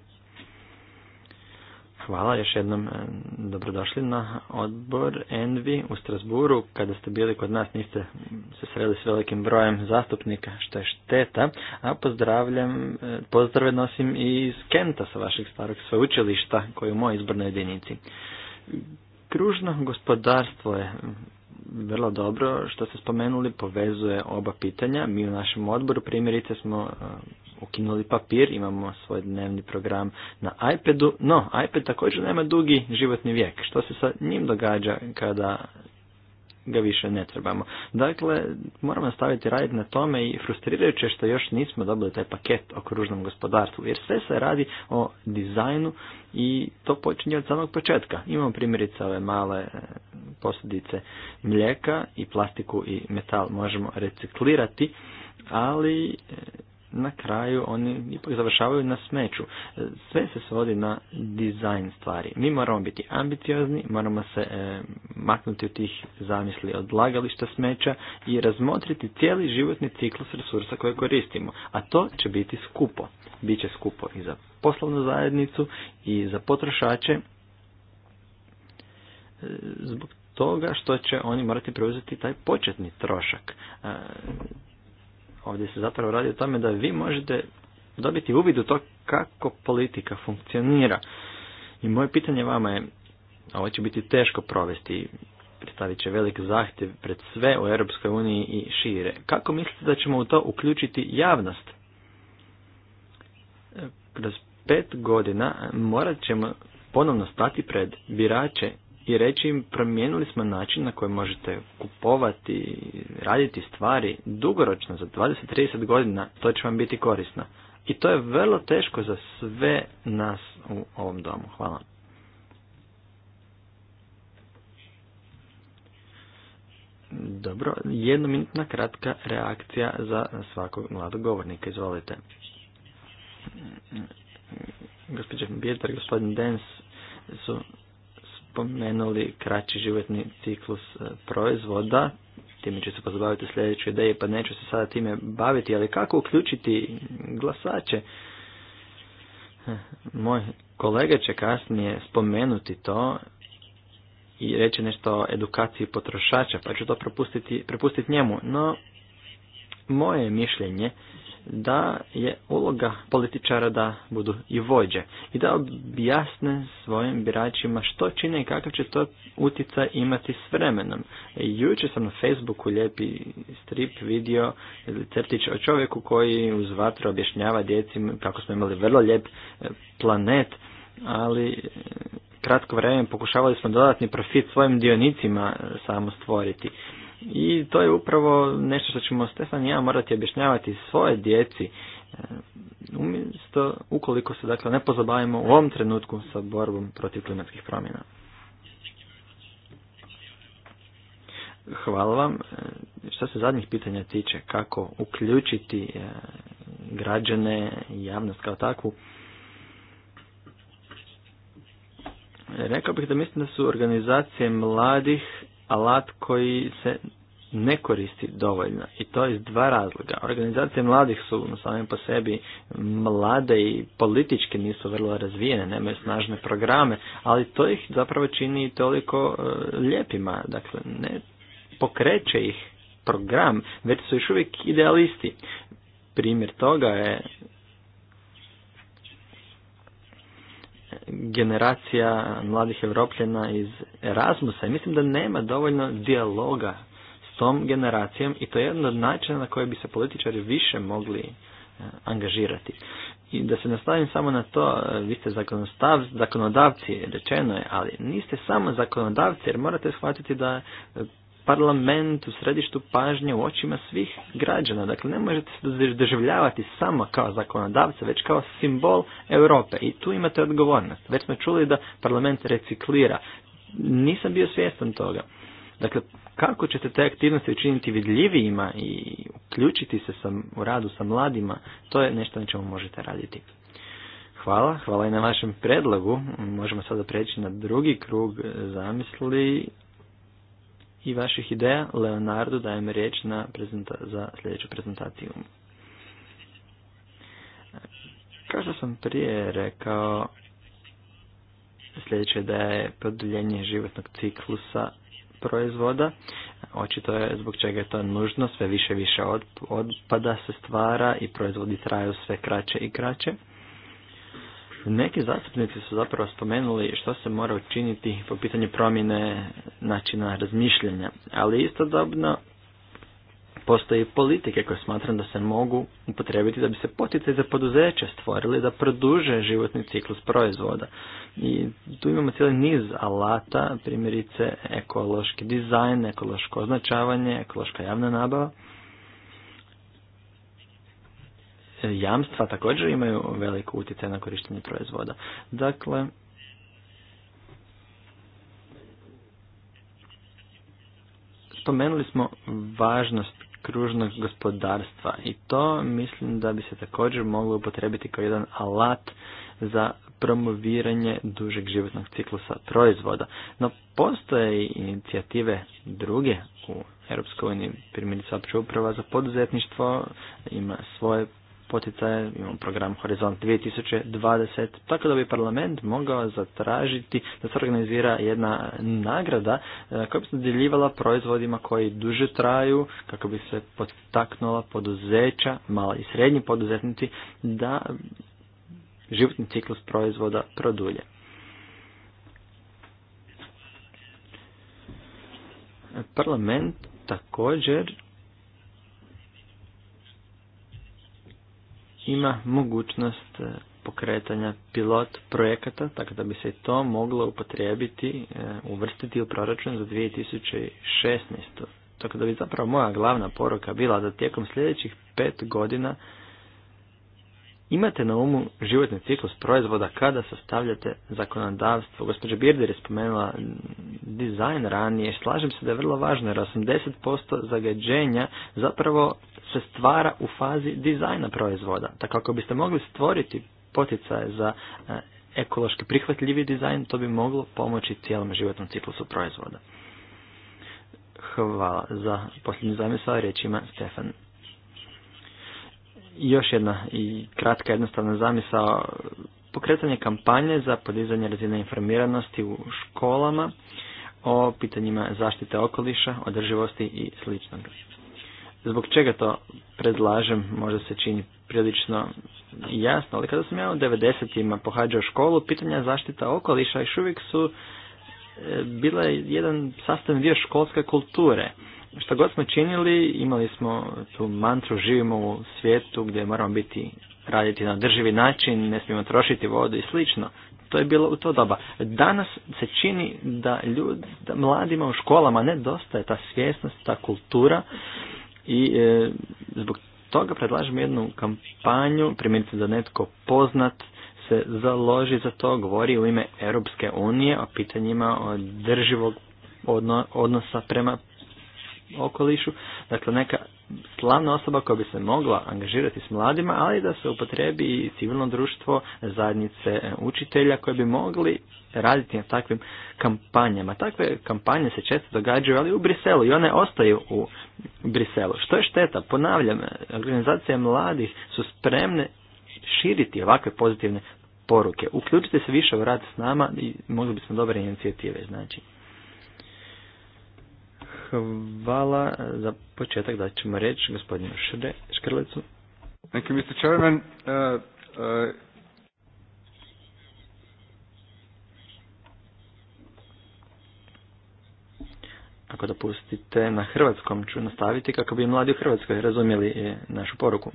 Hvala još jednom, e, dobrodošli na odbor Envi u Strasburu. Kada ste bili kod nas niste se sreli s velikim brojem zastupnika, što je šteta, a pozdravljam, e, pozdrave nosim i iz Kenta sa vašeg starog sveučilišta koji je u mojoj izbornoj jedinici. Kružno gospodarstvo je vrlo dobro što ste spomenuli, povezuje oba pitanja. Mi u našem odboru primjerice smo e, ukinuli papir, imamo svoj dnevni program na iPadu, no iPad također nema dugi životni vijek. Što se sa njim događa kada ga više ne trebamo. Dakle, moramo staviti raditi na tome i frustrirajuće što još nismo dobili taj paket o kružnom gospodarstvu, jer sve se radi o dizajnu i to počinje od samog početka. Imamo primjerice ove male e, posljedice mlijeka i plastiku i metal možemo reciklirati, ali e, na kraju oni ipak završavaju na smeću. Sve se svodi na dizajn stvari. Mi moramo biti ambiciozni, moramo se e, maknuti u tih zamisli lagališta smeća i razmotriti cijeli životni ciklus resursa koje koristimo. A to će biti skupo. Biće skupo i za poslovnu zajednicu i za potrošače. E, zbog toga što će oni morati preuzeti taj početni trošak. E, Ovdje se zapravo radi o tome da vi možete dobiti uvid u to kako politika funkcionira. I moje pitanje vama je, ovo će biti teško provesti, predstavit će velik zahtjev pred sve u Europskoj uniji i šire. Kako mislite da ćemo u to uključiti javnost? E, kroz pet godina morat ćemo ponovno stati pred birače i reći im promijenili smo način na koji možete kupovati, raditi stvari dugoročno za 20-30 godina, to će vam biti korisno. I to je vrlo teško za sve nas u ovom domu. Hvala. Dobro, jednominutna kratka reakcija za svakog mladog govornika. Izvolite. Gospodin Bjetar, gospodin Dens su spomenuli kraći životni ciklus e, proizvoda. Time ću se pozabaviti u sljedećoj pa neću se sada time baviti, ali kako uključiti glasače? E, moj kolega će kasnije spomenuti to i reći nešto o edukaciji potrošača, pa ću to prepustiti, prepustiti njemu. No, moje mišljenje da je uloga političara da budu i vođe i da objasne svojim biračima što čine i kakav će to utjecaj imati s vremenom. Jučer sam na Facebooku lijepi strip vidio crtić o čovjeku koji uz vatru objašnjava djeci kako smo imali vrlo lijep e, planet, ali e, kratko vrijeme pokušavali smo dodatni profit svojim dionicima samo stvoriti. I to je upravo nešto što ćemo Stefan i ja morati objašnjavati svoje djeci. E, umjesto, ukoliko se dakle ne pozabavimo u ovom trenutku sa borbom protiv klimatskih promjena. Hvala vam. E, što se zadnjih pitanja tiče, kako uključiti e, građane i javnost kao takvu, rekao bih da mislim da su organizacije mladih alat koji se ne koristi dovoljno i to iz dva razloga. Organizacije mladih su samim po sebi mlade i politički nisu vrlo razvijene, nemaju snažne programe, ali to ih zapravo čini toliko e, lijepima, dakle ne pokreće ih program, već su još uvijek idealisti. Primjer toga je generacija mladih Evropljena iz Erasmusa i mislim da nema dovoljno dijaloga s tom generacijom i to je jedan od načina na koje bi se političari više mogli e, angažirati. I da se nastavim samo na to, e, vi ste zakonodavci, rečeno je, ali niste samo zakonodavci jer morate shvatiti da parlament u središtu pažnje u očima svih građana. Dakle, ne možete se doživljavati samo kao zakonodavca, već kao simbol Europe. I tu imate odgovornost. Već smo čuli da parlament reciklira. Nisam bio svjestan toga. Dakle, kako ćete te aktivnosti učiniti vidljivijima i uključiti se sa, u radu sa mladima, to je nešto na čemu možete raditi. Hvala, hvala i na vašem predlogu. Možemo sada preći na drugi krug zamisli, i vaših ideja. Leonardo dajem riječ na prezenta za sljedeću prezentaciju. Kao što sam prije rekao, sljedeća ideja je produljenje životnog ciklusa proizvoda. Očito je zbog čega je to nužno, sve više više otpada se stvara i proizvodi traju sve kraće i kraće. Neki zastupnici su zapravo spomenuli što se mora učiniti po pitanju promjene načina razmišljanja, ali istodobno postoje politike koje smatram da se mogu upotrebiti da bi se poticaj za poduzeće stvorili da produže životni ciklus proizvoda. I tu imamo cijeli niz alata, primjerice ekološki dizajn, ekološko označavanje, ekološka javna nabava. jamstva također imaju veliku utjecaj na korištenje proizvoda. Dakle, spomenuli smo važnost kružnog gospodarstva i to mislim da bi se također moglo upotrebiti kao jedan alat za promoviranje dužeg životnog ciklusa proizvoda. No postoje i inicijative druge u Europskoj uniji, primjerice uprava za poduzetništvo ima svoje poticaje, imamo program Horizont 2020, tako da bi parlament mogao zatražiti da se organizira jedna nagrada e, koja bi se dodjeljivala proizvodima koji duže traju, kako bi se potaknula poduzeća, mala i srednji poduzetnici, da životni ciklus proizvoda produlje. Parlament također ima mogućnost e, pokretanja pilot projekata, tako da bi se to moglo upotrijebiti, e, uvrstiti u proračun za 2016. Tako da bi zapravo moja glavna poruka bila da tijekom sljedećih pet godina imate na umu životni ciklus proizvoda kada sastavljate zakonodavstvo. Gospođa Birder je spomenula dizajn ranije. Slažem se da je vrlo važno jer 80% zagađenja zapravo se stvara u fazi dizajna proizvoda. Tako ako biste mogli stvoriti poticaje za eh, ekološki prihvatljivi dizajn, to bi moglo pomoći cijelom životnom ciklusu proizvoda. Hvala za posljednju zamisao, riječ ima Stefan još jedna i kratka jednostavna zamisao pokretanje kampanje za podizanje razine informiranosti u školama o pitanjima zaštite okoliša, održivosti i sl. Zbog čega to predlažem, možda se čini prilično jasno, ali kada sam ja u 90-ima pohađao školu, pitanja zaštita okoliša još uvijek su e, bila jedan sastavni dio školske kulture što god smo činili, imali smo tu mantru, živimo u svijetu gdje moramo biti raditi na održivi način, ne smijemo trošiti vodu i slično. To je bilo u to doba. Danas se čini da, ljud, da mladima u školama nedostaje ta svjesnost, ta kultura i e, zbog toga predlažem jednu kampanju, primjerice da netko poznat se založi za to, govori u ime Europske unije o pitanjima održivog odnosa prema okolišu. Dakle, neka slavna osoba koja bi se mogla angažirati s mladima, ali da se upotrebi i civilno društvo, zajednice e, učitelja koji bi mogli raditi na takvim kampanjama. Takve kampanje se često događaju, ali u Briselu i one ostaju u Briselu. Što je šteta? Ponavljam, e, organizacije mladih su spremne širiti ovakve pozitivne poruke. Uključite se više u rad s nama i mogli bismo dobre inicijative, znači. Hvala. Za početak da ćemo reći gospodinu Šre, Škrlecu.
Thank you, Mr. Chairman. Uh, uh,
Ako dopustite, na hrvatskom ću nastaviti kako bi mladi u Hrvatskoj razumjeli eh, našu poruku.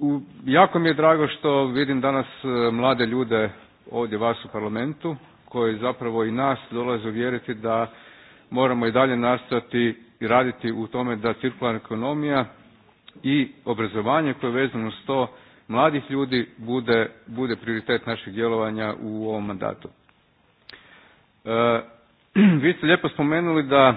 U, jako mi je drago što vidim danas eh, mlade ljude ovdje vas u parlamentu koji zapravo i nas dolaze uvjeriti da moramo i dalje nastojati i raditi u tome da cirkularna ekonomija i obrazovanje koje je vezano s to mladih ljudi bude, bude prioritet našeg djelovanja u ovom mandatu. E, [CLEARS THROAT] vi ste lijepo spomenuli da e,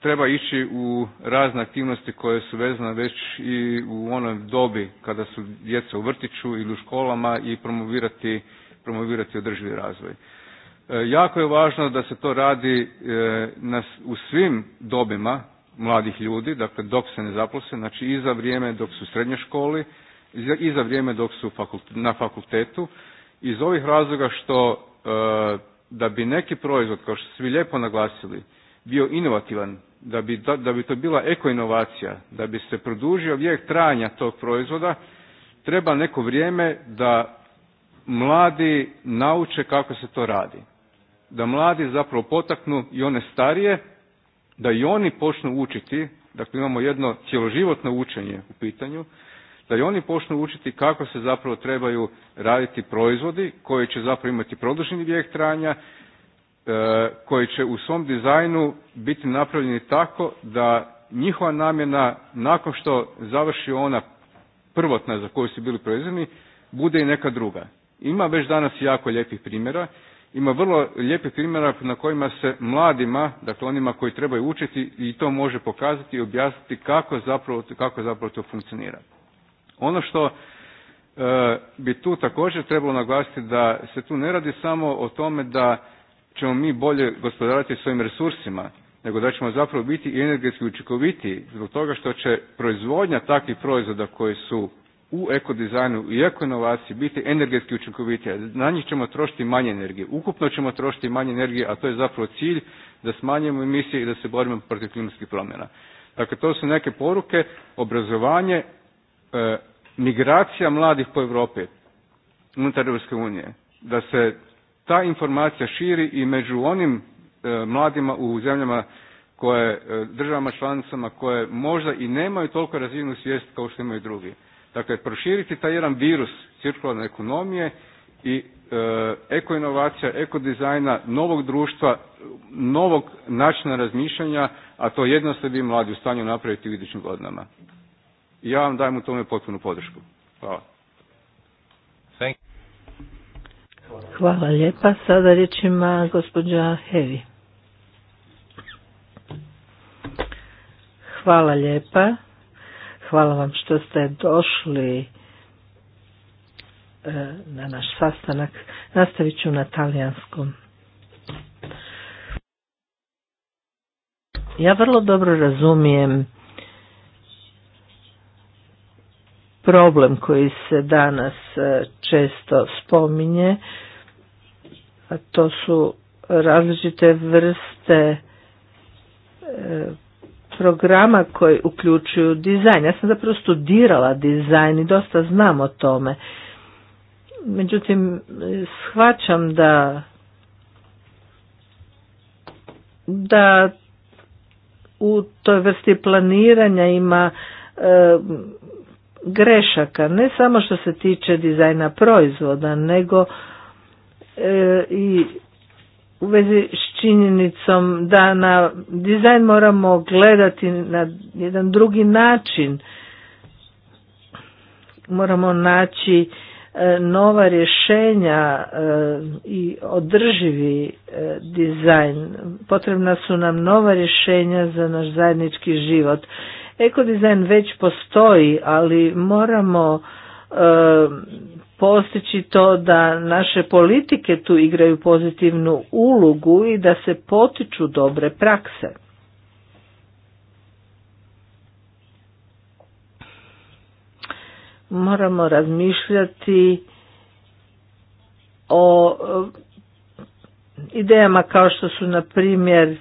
treba ići u razne aktivnosti koje su vezane već i u onoj dobi kada su djeca u vrtiću ili u školama i promovirati, promovirati održivi razvoj. E, jako je važno da se to radi e, u svim dobima mladih ljudi, dakle dok se ne zaposle, znači i za vrijeme dok su u srednjoj školi i za vrijeme dok su na fakultetu. Iz ovih razloga što e, da bi neki proizvod, kao što ste vi lijepo naglasili, bio inovativan, da bi, da, da bi to bila ekoinovacija, da bi se produžio vijek trajanja tog proizvoda, treba neko vrijeme da mladi nauče kako se to radi da mladi zapravo potaknu i one starije da i oni počnu učiti, dakle imamo jedno cjeloživotno učenje u pitanju, da i oni počnu učiti kako se zapravo trebaju raditi proizvodi koji će zapravo imati produženi vijek trajanja, e, koji će u svom dizajnu biti napravljeni tako da njihova namjena nakon što završi ona prvotna za koju su bili proizvodni, bude i neka druga. Ima već danas jako lijepih primjera ima vrlo lijepih primjera na kojima se mladima, dakle onima koji trebaju učiti i to može pokazati i objasniti kako zapravo, kako zapravo to funkcionira. Ono što e, bi tu također trebalo naglasiti da se tu ne radi samo o tome da ćemo mi bolje gospodarati svojim resursima, nego da ćemo zapravo biti energetski učinkovitiji zbog toga što će proizvodnja takvih proizvoda koji su u ekodizajnu i inovaciji biti energetski učinkovitija. Na njih ćemo trošiti manje energije. Ukupno ćemo trošiti manje energije, a to je zapravo cilj da smanjimo emisije i da se borimo protiv klimatskih promjena. Dakle, to su neke poruke, obrazovanje, e, migracija mladih po Europi, unutar Europske unije, da se ta informacija širi i među onim e, mladima u zemljama koje, e, državama članicama koje možda i nemaju toliko razvijenu svijest kao što imaju drugi. Dakle, proširiti taj jedan virus cirkularne ekonomije i e, eko inovacija, eko dizajna, novog društva, novog načina razmišljanja, a to jedno ste vi mladi u stanju napraviti u idućim godinama. I ja vam dajem u tome potpunu podršku. Hvala. Thank
you.
Hvala lijepa. Sada ima gospođa Hevi. Hvala lijepa. Hvala vam što ste došli e, na naš sastanak. Nastavit ću na talijanskom. Ja vrlo dobro razumijem problem koji se danas e, često spominje, a to su različite vrste e, programa koji uključuju dizajn. Ja sam zapravo studirala dizajn i dosta znam o tome. Međutim, shvaćam da da u toj vrsti planiranja ima e, grešaka, ne samo što se tiče dizajna proizvoda, nego e, i u vezi s činjenicom da na dizajn moramo gledati na jedan drugi način. Moramo naći e, nova rješenja e, i održivi e, dizajn. Potrebna su nam nova rješenja za naš zajednički život. Ekodizajn već postoji, ali moramo postići to da naše politike tu igraju pozitivnu ulogu i da se potiču dobre prakse. Moramo razmišljati o e, idejama kao što su na primjer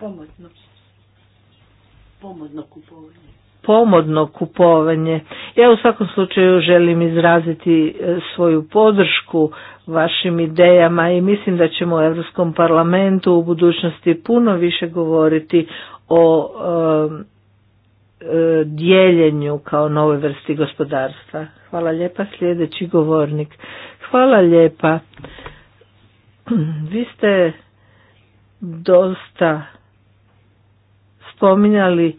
pomoć pomodno kupovanje
pomodno kupovanje. Ja u svakom slučaju želim izraziti e, svoju podršku vašim idejama i mislim da ćemo u Europskom parlamentu u budućnosti puno više govoriti o e, dijeljenju kao nove vrsti gospodarstva. Hvala lijepa sljedeći govornik. Hvala lijepa. [CLEARS THROAT] Vi ste dosta spominjali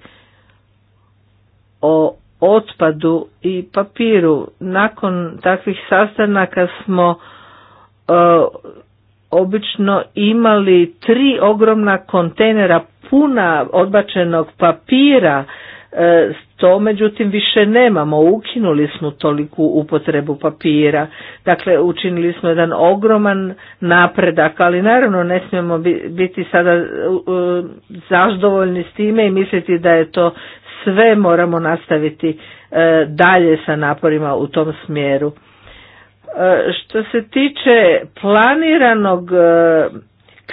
o otpadu i papiru. Nakon takvih sastanaka smo e, obično imali tri ogromna kontejnera puna odbačenog papira E, to međutim više nemamo, ukinuli smo toliku upotrebu papira. Dakle, učinili smo jedan ogroman napredak, ali naravno ne smijemo biti sada e, zaždovoljni s time i misliti da je to sve moramo nastaviti e, dalje sa naporima u tom smjeru. Što se tiče planiranog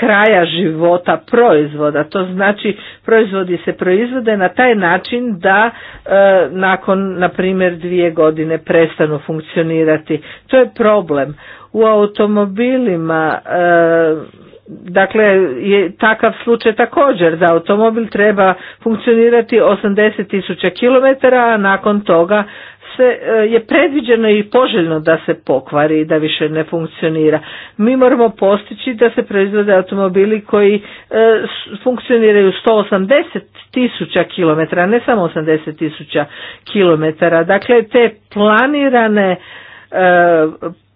kraja života proizvoda. To znači proizvodi se proizvode na taj način da e, nakon na primjer dvije godine prestanu funkcionirati. To je problem. U automobilima e, Dakle, je takav slučaj također da automobil treba funkcionirati 80.000 km, a nakon toga E, je predviđeno i poželjno da se pokvari i da više ne funkcionira. Mi moramo postići da se proizvode automobili koji e, funkcioniraju 180 tisuća kilometara, ne samo 80 tisuća kilometara. Dakle, te planirane e,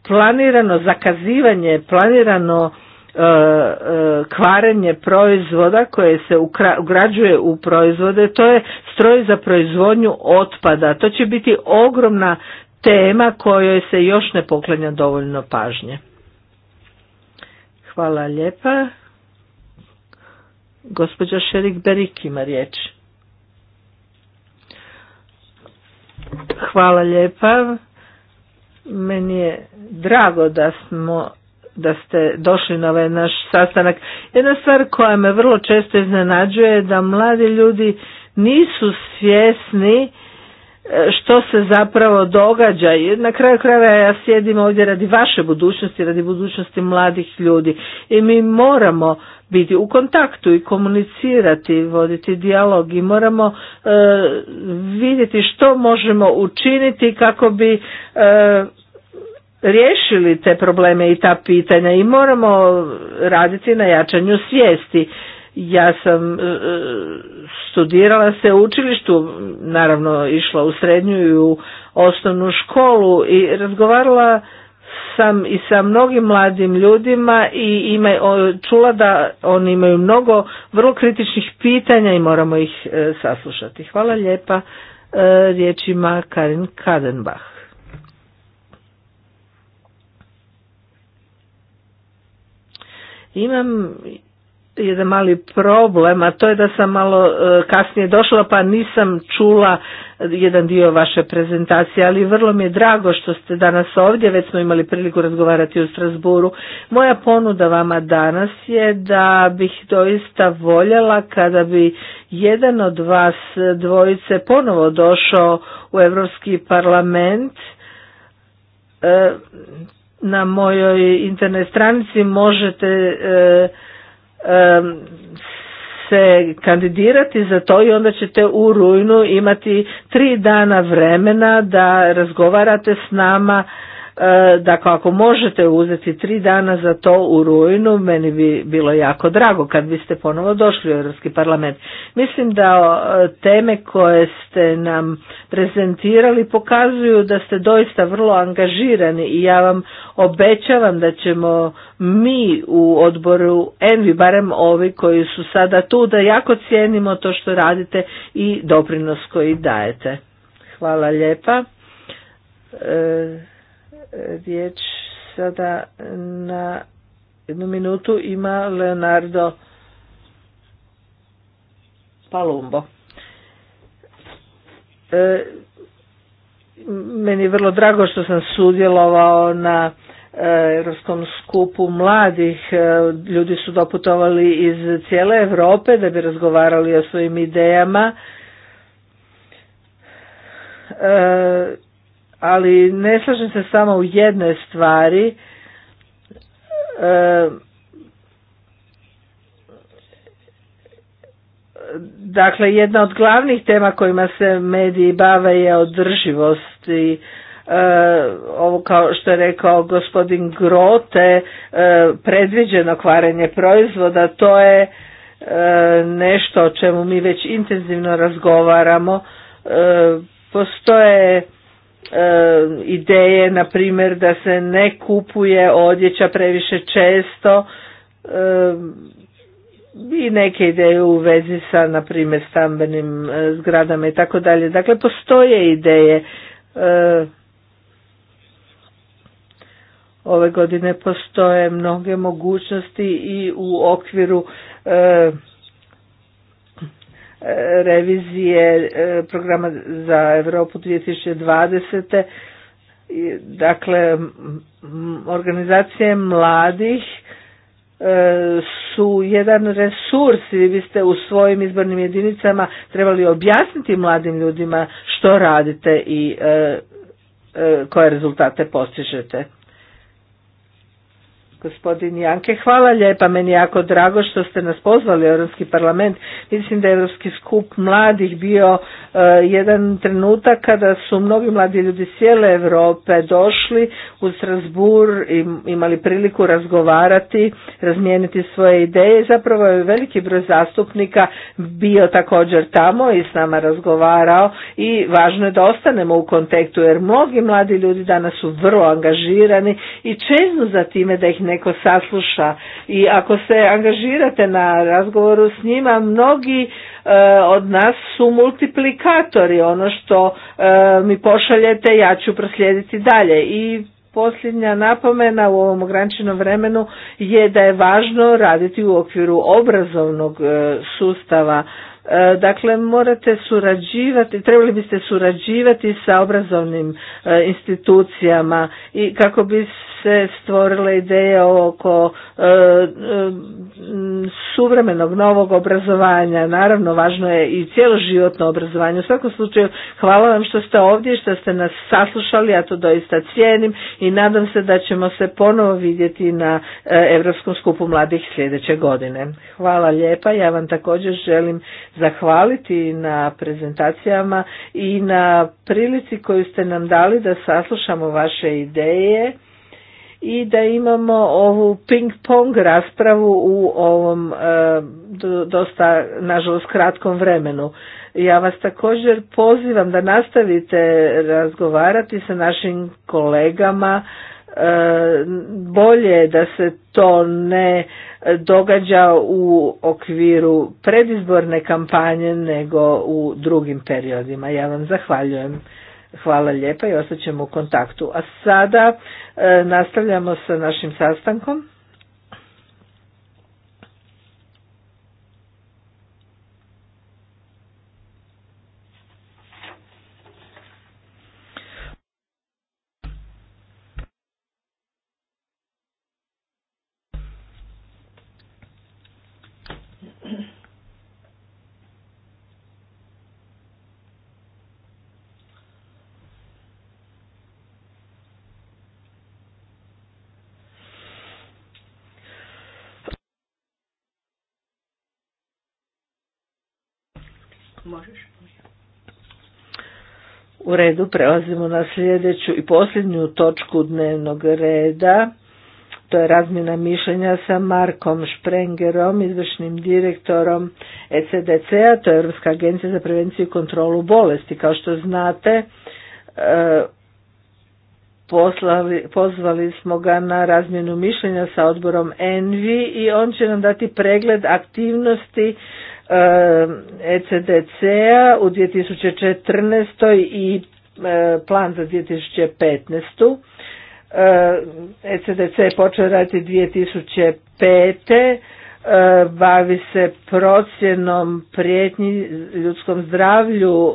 planirano zakazivanje, planirano E, e, kvarenje proizvoda koje se ugrađuje u proizvode, to je stroj za proizvodnju otpada. To će biti ogromna tema kojoj se još ne poklanja dovoljno pažnje. Hvala lijepa. Gospođa Šerik Berik ima riječ. Hvala lijepa. Meni je drago da smo da ste došli na ovaj naš sastanak. Jedna stvar koja me vrlo često iznenađuje je da mladi ljudi nisu svjesni e, što se zapravo događa na kraju krajeva ja sjedim ovdje radi vaše budućnosti, radi budućnosti mladih ljudi i mi moramo biti u kontaktu i komunicirati, voditi dijalog i moramo e, vidjeti što možemo učiniti kako bi e, riješili te probleme i ta pitanja i moramo raditi na jačanju svijesti. Ja sam e, e, studirala se u učilištu, naravno išla u srednju i u osnovnu školu i razgovarala sam i sa mnogim mladim ljudima i ima, čula da oni imaju mnogo vrlo kritičnih pitanja i moramo ih e, saslušati. Hvala lijepa riječima Karin Kadenbach. Imam jedan mali problem, a to je da sam malo e, kasnije došla pa nisam čula jedan dio vaše prezentacije, ali vrlo mi je drago što ste danas ovdje, već smo imali priliku razgovarati u Strasburu. Moja ponuda vama danas je da bih doista voljela kada bi jedan od vas dvojice ponovo došao u Europski parlament, e, na mojoj internet stranici možete e, e, se kandidirati za to i onda ćete u rujnu imati tri dana vremena da razgovarate s nama E, dakle, ako možete uzeti tri dana za to u rujnu, meni bi bilo jako drago kad biste ponovo došli u Europski parlament. Mislim da e, teme koje ste nam prezentirali pokazuju da ste doista vrlo angažirani i ja vam obećavam da ćemo mi u odboru Envi, barem ovi koji su sada tu, da jako cijenimo to što radite i doprinos koji dajete. Hvala lijepa. E, riječ sada na jednu minutu ima Leonardo Palumbo. E, meni je vrlo drago što sam sudjelovao na e, Europskom skupu mladih. E, ljudi su doputovali iz cijele Europe da bi razgovarali o svojim idejama. E, ali ne slažem se samo u jednoj stvari. E, dakle, jedna od glavnih tema kojima se mediji bave je održivost i e, ovo kao što je rekao gospodin Grote, e, predviđeno kvaranje proizvoda, to je e, nešto o čemu mi već intenzivno razgovaramo. Postoje E, ideje, na primjer da se ne kupuje odjeća previše često e, i neke ideje u vezi sa, na primjer, stambenim e, zgradama i tako dalje. Dakle, postoje ideje. Ove godine postoje mnoge mogućnosti i u okviru revizije e, programa za Europu 2020. Dakle, organizacije mladih e, su jedan resurs i vi ste u svojim izbornim jedinicama trebali objasniti mladim ljudima što radite i e, koje rezultate postižete. Gospodin Janke, hvala lijepa, meni je jako drago što ste nas pozvali u Europski parlament. Mislim da je Europski skup mladih bio e, jedan trenutak kada su mnogi mladi ljudi s cijele Europe došli u Strasbourg i imali priliku razgovarati, razmijeniti svoje ideje. Zapravo je veliki broj zastupnika bio također tamo i s nama razgovarao i važno je da ostanemo u kontekstu jer mnogi mladi ljudi danas su vrlo angažirani i čeznu za time da ih ne neko sasluša i ako se angažirate na razgovoru s njima, mnogi e, od nas su multiplikatori, ono što e, mi pošaljete ja ću proslijediti dalje i posljednja napomena u ovom ograničenom vremenu je da je važno raditi u okviru obrazovnog e, sustava. Dakle, morate surađivati, trebali biste surađivati sa obrazovnim institucijama i kako bi se stvorila ideja oko e, e, suvremenog novog obrazovanja. Naravno, važno je i cjeloživotno obrazovanje. U svakom slučaju, hvala vam što ste ovdje, što ste nas saslušali, ja to doista cijenim i nadam se da ćemo se ponovo vidjeti na e, Europskom skupu mladih sljedeće godine. Hvala lijepa, ja vam također želim zahvaliti na prezentacijama i na prilici koju ste nam dali da saslušamo vaše ideje i da imamo ovu ping-pong raspravu u ovom e, dosta, nažalost, kratkom vremenu. Ja vas također pozivam da nastavite razgovarati sa našim kolegama, e, bolje da se to ne događa u okviru predizborne kampanje nego u drugim periodima. Ja vam zahvaljujem. Hvala lijepa i ostaćemo u kontaktu. A sada E, nastavljamo sa našim sastankom. U redu prelazimo na sljedeću i posljednju točku dnevnog reda. To je razmjena mišljenja sa Markom Šprengerom, izvršnim direktorom ECDC-a, to je Europska agencija za prevenciju i kontrolu bolesti. Kao što znate, e, pozvali smo ga na razmjenu mišljenja sa odborom ENVI i on će nam dati pregled aktivnosti ECDC-a e u 2014. i e, plan za 2015. ECDC e je počeo raditi 2005 bavi se procjenom prijetnji ljudskom zdravlju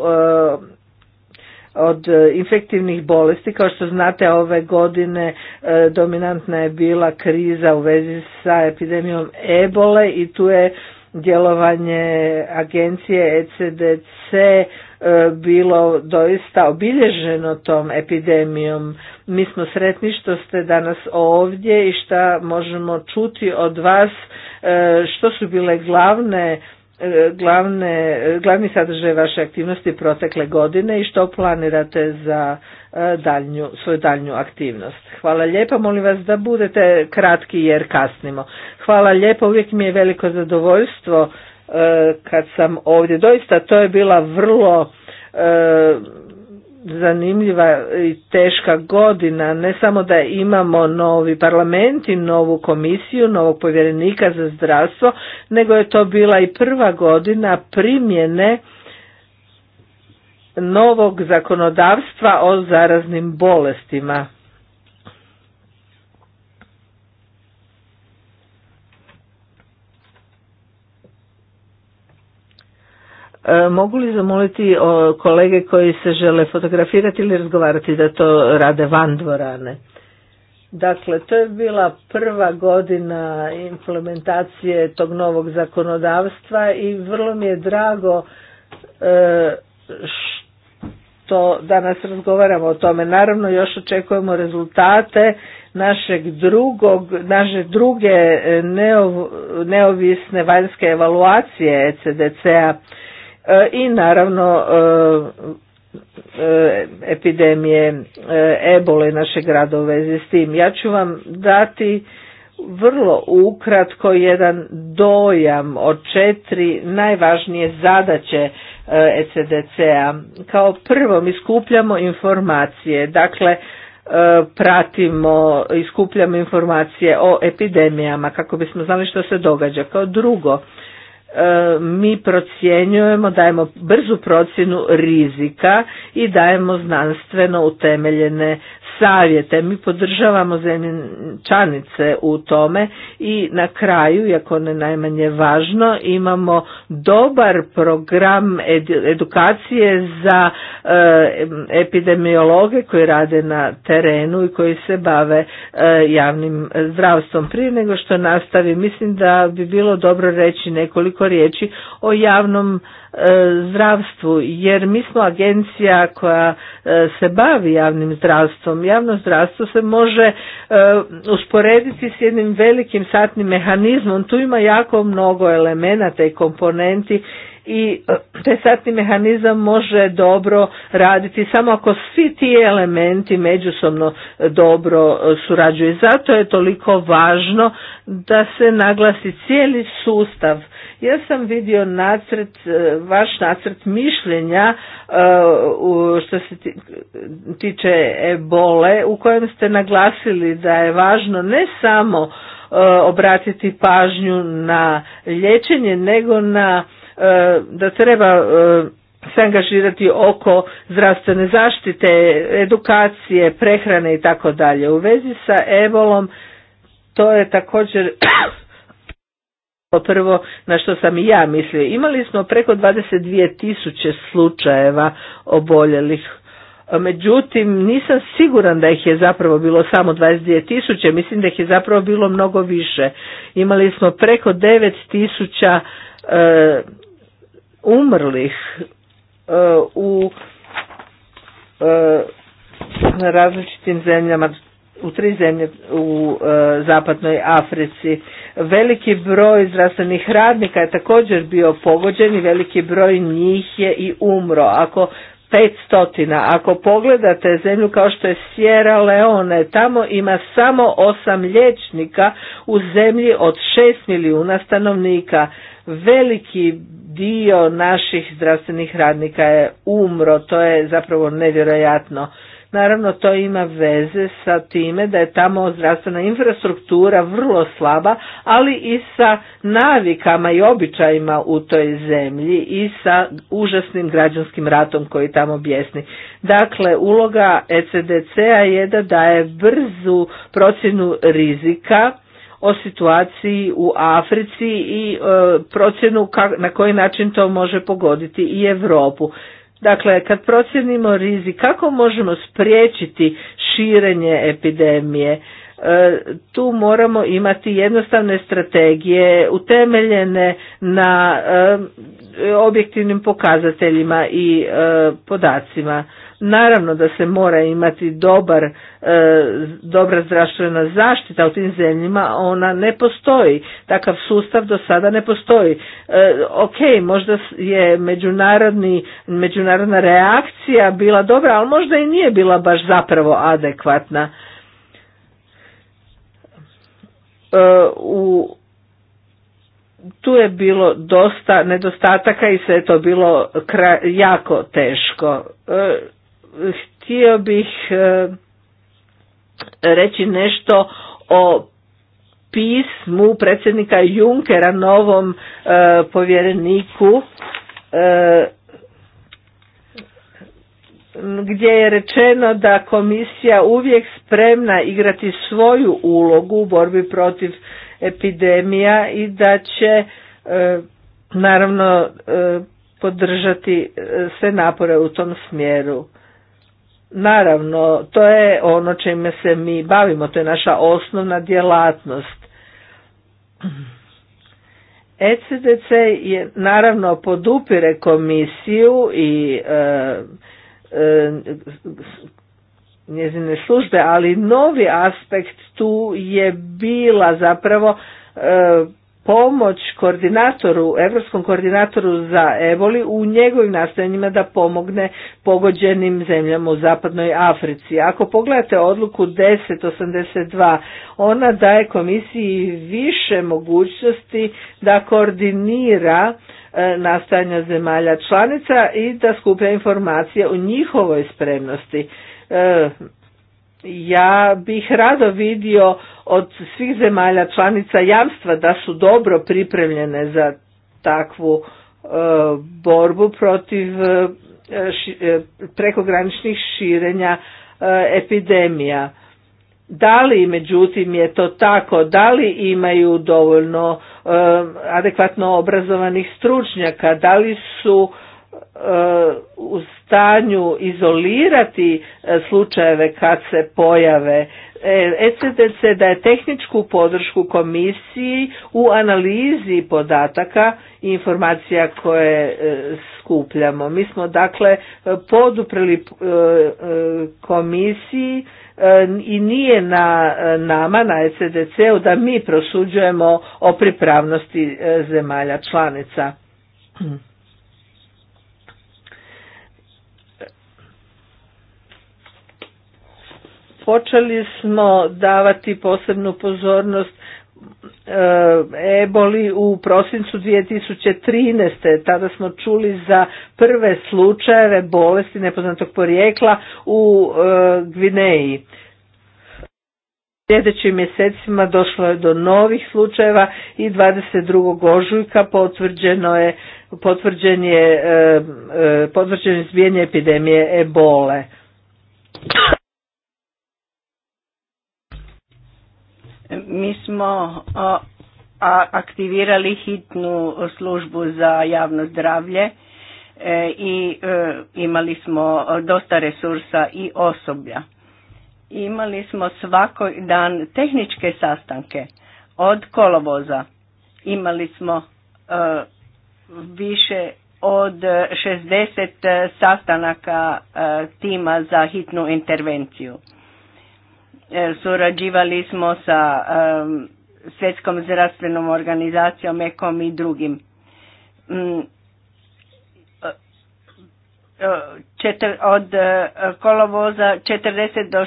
od e, infektivnih bolesti. Kao što znate, ove godine e, dominantna je bila kriza u vezi sa epidemijom ebole i tu je djelovanje agencije ECDC e, bilo doista obilježeno tom epidemijom. Mi smo sretni što ste danas ovdje i što možemo čuti od vas što su bile glavne glavne, glavni sadržaj vaše aktivnosti protekle godine i što planirate za e, daljnju, svoju daljnju aktivnost. Hvala lijepo, molim vas da budete kratki jer kasnimo. Hvala lijepo, uvijek mi je veliko zadovoljstvo e, kad sam ovdje. Doista to je bila vrlo e, zanimljiva i teška godina. Ne samo da imamo novi parlament i novu komisiju, novog povjerenika za zdravstvo, nego je to bila i prva godina primjene novog zakonodavstva o zaraznim bolestima. E, mogu li zamoliti e, kolege koji se žele fotografirati ili razgovarati da to rade van dvorane? Dakle, to je bila prva godina implementacije tog novog zakonodavstva i vrlo mi je drago e, što danas razgovaramo o tome. Naravno, još očekujemo rezultate našeg drugog, naše druge neovisne vanjske evaluacije ECDC-a E, i naravno e, e, epidemije ebole naše gradove s tim. Ja ću vam dati vrlo ukratko jedan dojam od četiri najvažnije zadaće ECDC-a. Kao prvo mi skupljamo informacije, dakle pratimo i skupljamo informacije o epidemijama kako bismo znali što se događa. Kao drugo, E, mi procjenjujemo, dajemo brzu procjenu rizika i dajemo znanstveno utemeljene savjete. Mi podržavamo zemlje u tome i na kraju, iako ne najmanje važno, imamo dobar program edukacije za eh, epidemiologe koji rade na terenu i koji se bave eh, javnim eh, zdravstvom. Prije nego što nastavi, mislim da bi bilo dobro reći nekoliko riječi o javnom zdravstvu jer mi smo agencija koja e, se bavi javnim zdravstvom. Javno zdravstvo se može e, usporediti s jednim velikim satnim mehanizmom. Tu ima jako mnogo elemenata i komponenti i e, taj satni mehanizam može dobro raditi samo ako svi ti elementi međusobno e, dobro e, surađuju. Zato je toliko važno da se naglasi cijeli sustav. Ja sam vidio nacrt, vaš nacrt mišljenja što se tiče ebole u kojem ste naglasili da je važno ne samo obratiti pažnju na liječenje nego na E, da treba e, se angažirati oko zdravstvene zaštite, edukacije, prehrane i tako dalje. U vezi sa ebolom to je također [COUGHS] prvo na što sam i ja mislio. Imali smo preko 22 tisuće slučajeva oboljelih. Međutim, nisam siguran da ih je zapravo bilo samo 22 tisuće, mislim da ih je zapravo bilo mnogo više. Imali smo preko 9 tisuća e, umrlih e, u e, različitim zemljama u tri zemlje u e, zapadnoj Africi. Veliki broj zdravstvenih radnika je također bio pogođen i veliki broj njih je i umro. Ako 500. Ako pogledate zemlju kao što je Sierra Leone, tamo ima samo 8 liječnika u zemlji od 6 milijuna stanovnika. Veliki dio naših zdravstvenih radnika je umro, to je zapravo nevjerojatno. Naravno to ima veze sa time da je tamo zdravstvena infrastruktura vrlo slaba, ali i sa navikama i običajima u toj zemlji i sa užasnim građanskim ratom koji tamo bjesni. Dakle, uloga ECDC-a je da daje brzu procjenu rizika o situaciji u Africi i e, procjenu na koji način to može pogoditi i Europu. Dakle, kad procjenimo rizik, kako možemo spriječiti širenje epidemije? E, tu moramo imati jednostavne strategije utemeljene na e, objektivnim pokazateljima i e, podacima. Naravno da se mora imati dobar, e, dobra zdravstvena zaštita u tim zemljima, ona ne postoji. Takav sustav do sada ne postoji. E, ok, možda je međunarodni, međunarodna reakcija bila dobra, ali možda i nije bila baš zapravo adekvatna. E, u tu je bilo dosta nedostataka i sve je to bilo jako teško. E, htio bih e, reći nešto o pismu predsjednika Junkera novom e, povjereniku e, gdje je rečeno da komisija uvijek spremna igrati svoju ulogu u borbi protiv epidemija i da će naravno podržati sve napore u tom smjeru. Naravno, to je ono čime se mi bavimo, to je naša osnovna djelatnost. ECDC je naravno podupire komisiju i e, e, njezine službe, ali novi aspekt tu je bila zapravo e, pomoć koordinatoru, europskom koordinatoru za Evoli u njegovim nastojanjima da pomogne pogođenim zemljama u zapadnoj Africi. Ako pogledate odluku 1082, ona daje komisiji više mogućnosti da koordinira e, nastajanja zemalja članica i da skuplja informacije o njihovoj spremnosti. E, ja bih rado vidio od svih zemalja članica jamstva da su dobro pripremljene za takvu e, borbu protiv e, e, prekograničnih širenja epidemija. Da li međutim je to tako, da li imaju dovoljno adekvatno obrazovanih stručnjaka, da li su u stanju izolirati e, slučajeve kad se pojave. ECDC daje tehničku podršku komisiji u analizi podataka i informacija koje e, skupljamo. Mi smo dakle poduprili e, komisiji i nije na nama, na ECDC-u, da mi prosuđujemo o pripravnosti zemalja članica. počeli smo davati posebnu pozornost e, eboli u prosincu 2013. Tada smo čuli za prve slučajeve bolesti nepoznatog porijekla u e, Gvineji. Sljedećim mjesecima došlo je do novih slučajeva i 22. ožujka potvrđeno je potvrđen je e, potvrđen epidemije ebole.
Mi smo aktivirali hitnu službu za javno zdravlje e, i e, imali smo dosta resursa i osoblja. Imali smo svaki dan tehničke sastanke od kolovoza. Imali smo e, više od 60 sastanaka tima za hitnu intervenciju. E, surađivali smo sa svjetskom zdravstvenom organizacijom, EKOM i drugim. Mm, e, e, od kolovoza 40 do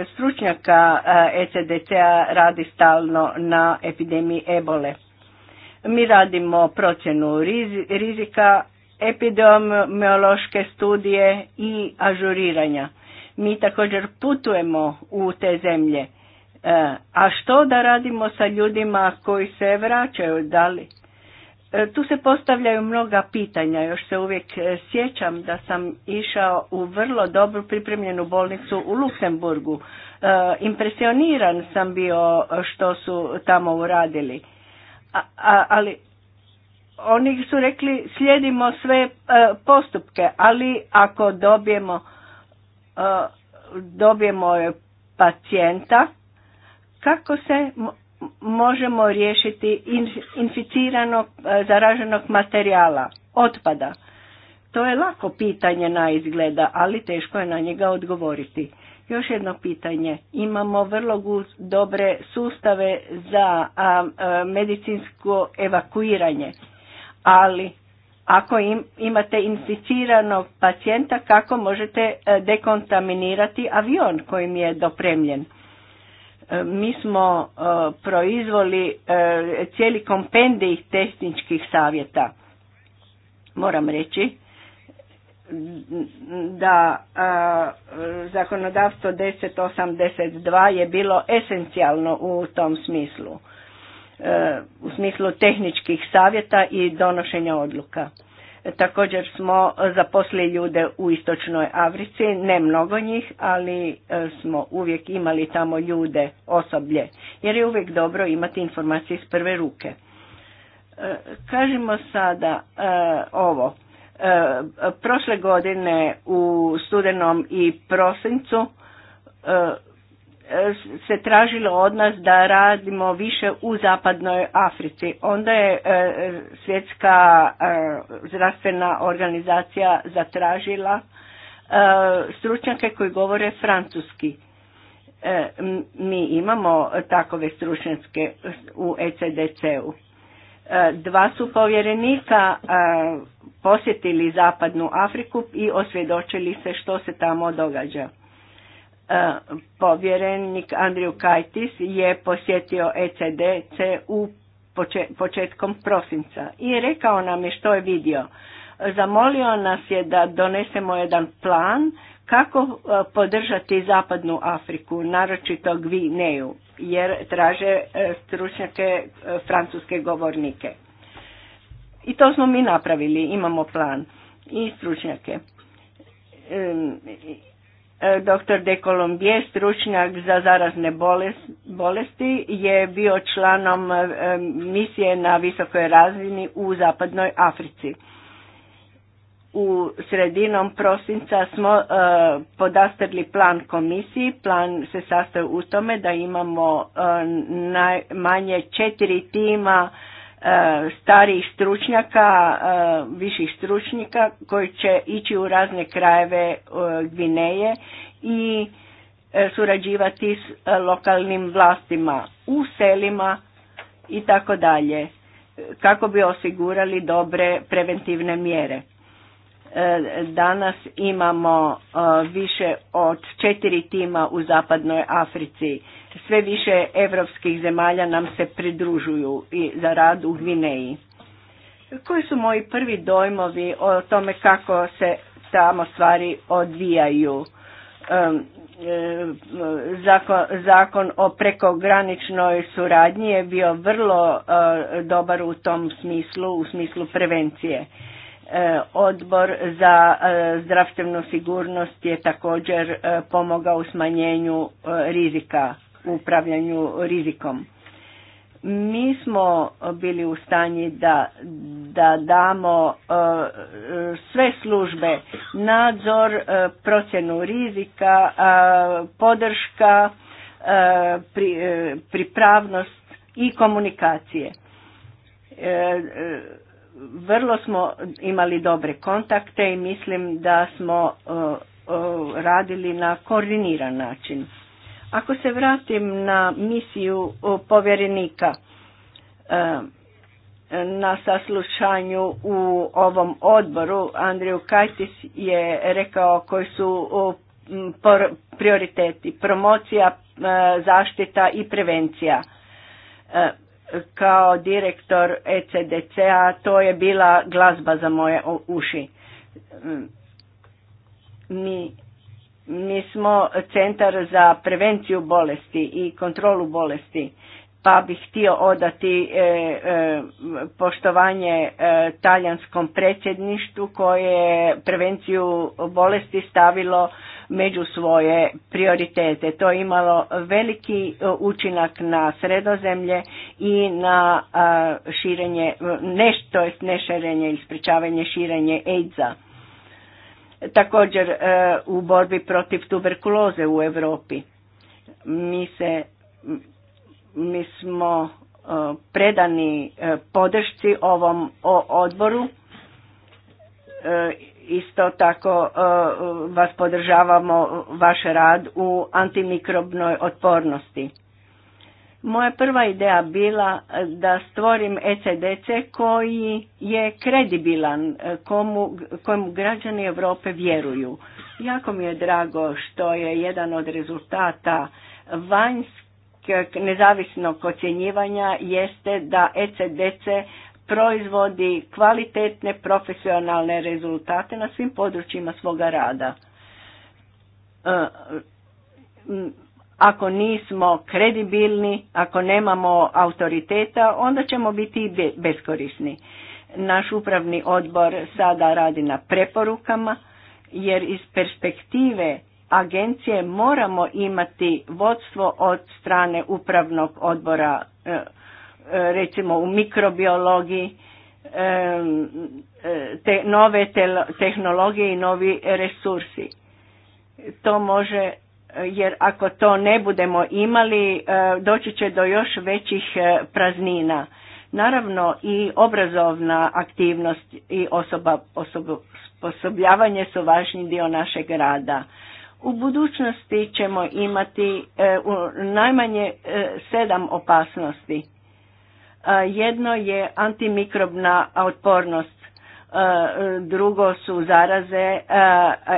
60 stručnjaka ECDC-a radi stalno na epidemiji ebole. Mi radimo procjenu rizika, epidemiološke studije i ažuriranja. Mi također putujemo u te zemlje. E, a što da radimo sa ljudima koji se vraćaju? Da li? E, tu se postavljaju mnoga pitanja. Još se uvijek e, sjećam da sam išao u vrlo dobru pripremljenu bolnicu u Luksemburgu. Impresioniran sam bio što su tamo uradili. A, a, ali oni su rekli slijedimo sve postupke, ali ako dobijemo E, dobijemo pacijenta, kako se možemo riješiti inficiranog e, zaraženog materijala, otpada. To je lako pitanje na izgleda, ali teško je na njega odgovoriti. Još jedno pitanje. Imamo vrlo dobre sustave za medicinsko evakuiranje, ali ako im, imate inficiranog pacijenta, kako možete e, dekontaminirati avion kojim je dopremljen? E, mi smo e, proizvoli cijeli kompendij tehničkih savjeta. Moram reći da a, zakonodavstvo 1082 je bilo esencijalno u tom smislu u smislu tehničkih savjeta i donošenja odluka. Također smo zaposlili ljude u Istočnoj Africi, ne mnogo njih, ali e, smo uvijek imali tamo ljude, osoblje, jer je uvijek dobro imati informacije iz prve ruke. E, kažemo sada e, ovo. Prošle godine u studenom i prosincu se tražilo od nas da radimo više u zapadnoj Africi. Onda je e, svjetska e, zdravstvena organizacija zatražila e, stručnjake koji govore francuski. Mi imamo takove stručnjake u ECDC-u. Dva su povjerenika posjetili zapadnu Afriku i osvjedočili se što se tamo događa. E, povjerenik Andriju Kajtis je posjetio ECDC u početkom prosinca i rekao nam je što je vidio. Zamolio nas je da donesemo jedan plan kako e, podržati zapadnu Afriku, naročito Gvineju, jer traže e, stručnjake francuske govornike. I to smo mi napravili, imamo plan i stručnjake E, Dr. De Colombier, stručnjak za zarazne bolesti, je bio članom e, misije na visokoj razini u zapadnoj Africi. U sredinom prosinca smo e, podastrli plan komisiji. Plan se sastoji u tome da imamo najmanje četiri tima starijih stručnjaka, e, viših stručnjaka koji će ići u razne krajeve e, Gvineje i e, surađivati s lokalnim vlastima u selima i tako dalje kako bi osigurali dobre preventivne mjere. E, danas imamo e, više od četiri tima u zapadnoj Africi. Sve više evropskih zemalja nam se pridružuju i za rad u Gvineji. Koji su moji prvi dojmovi o tome kako se tamo stvari odvijaju? E, zakon, zakon o prekograničnoj suradnji je bio vrlo dobar u tom smislu, u smislu prevencije E, odbor za e, zdravstvenu sigurnost je također e, pomogao u smanjenju rizika, upravljanju rizikom. Mi smo bili u stanji da, da damo sve službe, nadzor, procjenu rizika, podrška, pripravnost i komunikacije vrlo smo imali dobre kontakte i mislim da smo e, e, radili na koordiniran način. Ako se vratim na misiju e, povjerenika na saslušanju u ovom odboru, Andriju Kajtis je rekao koji su prioriteti promocija, zaštita i prevencija kao direktor ECDC-a, to je bila glazba za moje uši. Mm. Mi, mi smo centar za prevenciju bolesti i kontrolu bolesti, pa bih htio odati e, e, poštovanje e, talijanskom predsjedništvu koje je prevenciju bolesti stavilo među svoje prioritete. To je imalo veliki e, učinak na sredozemlje i na širenje, nešto je neširenje ili sprečavanje širenje AIDS-a. Također e, u borbi protiv tuberkuloze u Europi. Mi se, mi smo e, predani podršci ovom odboru Isto tako e, vas podržavamo vaš rad u antimikrobnoj otpornosti. Moja prva ideja bila e, da stvorim ECDC koji je kredibilan, e, komu, kojemu građani Europe vjeruju. Jako mi je drago što je jedan od rezultata vanjskog nezavisnog ocjenjivanja jeste da ECDC proizvodi kvalitetne profesionalne rezultate na svim područjima svoga rada. E, ako nismo kredibilni, ako nemamo autoriteta, onda ćemo biti beskorisni. Naš upravni odbor sada radi na preporukama, jer iz perspektive agencije moramo imati vodstvo od strane upravnog odbora e, E, recimo u mikrobiologiji, e, e, te nove tehnologije i novi resursi. To može, jer ako to ne budemo imali, doći će do još većih praznina. Naravno i obrazovna aktivnost i osoba, osposobljavanje su važni dio našeg rada. U budućnosti ćemo imati najmanje sedam opasnosti E, jedno je antimikrobna otpornost, e, drugo su zaraze, e,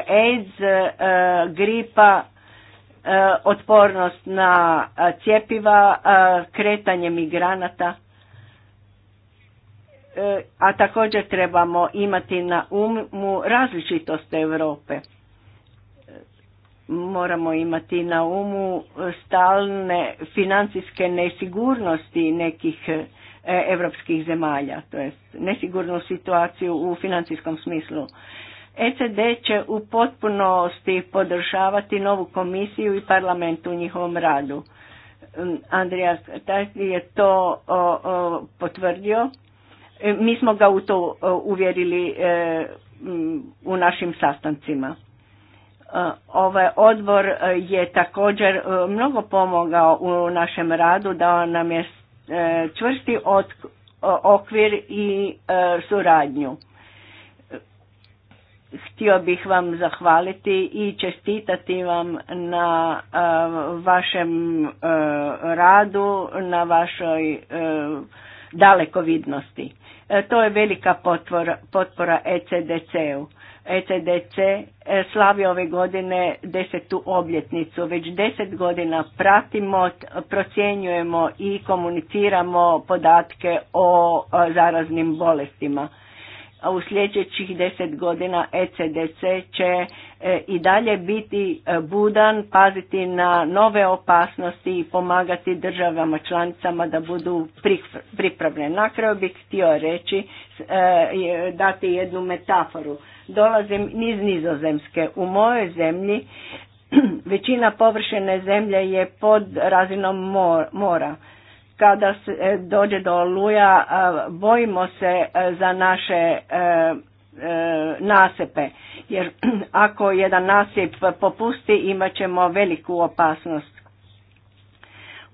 AIDS, gripa, otpornost na cjepiva, kretanje migranata. A također trebamo imati na umu različitost Europe moramo imati na umu stalne financijske nesigurnosti nekih e, evropskih zemalja, to je nesigurnu situaciju u financijskom smislu. ECD će u potpunosti podržavati novu komisiju i parlament u njihovom radu. Mm, Andrija je to potvrdio. E, mi smo ga u to uvjerili e, u našim sastancima. Ovaj odbor e, je također e, mnogo pomogao u našem radu, dao nam je e, čvrsti okvir i suradnju. Htio bih vam zahvaliti i čestitati vam na vašem radu, na vašoj dalekovidnosti. To je velika potpora ECDC-u ECDC e, slavi ove godine desetu obljetnicu. Već deset godina pratimo, procjenjujemo i komuniciramo podatke o zaraznim bolestima. U sljedećih deset godina ECDC će e, i dalje biti e, budan, paziti na nove opasnosti i pomagati državama članicama da budu pripravne. Na kraju bih htio reći, dati jednu metaforu. Dolazim iz Nizozemske. U mojoj zemlji [CLEARS THROAT] većina površine zemlje je pod razinom mora. Kada se e, dođe do oluja bojimo se e, za naše e, nasepe, jer [CLEARS THROAT] ako jedan nasip popusti imat ćemo veliku opasnost.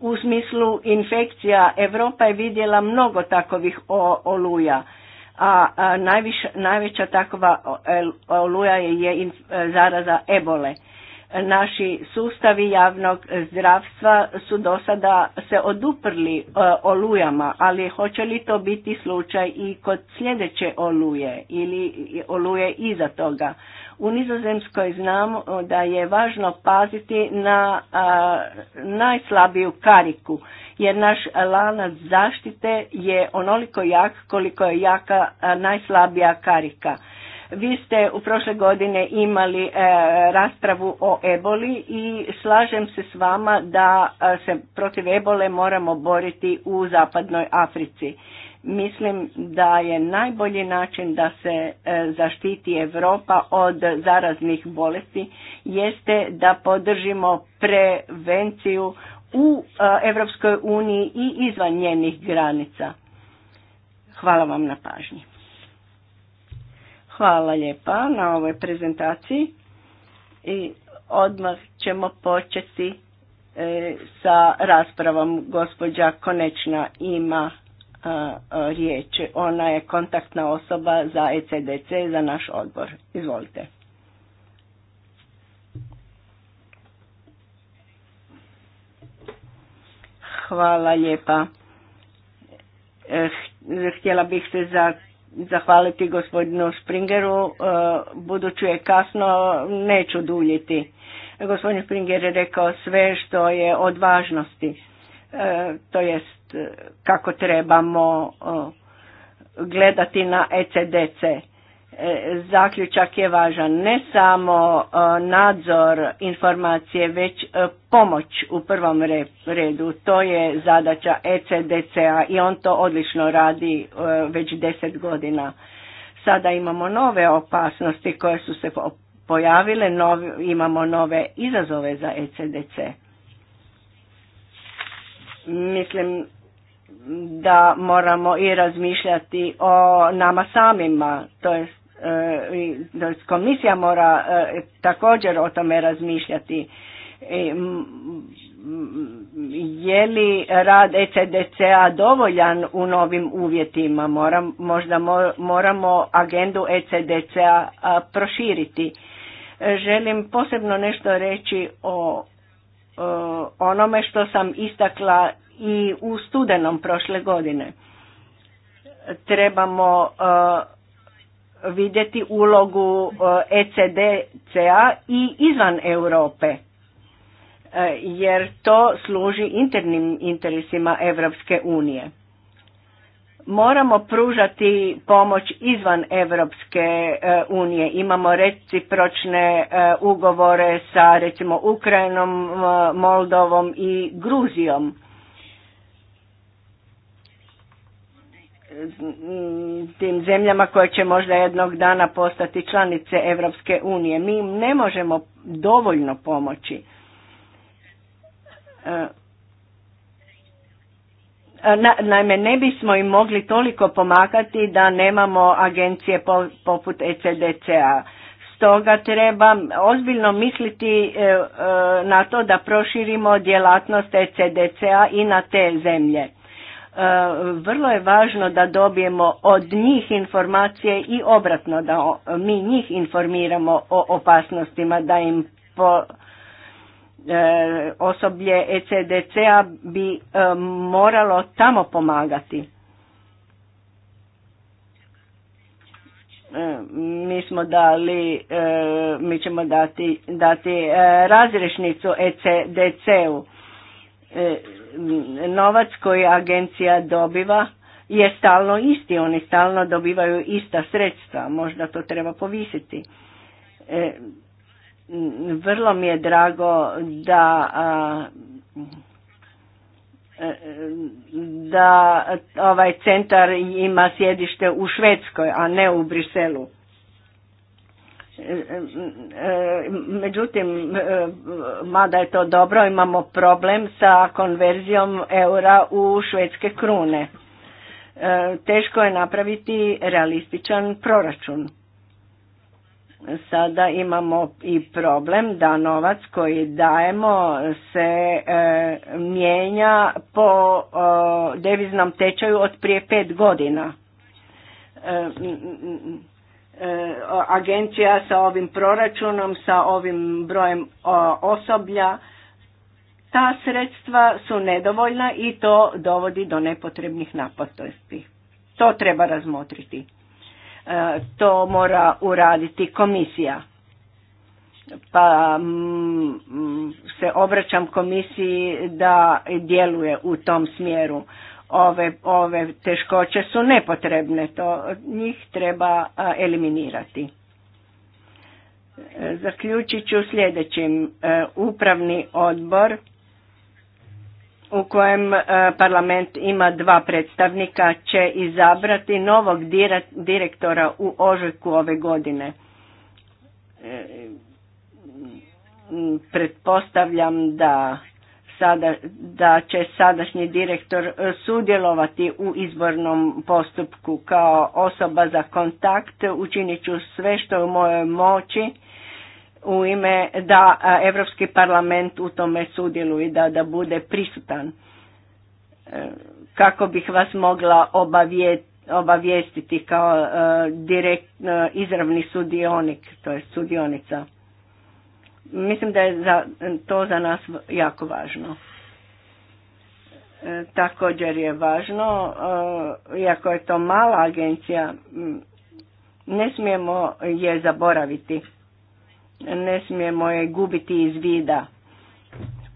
U smislu infekcija Evropa je vidjela mnogo takovih oluja a, najveća takva oluja je zaraza ebole. Naši sustavi javnog zdravstva su do sada se oduprli e, olujama, ali hoće li to biti slučaj i kod sljedeće oluje ili oluje iza toga? U Nizozemskoj znamo da je važno paziti na najslabiju kariku jer naš lanac zaštite je onoliko jak koliko je jaka najslabija karika. Vi ste u prošle godine imali e, raspravu o eboli i slažem se s vama da se protiv ebole moramo boriti u zapadnoj Africi. Mislim da je najbolji način da se e, zaštiti Europa od zaraznih bolesti jeste da podržimo prevenciju u Europskoj uniji i izvan njenih granica. Hvala vam na pažnji. Hvala lijepa na ovoj prezentaciji i odmah ćemo početi e, sa raspravom. Gospođa Konečna ima riječ. Ona je kontaktna osoba za ECDC, za naš odbor. Izvolite. Hvala lijepa. E, htjela bih se za zahvaliti gospodinu Springeru, e, budući je kasno, neću duljiti. Gospodin Springer je rekao sve što je od važnosti, e, to jest kako trebamo gledati na ECDC. E, zaključak je važan. Ne samo e, nadzor informacije, već e, pomoć u prvom redu. To je zadaća ECDC-a i on to odlično radi već deset godina. Sada imamo nove opasnosti koje su se pojavile, imamo nove izazove za ECDC. Mislim da moramo i razmišljati o nama samima, to jest E, komisija mora e, također o tome razmišljati e, je li rad ECDC-a dovoljan u novim uvjetima? Moram, možda moramo agendu ECDC-a proširiti. Želim posebno nešto reći o, onome što sam istakla i u studenom prošle godine. Trebamo vidjeti ulogu ECDCA e i izvan Europe e, jer to služi internim interesima Europske unije. Moramo pružati pomoć izvan Europske e, unije. Imamo recipročne ugovore sa recimo Ukrajinom, Moldovom i Gruzijom Mm, tim zemljama koje će možda jednog dana postati članice Europske unije. Mi im ne možemo dovoljno pomoći. E, na, naime, ne bismo im mogli toliko pomagati da nemamo agencije poput ECDCA. Stoga treba ozbiljno misliti e, e, na to da proširimo djelatnost ecdc i na te zemlje. E, vrlo je važno da dobijemo od njih informacije i obratno da mi njih informiramo o opasnostima da im po e, osoblje ECDC-a bi e, moralo tamo pomagati. Mi smo dali, mi ćemo dati, dati razrešnicu ECDC-u novac koji agencija dobiva je stalno isti, oni stalno dobivaju ista sredstva, možda to treba povisiti. E, vrlo mi je drago da e, da ovaj centar ima sjedište u Švedskoj, a ne u Briselu. Međutim, mada je to dobro, imamo problem sa konverzijom eura u švedske krune. Teško je napraviti realističan proračun. Sada imamo i problem da novac koji dajemo se e, mijenja po e, deviznom tečaju od prije pet godina e, E, agencija sa ovim proračunom, sa ovim brojem osoblja, ta sredstva su nedovoljna i to dovodi do nepotrebnih napastosti. To treba razmotriti. E, to mora uraditi komisija. Pa se obraćam komisiji da djeluje u tom smjeru. Ove, ove teškoće su nepotrebne, to njih treba eliminirati. E, zaključit ću sljedećim. E, upravni odbor u kojem e, parlament ima dva predstavnika će izabrati novog direktora u ožujku ove godine. Pretpostavljam da sada, da će sadašnji direktor e, sudjelovati u izbornom postupku kao osoba za kontakt. Učinit ću sve što je u mojoj moći u ime da Europski parlament u tome sudjeluje, da, da bude prisutan. E, kako bih vas mogla obavjestiti obavijestiti kao e, direkt, izravni sudionik, to je sudionica. Mislim da je za, to za nas jako važno. E, također je važno, e, iako je to mala agencija, ne smijemo je zaboraviti. Ne smijemo je gubiti iz vida.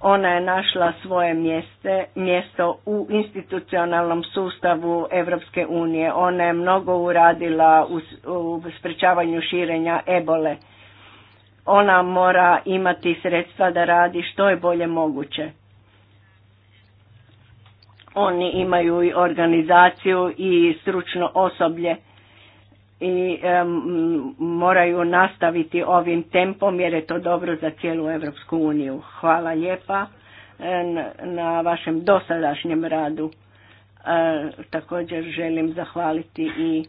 Ona je našla svoje mjeste, mjesto u institucionalnom sustavu Europske unije. Ona je mnogo uradila u, u sprečavanju širenja ebole ona mora imati sredstva da radi što je bolje moguće. Oni imaju i organizaciju i stručno osoblje i moraju nastaviti ovim tempom jer je to dobro za cijelu Europsku uniju. Hvala lijepa na vašem dosadašnjem radu. E, također želim zahvaliti i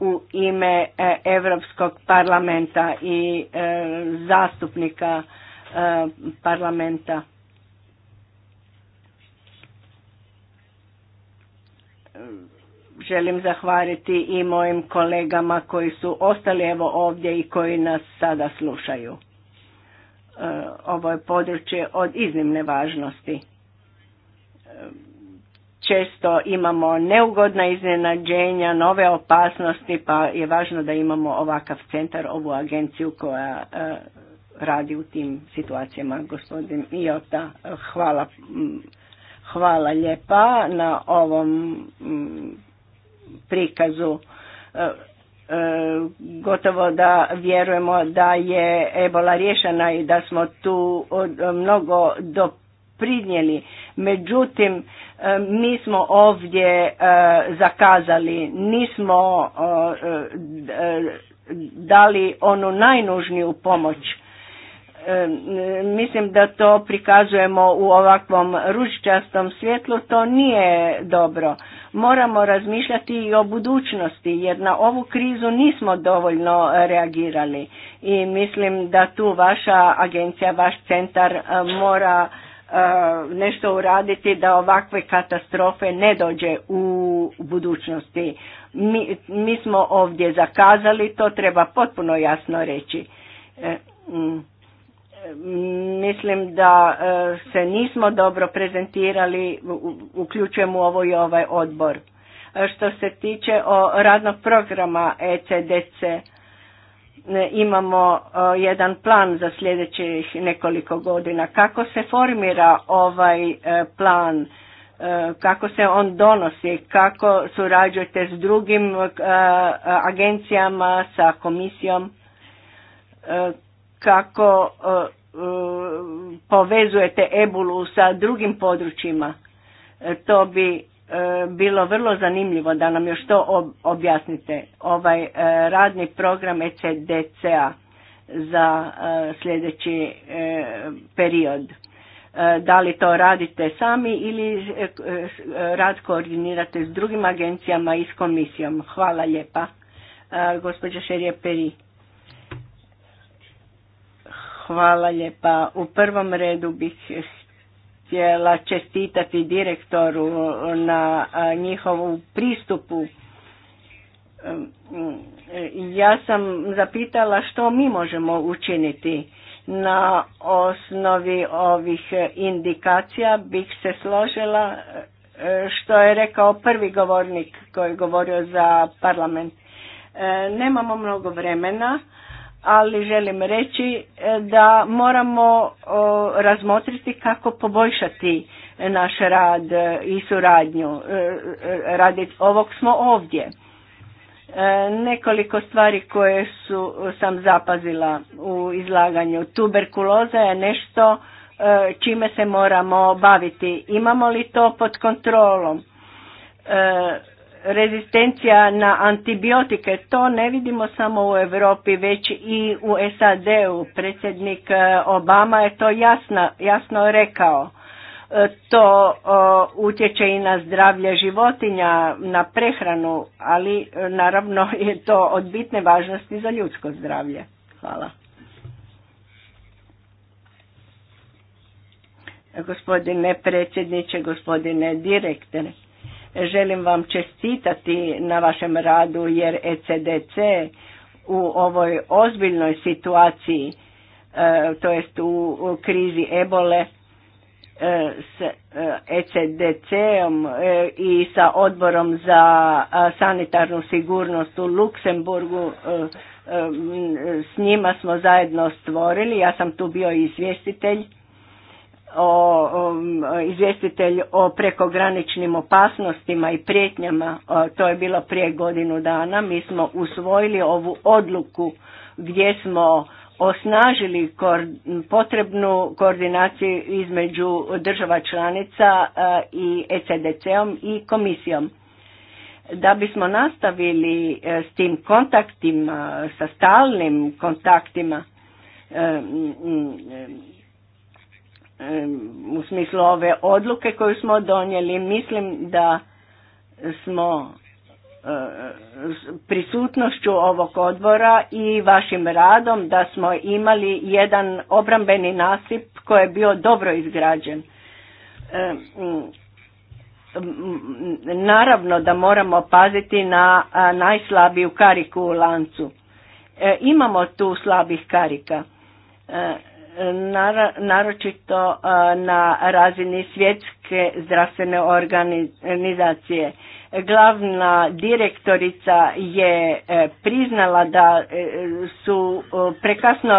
u ime Europskog parlamenta i e, zastupnika e, parlamenta. Želim zahvaliti i mojim kolegama koji su ostali evo ovdje i koji nas sada slušaju. E, ovo je područje od iznimne važnosti često imamo neugodna iznenađenja, nove opasnosti, pa je važno da imamo ovakav centar, ovu agenciju koja e, radi u tim situacijama. Gospodin Iota, e, hvala, hvala lijepa na ovom prikazu. E, gotovo da vjerujemo da je ebola rješena i da smo tu mnogo do Međutim, e, mi smo ovdje e, zakazali, nismo e, dali onu najnužniju pomoć. Mislim da to prikazujemo u ovakvom ružičastom svjetlu, to nije dobro. Moramo razmišljati i o budućnosti jer na ovu krizu nismo dovoljno reagirali i mislim da tu vaša agencija, vaš centar mora E, nešto uraditi da ovakve katastrofe ne dođe u budućnosti. Mi, smo ovdje zakazali, to treba potpuno jasno reći. E, mislim da e, se nismo dobro prezentirali, uključujem u ovo i ovaj odbor. Što se tiče o radnog programa ECDC, imamo e, jedan plan za sljedećih nekoliko godina. Kako se formira ovaj e, plan, e, kako se on donosi, kako surađujete s drugim agencijama, sa komisijom, kako povezujete ebulu sa drugim područjima. To bi bilo vrlo zanimljivo da nam još to objasnite. Ovaj e, radni program ECDCA za e, sljedeći e, period. Da li to radite sami ili rad koordinirate s drugim agencijama i s komisijom? Hvala lijepa. Gospođa Šerije Peri. Hvala lijepa. U prvom redu bih htjela čestitati direktoru na njihovu pristupu. Mm, ja sam zapitala što mi možemo učiniti. Na osnovi ovih indikacija bih se složila e, što je rekao prvi govornik koji je govorio za parlament. E, nemamo mnogo vremena ali želim reći e, da moramo razmotriti kako poboljšati e, naš rad e, i suradnju. Radi ovog smo ovdje. Nekoliko stvari koje su, sam zapazila u izlaganju. Tuberkuloza je nešto čime se moramo baviti. Imamo li to pod kontrolom? rezistencija na antibiotike, to ne vidimo samo u Europi već i u SAD-u. Predsjednik e, Obama je to jasno, jasno rekao. E, to utječe i na zdravlje životinja, na prehranu, ali e, naravno [LAUGHS] je to od bitne važnosti za ljudsko zdravlje. Hvala. Gospodine predsjedniče, gospodine direktore. Želim vam čestitati na vašem radu jer ECDC u ovoj ozbiljnoj situaciji, e, to jest u krizi ebole, e, s ECDC-om e i sa odborom za sanitarnu sigurnost u Luksemburgu. S njima smo zajedno stvorili, ja sam tu bio izvjestitelj o, izvjestitelj o prekograničnim opasnostima i prijetnjama, to je bilo prije godinu dana, mi smo usvojili ovu odluku gdje smo osnažili potrebnu koordinaciju između država članica i ECDC-om i komisijom. Da bismo nastavili e, s tim kontaktima, sa stalnim kontaktima, e, u smislu ove odluke koju smo donijeli. Mislim da smo e, prisutnošću ovog odbora i vašim radom da smo imali jedan obrambeni nasip koji je bio dobro izgrađen. Naravno da moramo paziti na najslabiju kariku u lancu. E, imamo tu slabih karika. E, naročito na razini svjetske zdravstvene organizacije. Glavna direktorica je e, priznala da e, su e, prekasno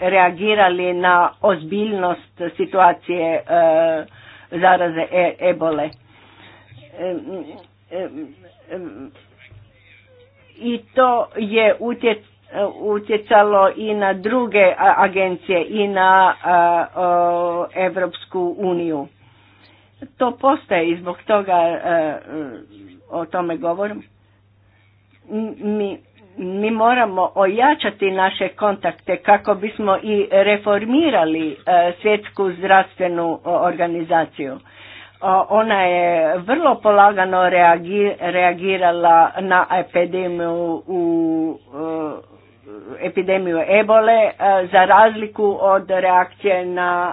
reagirali na ozbiljnost situacije zaraze ebole. I to je utjec, utjecalo i na druge agencije i na Evropsku uniju. To postaje i zbog toga e, e, o tome govorim. Mi, mi moramo ojačati naše kontakte kako bismo i reformirali e, svjetsku zdravstvenu organizaciju. Ona je vrlo polagano reagirala na epidemiju u epidemiju ebole e, za razliku od reakcije na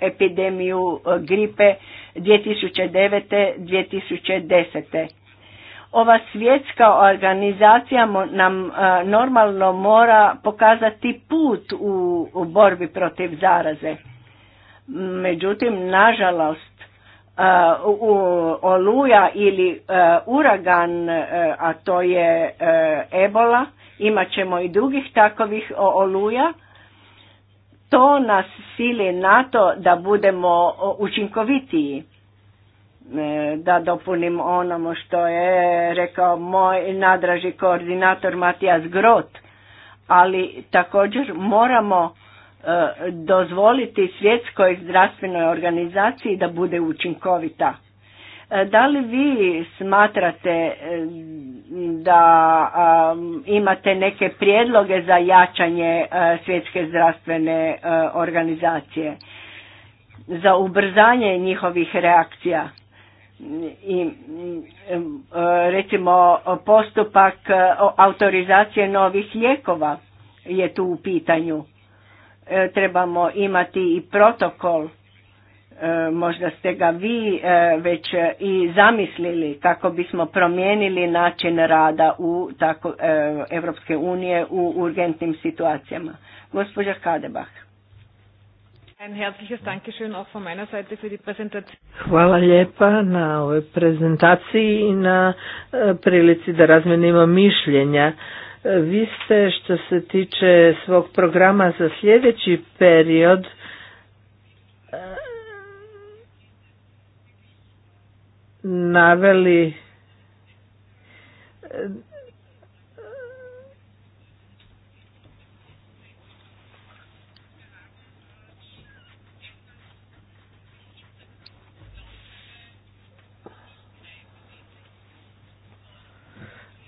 e, epidemiju e, gripe 2009. 2010. Ova svjetska organizacija nam normalno mora pokazati put u borbi protiv zaraze. Međutim, nažalost, u oluja ili uragan, a to je ebola, imat ćemo i drugih takovih oluja. To nas sili na to da budemo učinkovitiji. E, da dopunim onomu što je rekao moj nadraži koordinator Matijas Grot, ali također moramo e, dozvoliti svjetskoj zdravstvenoj organizaciji da bude učinkovita E, da li vi smatrate e, da imate neke prijedloge za jačanje e, svjetske zdravstvene organizacije, za ubrzanje njihovih reakcija? i recimo postupak autorizacije novih lijekova je tu u pitanju. Trebamo imati i protokol E, možda ste ga vi e, već e, i zamislili kako bismo promijenili način rada u tako, Evropske unije u urgentnim situacijama. Gospođa Kadebach.
Hvala lijepa na ovoj prezentaciji i na prilici da razmenimo mišljenja. Vi ste što se tiče svog programa za sljedeći period naveli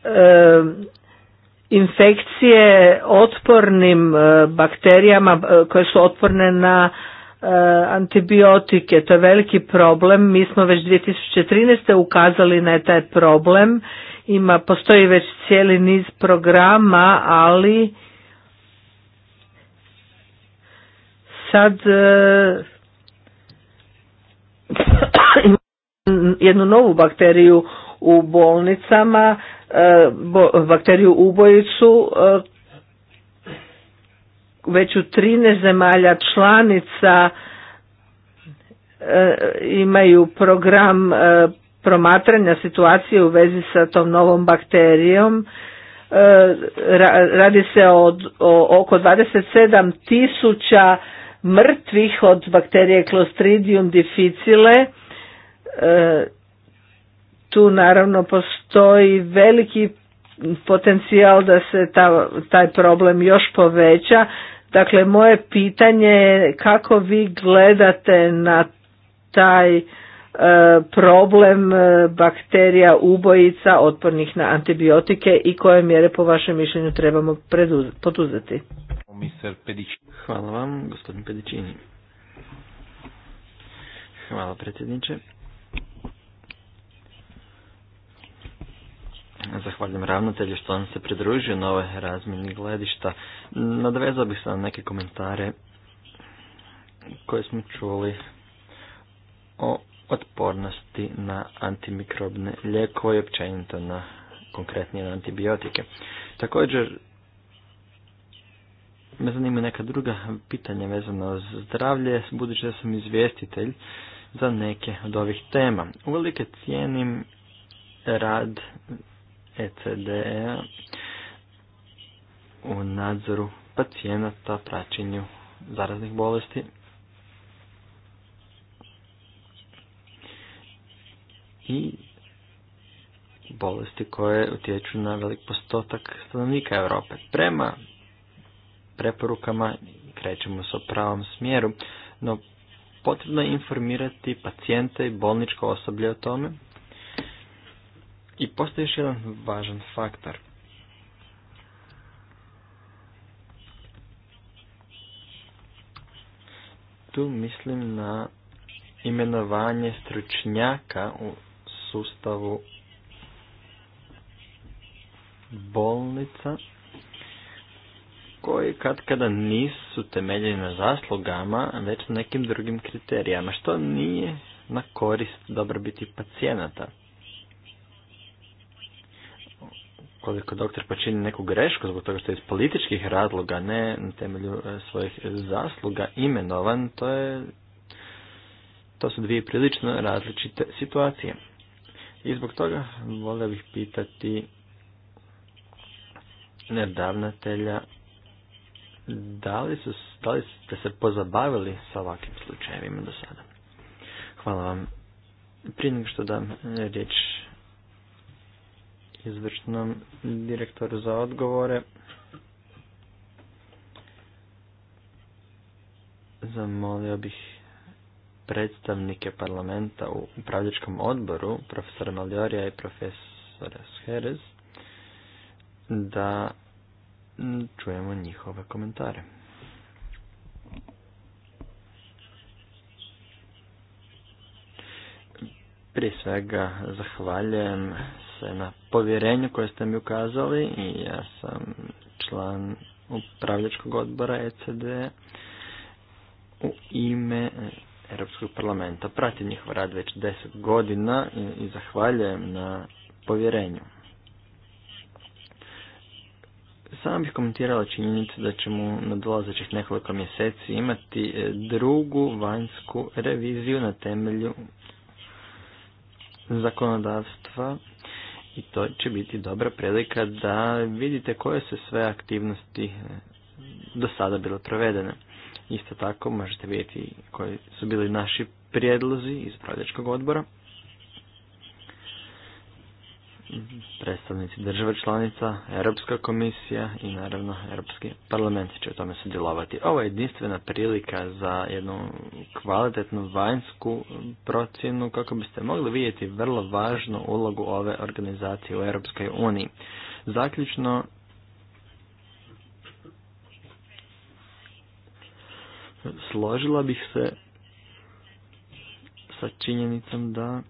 e, infekcije otpornim e, bakterijama e, koje su otporne na E, antibiotike. To je veliki problem. Mi smo već 2013. ukazali na taj problem. Ima, postoji već cijeli niz programa, ali sad e, jednu novu bakteriju u bolnicama, e, bakteriju ubojicu već u 13 zemalja članica e, imaju program e, promatranja situacije u vezi sa tom novom bakterijom. E, radi se o, oko 27 tisuća mrtvih od bakterije Clostridium difficile. Tu naravno postoji veliki potencijal da se taj problem još poveća Dakle, moje pitanje je kako vi gledate na taj e, problem e, bakterija ubojica otpornih na antibiotike i koje mjere po vašem mišljenju trebamo poduzeti.
Hvala vam, gospodin Pedicini. Hvala predsjedniče. Zahvaljujem ravnatelju što on se pridružio na ove razmjeni gledišta. Nadvezao bih se na neke komentare koje smo čuli o otpornosti na antimikrobne lijekove i općenito na konkretnije antibiotike. Također, me zanima neka druga pitanja vezana za zdravlje, budući da sam izvjestitelj za neke od ovih tema. Uvelike cijenim rad ECD-a u nadzoru pacijenata, praćenju zaraznih bolesti. I bolesti koje utječu na velik postotak stanovnika Europe. Prema preporukama krećemo se u pravom smjeru, no potrebno je informirati pacijente i bolničko osoblje o tome, i postoji još jedan važan faktor. Tu mislim na imenovanje stručnjaka u sustavu bolnica koji kad kada nisu temeljeni na zaslugama, već na nekim drugim kriterijama, što nije na korist dobrobiti pacijenata. ukoliko doktor počini neku grešku zbog toga što je iz političkih razloga, ne na temelju e, svojih zasluga imenovan, to je to su dvije prilično različite situacije. I zbog toga volio bih pitati nedavnatelja da li, su, da li ste se pozabavili sa ovakvim slučajevima do sada? Hvala vam. Prije nego što dam e, riječ izvršnom direktoru za odgovore. Zamolio bih predstavnike parlamenta u upravljačkom odboru, profesora Maliorija i profesora Sherez, da čujemo njihove komentare. Prije svega zahvaljujem se na povjerenju koje ste mi ukazali i ja sam član upravljačkog odbora ECD u ime Europskog parlamenta. Pratim njihov rad već deset godina i zahvaljujem na povjerenju. Samo bih komentirala činjenicu da ćemo na dolazećih nekoliko mjeseci imati e, drugu vanjsku reviziju na temelju zakonodavstva i to će biti dobra prilika da vidite koje su sve aktivnosti e, do sada bile provedene. Isto tako možete vidjeti koji su bili naši prijedlozi iz pravljačkog odbora predstavnici država članica, Europska komisija i naravno Europski parlament će u tome sudjelovati. Ovo je jedinstvena prilika za jednu kvalitetnu vanjsku procjenu kako biste mogli vidjeti vrlo važnu ulogu ove organizacije u Europskoj uniji. Zaključno, složila bih se sa činjenicom da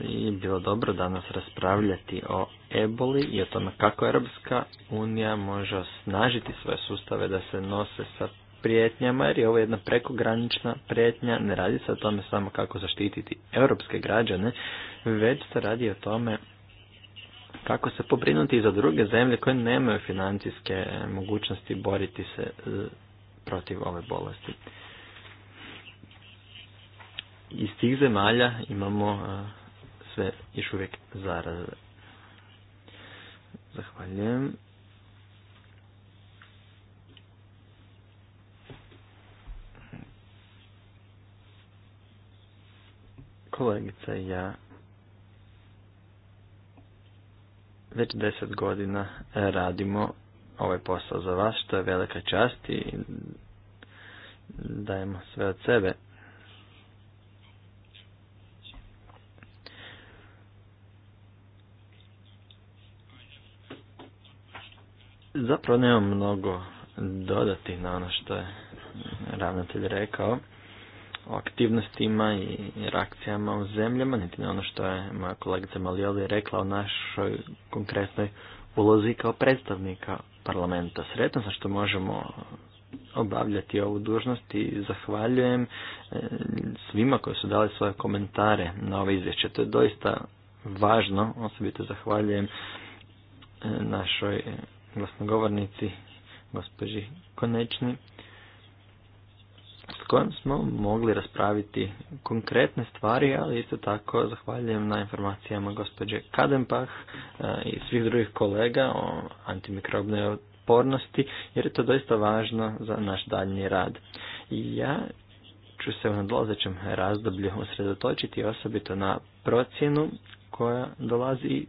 je bilo dobro danas raspravljati o eboli i o tome kako Europska unija može osnažiti svoje sustave da se nose sa prijetnjama, jer je ovo jedna prekogranična prijetnja, ne radi se o tome samo kako zaštititi europske građane, već se radi o tome kako se pobrinuti i za druge zemlje koje nemaju financijske mogućnosti boriti se e, protiv ove bolesti iz tih zemalja imamo sve još uvijek zaraze. Zahvaljujem. Kolegica i ja već deset godina radimo ovaj posao za vas, što je velika čast i dajemo sve od sebe. Zapravo nemam mnogo dodati na ono što je ravnatelj rekao o aktivnostima i reakcijama u zemljama, niti na ono što je moja kolegica Malioli rekla o našoj konkretnoj ulozi kao predstavnika parlamenta. Sretno sam što možemo obavljati ovu dužnost i zahvaljujem e, svima koji su dali svoje komentare na ove izvješće. To je doista važno, osobito zahvaljujem e, našoj glasnogovornici gospođi Konečni s kojom smo mogli raspraviti konkretne stvari, ali isto tako zahvaljujem na informacijama gospođe Kadenpah e, i svih drugih kolega o antimikrobnoj otpornosti, jer je to doista važno za naš daljnji rad. I ja ću se u nadlazećem razdoblju usredotočiti osobito na procjenu koja dolazi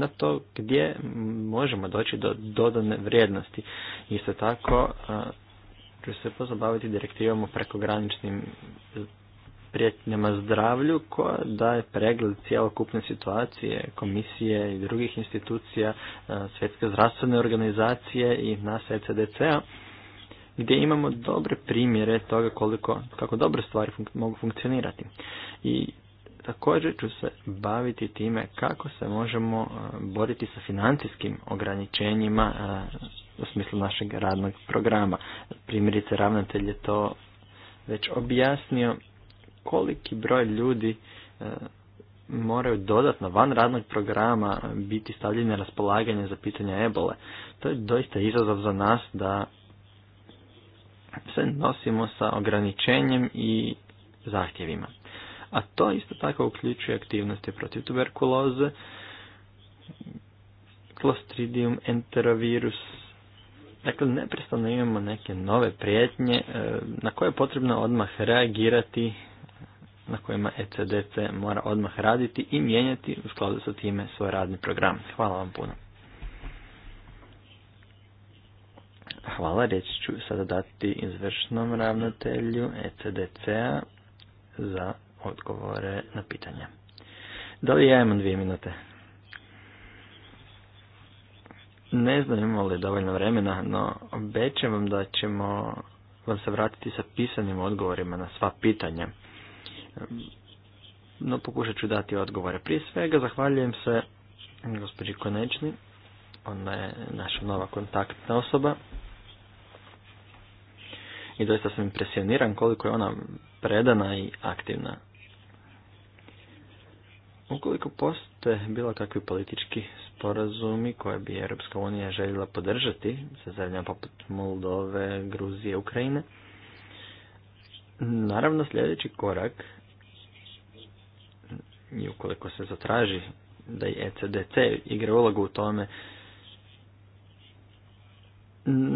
na to gdje možemo doći do dodane vrijednosti. Isto tako ću se pozabaviti direktivom o prekograničnim prijetnjama zdravlju koja daje pregled cijelokupne situacije komisije i drugih institucija svjetske zdravstvene organizacije i nas ECDC-a gdje imamo dobre primjere toga koliko, kako dobre stvari mogu funkcionirati. I također ću se baviti time kako se možemo e, boriti sa financijskim ograničenjima e, u smislu našeg radnog programa. Primjerice, ravnatelj je to već objasnio koliki broj ljudi e, moraju dodatno van radnog programa biti stavljeni na raspolaganje za pitanje ebole. To je doista izazov za nas da se nosimo sa ograničenjem i zahtjevima a to isto tako uključuje aktivnosti protiv tuberkuloze, Clostridium enterovirus. Dakle, neprestano imamo neke nove prijetnje e, na koje je potrebno odmah reagirati, na kojima ECDC mora odmah raditi i mijenjati u skladu sa time svoj radni program. Hvala vam puno. Hvala, riječ ću sada dati izvršnom ravnatelju ECDC-a za odgovore na pitanje. Da li ja imam dvije minute? Ne znam imamo li dovoljno vremena, no obećam vam da ćemo vam se vratiti sa pisanim odgovorima na sva pitanja. No pokušat ću dati odgovore. Prije svega zahvaljujem se gospođi Konečni, ona je naša nova kontaktna osoba. I doista sam impresioniran koliko je ona predana i aktivna Ukoliko postoje bilo kakvi politički sporazumi koje bi Europska unija željela podržati sa zemljama poput Moldove, Gruzije, Ukrajine, naravno sljedeći korak i ukoliko se zatraži da i ECDC igra ulogu u tome,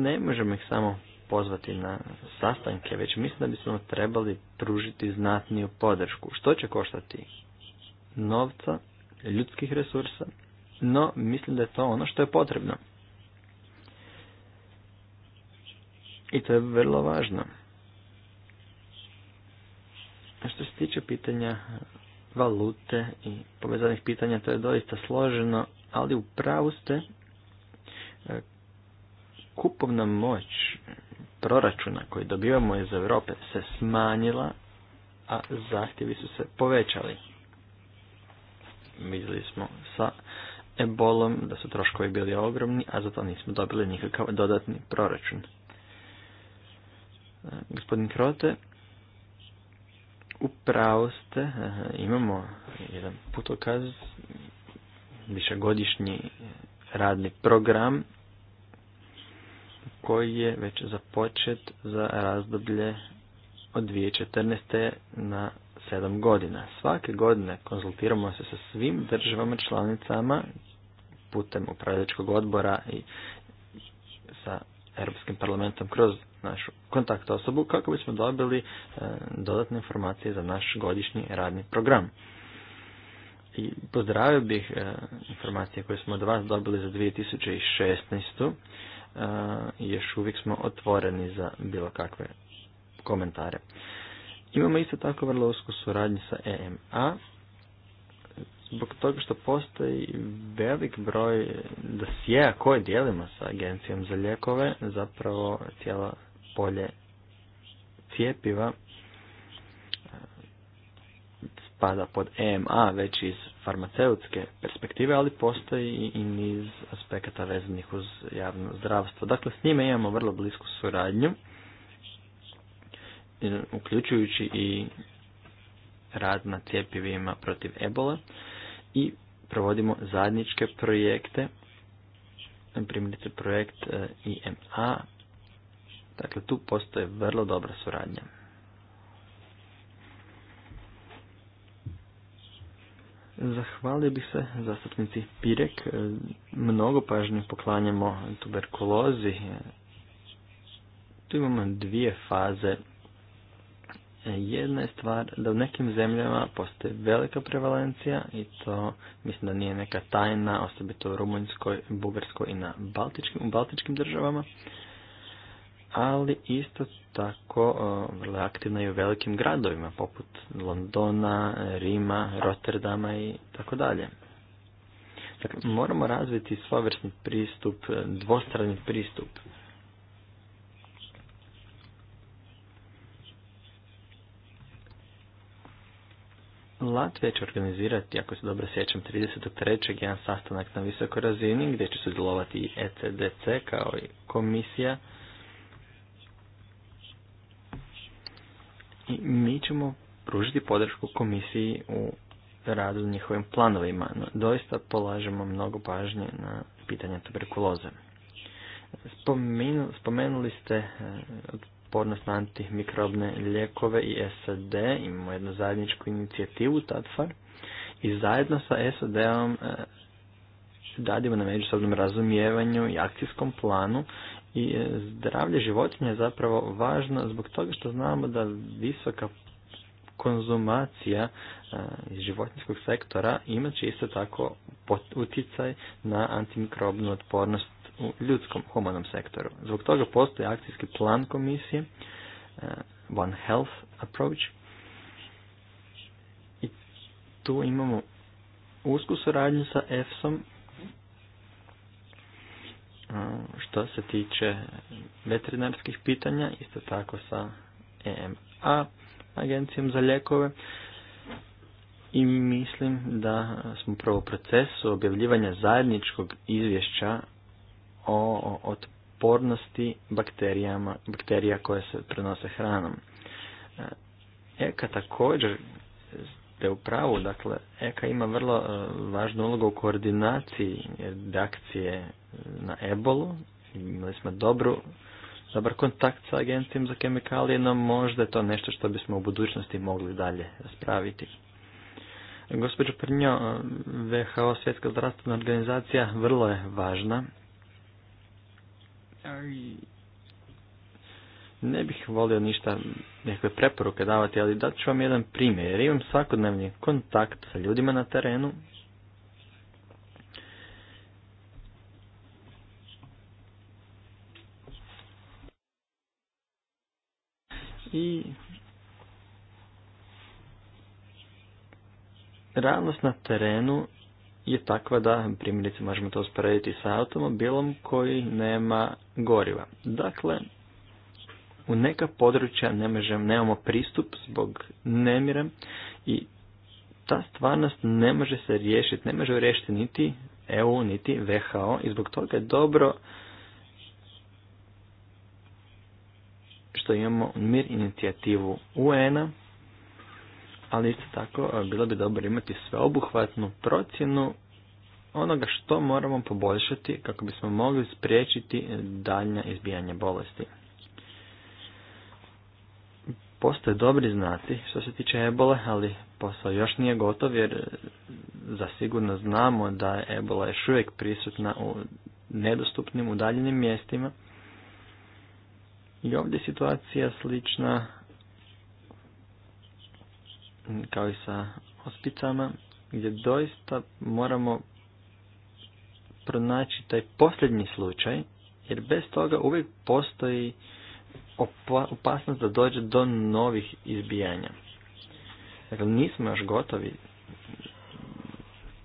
ne možemo ih samo pozvati na sastanke, već mislim da bismo trebali pružiti znatniju podršku. Što će koštati novca, ljudskih resursa, no mislim da je to ono što je potrebno. I to je vrlo važno. A što se tiče pitanja valute i povezanih pitanja, to je doista složeno, ali u pravu ste e, kupovna moć proračuna koji dobivamo iz Europe se smanjila, a zahtjevi su se povećali vidjeli smo sa ebolom da su troškovi bili ogromni, a zato nismo dobili nikakav dodatni proračun. E, gospodin Krote, upravo ste, e, imamo jedan putokaz, višegodišnji radni program koji je već započet za razdoblje od 2014. na sedam godina. Svake godine konzultiramo se sa svim državama članicama putem upravljačkog odbora i sa Europskim parlamentom kroz našu kontakt osobu kako bismo dobili e, dodatne informacije za naš godišnji radni program. I pozdravio bih e, informacije koje smo od vas dobili za 2016. E, I još uvijek smo otvoreni za bilo kakve komentare. Imamo isto tako vrlo usku suradnju sa EMA, zbog toga što postoji velik broj dosjeja koje dijelimo sa agencijom za lijekove, zapravo cijelo polje cijepiva e, spada pod EMA već iz farmaceutske perspektive, ali postoji i niz aspekata vezanih uz javno zdravstvo. Dakle, s njime imamo vrlo blisku suradnju uključujući i rad na cjepivima protiv Ebola i provodimo zajedničke projekte, primjerice projekt e, IMA, dakle tu postoje vrlo dobra suradnja. Zahvalio bih se zastupnici Pirek. E, mnogo pažnje poklanjamo tuberkulozi. E, tu imamo dvije faze jedna je stvar da u nekim zemljama postoji velika prevalencija i to mislim da nije neka tajna, osobito u Rumunjskoj, Bugarskoj i na Baltičkim, u Baltičkim državama, ali isto tako vrlo aktivna i u velikim gradovima poput Londona, Rima, Rotterdama i tako dalje. Dakle, moramo razviti svovrsni pristup, dvostrani pristup Latvija će organizirati, ako se dobro sjećam, 33. jedan sastanak na visokoj razini gdje će sudjelovati i ECDC kao i komisija. I mi ćemo pružiti podršku komisiji u radu njihovim planovima, no doista polažemo mnogo pažnje na pitanje tuberkuloze. spomenuli ste eh, otpornost na antimikrobne lijekove i SAD, imamo jednu zajedničku inicijativu TATFAR i zajedno sa SAD-om dadimo e, na međusobnom razumijevanju i akcijskom planu i e, zdravlje životinja je zapravo važno zbog toga što znamo da visoka konzumacija e, iz životinskog sektora ima će isto tako utjecaj na antimikrobnu otpornost u ljudskom humanom sektoru. Zbog toga postoji akcijski plan komisije e, One Health Approach i tu imamo usku suradnju sa EFSom e, što se tiče veterinarskih pitanja, isto tako sa EMA, agencijom za ljekove i mislim da smo prvo u procesu objavljivanja zajedničkog izvješća o otpornosti bakterijama, bakterija koje se prenose hranom. Eka e također ste u pravu, dakle, Eka ima vrlo e, važnu ulogu u koordinaciji reakcije na ebolu. Imali smo dobru, dobar kontakt sa agencijom za kemikalije, no možda je to nešto što bismo u budućnosti mogli dalje raspraviti. Gospođo Prnjo, e, VHO, Svjetska zdravstvena organizacija, vrlo je važna ne bih volio ništa, nekakve preporuke davati, ali dat ću vam jedan primjer, jer imam svakodnevni kontakt sa ljudima na terenu. I realnost na terenu je takva da primjerice možemo to usporediti sa automobilom koji nema goriva. Dakle, u neka područja ne možem, nemamo pristup zbog nemira i ta stvarnost ne može se riješiti, ne može riješiti niti EU, niti VHO i zbog toga je dobro što imamo mir inicijativu UN-a ali isto tako e, bilo bi dobro imati sveobuhvatnu procjenu onoga što moramo poboljšati kako bismo mogli spriječiti daljnja izbijanja bolesti. Postoje dobri znati što se tiče ebole, ali posao još nije gotov jer sigurno znamo da je ebola još uvijek prisutna u nedostupnim udaljenim mjestima. I ovdje je situacija slična kao i sa ospicama, gdje doista moramo pronaći taj posljednji slučaj, jer bez toga uvijek postoji opasnost da dođe do novih izbijanja. Dakle, nismo još gotovi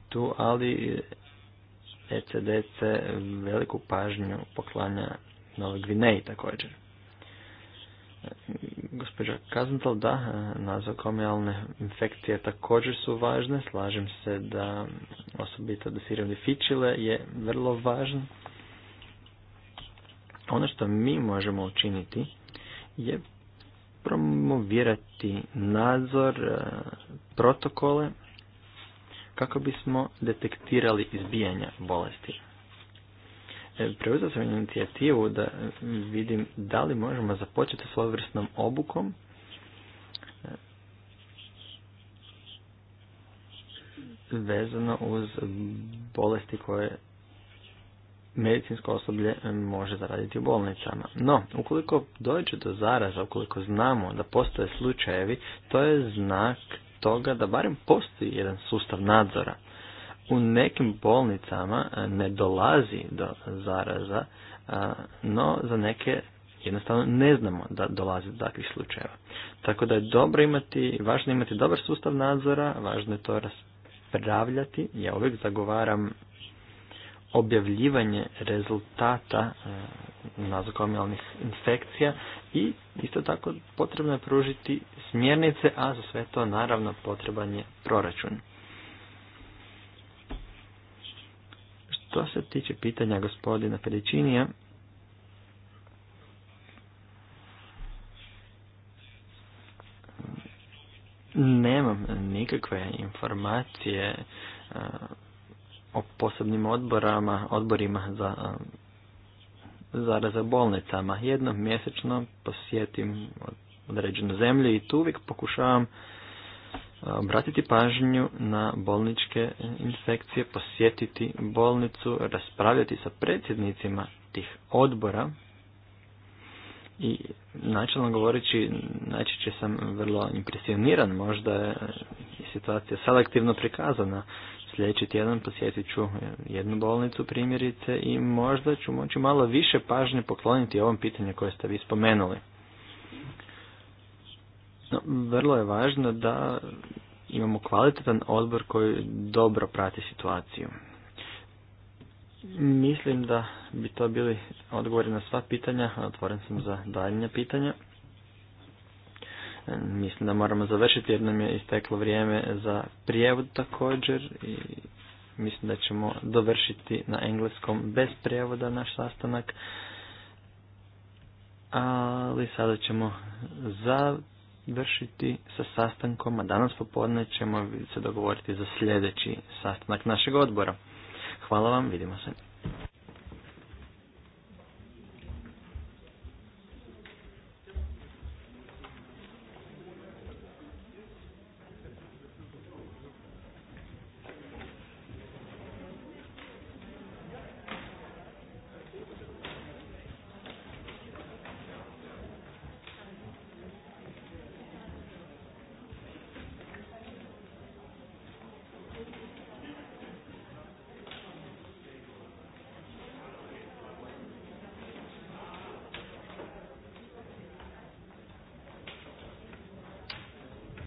tu, ali ECDC veliku pažnju poklanja Novog Vineji također. Gospođa kazantal da, nazokomijalne infekcije također su važne. Slažem se da osobito dosiranje fičile je vrlo važno. Ono što mi možemo učiniti je promovirati nadzor, e, protokole kako bismo detektirali izbijanja bolesti preuzeo sam inicijativu da vidim da li možemo započeti s ovrsnom obukom vezano uz bolesti koje medicinsko osoblje može zaraditi u bolnicama. No, ukoliko dođe do zaraza, ukoliko znamo da postoje slučajevi, to je znak toga da barem postoji jedan sustav nadzora u nekim bolnicama e, ne dolazi do zaraza, e, no za neke jednostavno ne znamo da dolazi do takvih slučajeva. Tako da je dobro imati, važno je imati dobar sustav nadzora, važno je to raspravljati. Ja uvijek zagovaram objavljivanje rezultata e, nazokomijalnih infekcija i isto tako potrebno je pružiti smjernice, a za sve to naravno potreban je proračun. Što se tiče pitanja gospodina Pedičinija, nemam nikakve informacije e, o posebnim odborama, odborima za e, zaraza bolnicama. Jednom mjesečno posjetim određenu zemlju i tu uvijek pokušavam obratiti pažnju na bolničke infekcije, posjetiti bolnicu, raspravljati sa predsjednicima tih odbora i načelno govoreći najčešće sam vrlo impresioniran, možda je situacija selektivno prikazana. Sljedeći tjedan posjetit ću jednu bolnicu primjerice i možda ću moći malo više pažnje pokloniti ovom pitanju koje ste vi spomenuli. No, vrlo je važno da imamo kvalitetan odbor koji dobro prati situaciju. Mislim da bi to bili odgovori na sva pitanja, otvoren sam za daljnja pitanja. Mislim da moramo završiti jer nam je isteklo vrijeme za prijevod također i mislim da ćemo dovršiti na engleskom bez prijevoda naš sastanak. Ali sada ćemo za Vršiti sa sastankom, a danas popodne ćemo se dogovoriti za sljedeći sastanak našeg odbora. Hvala vam, vidimo se.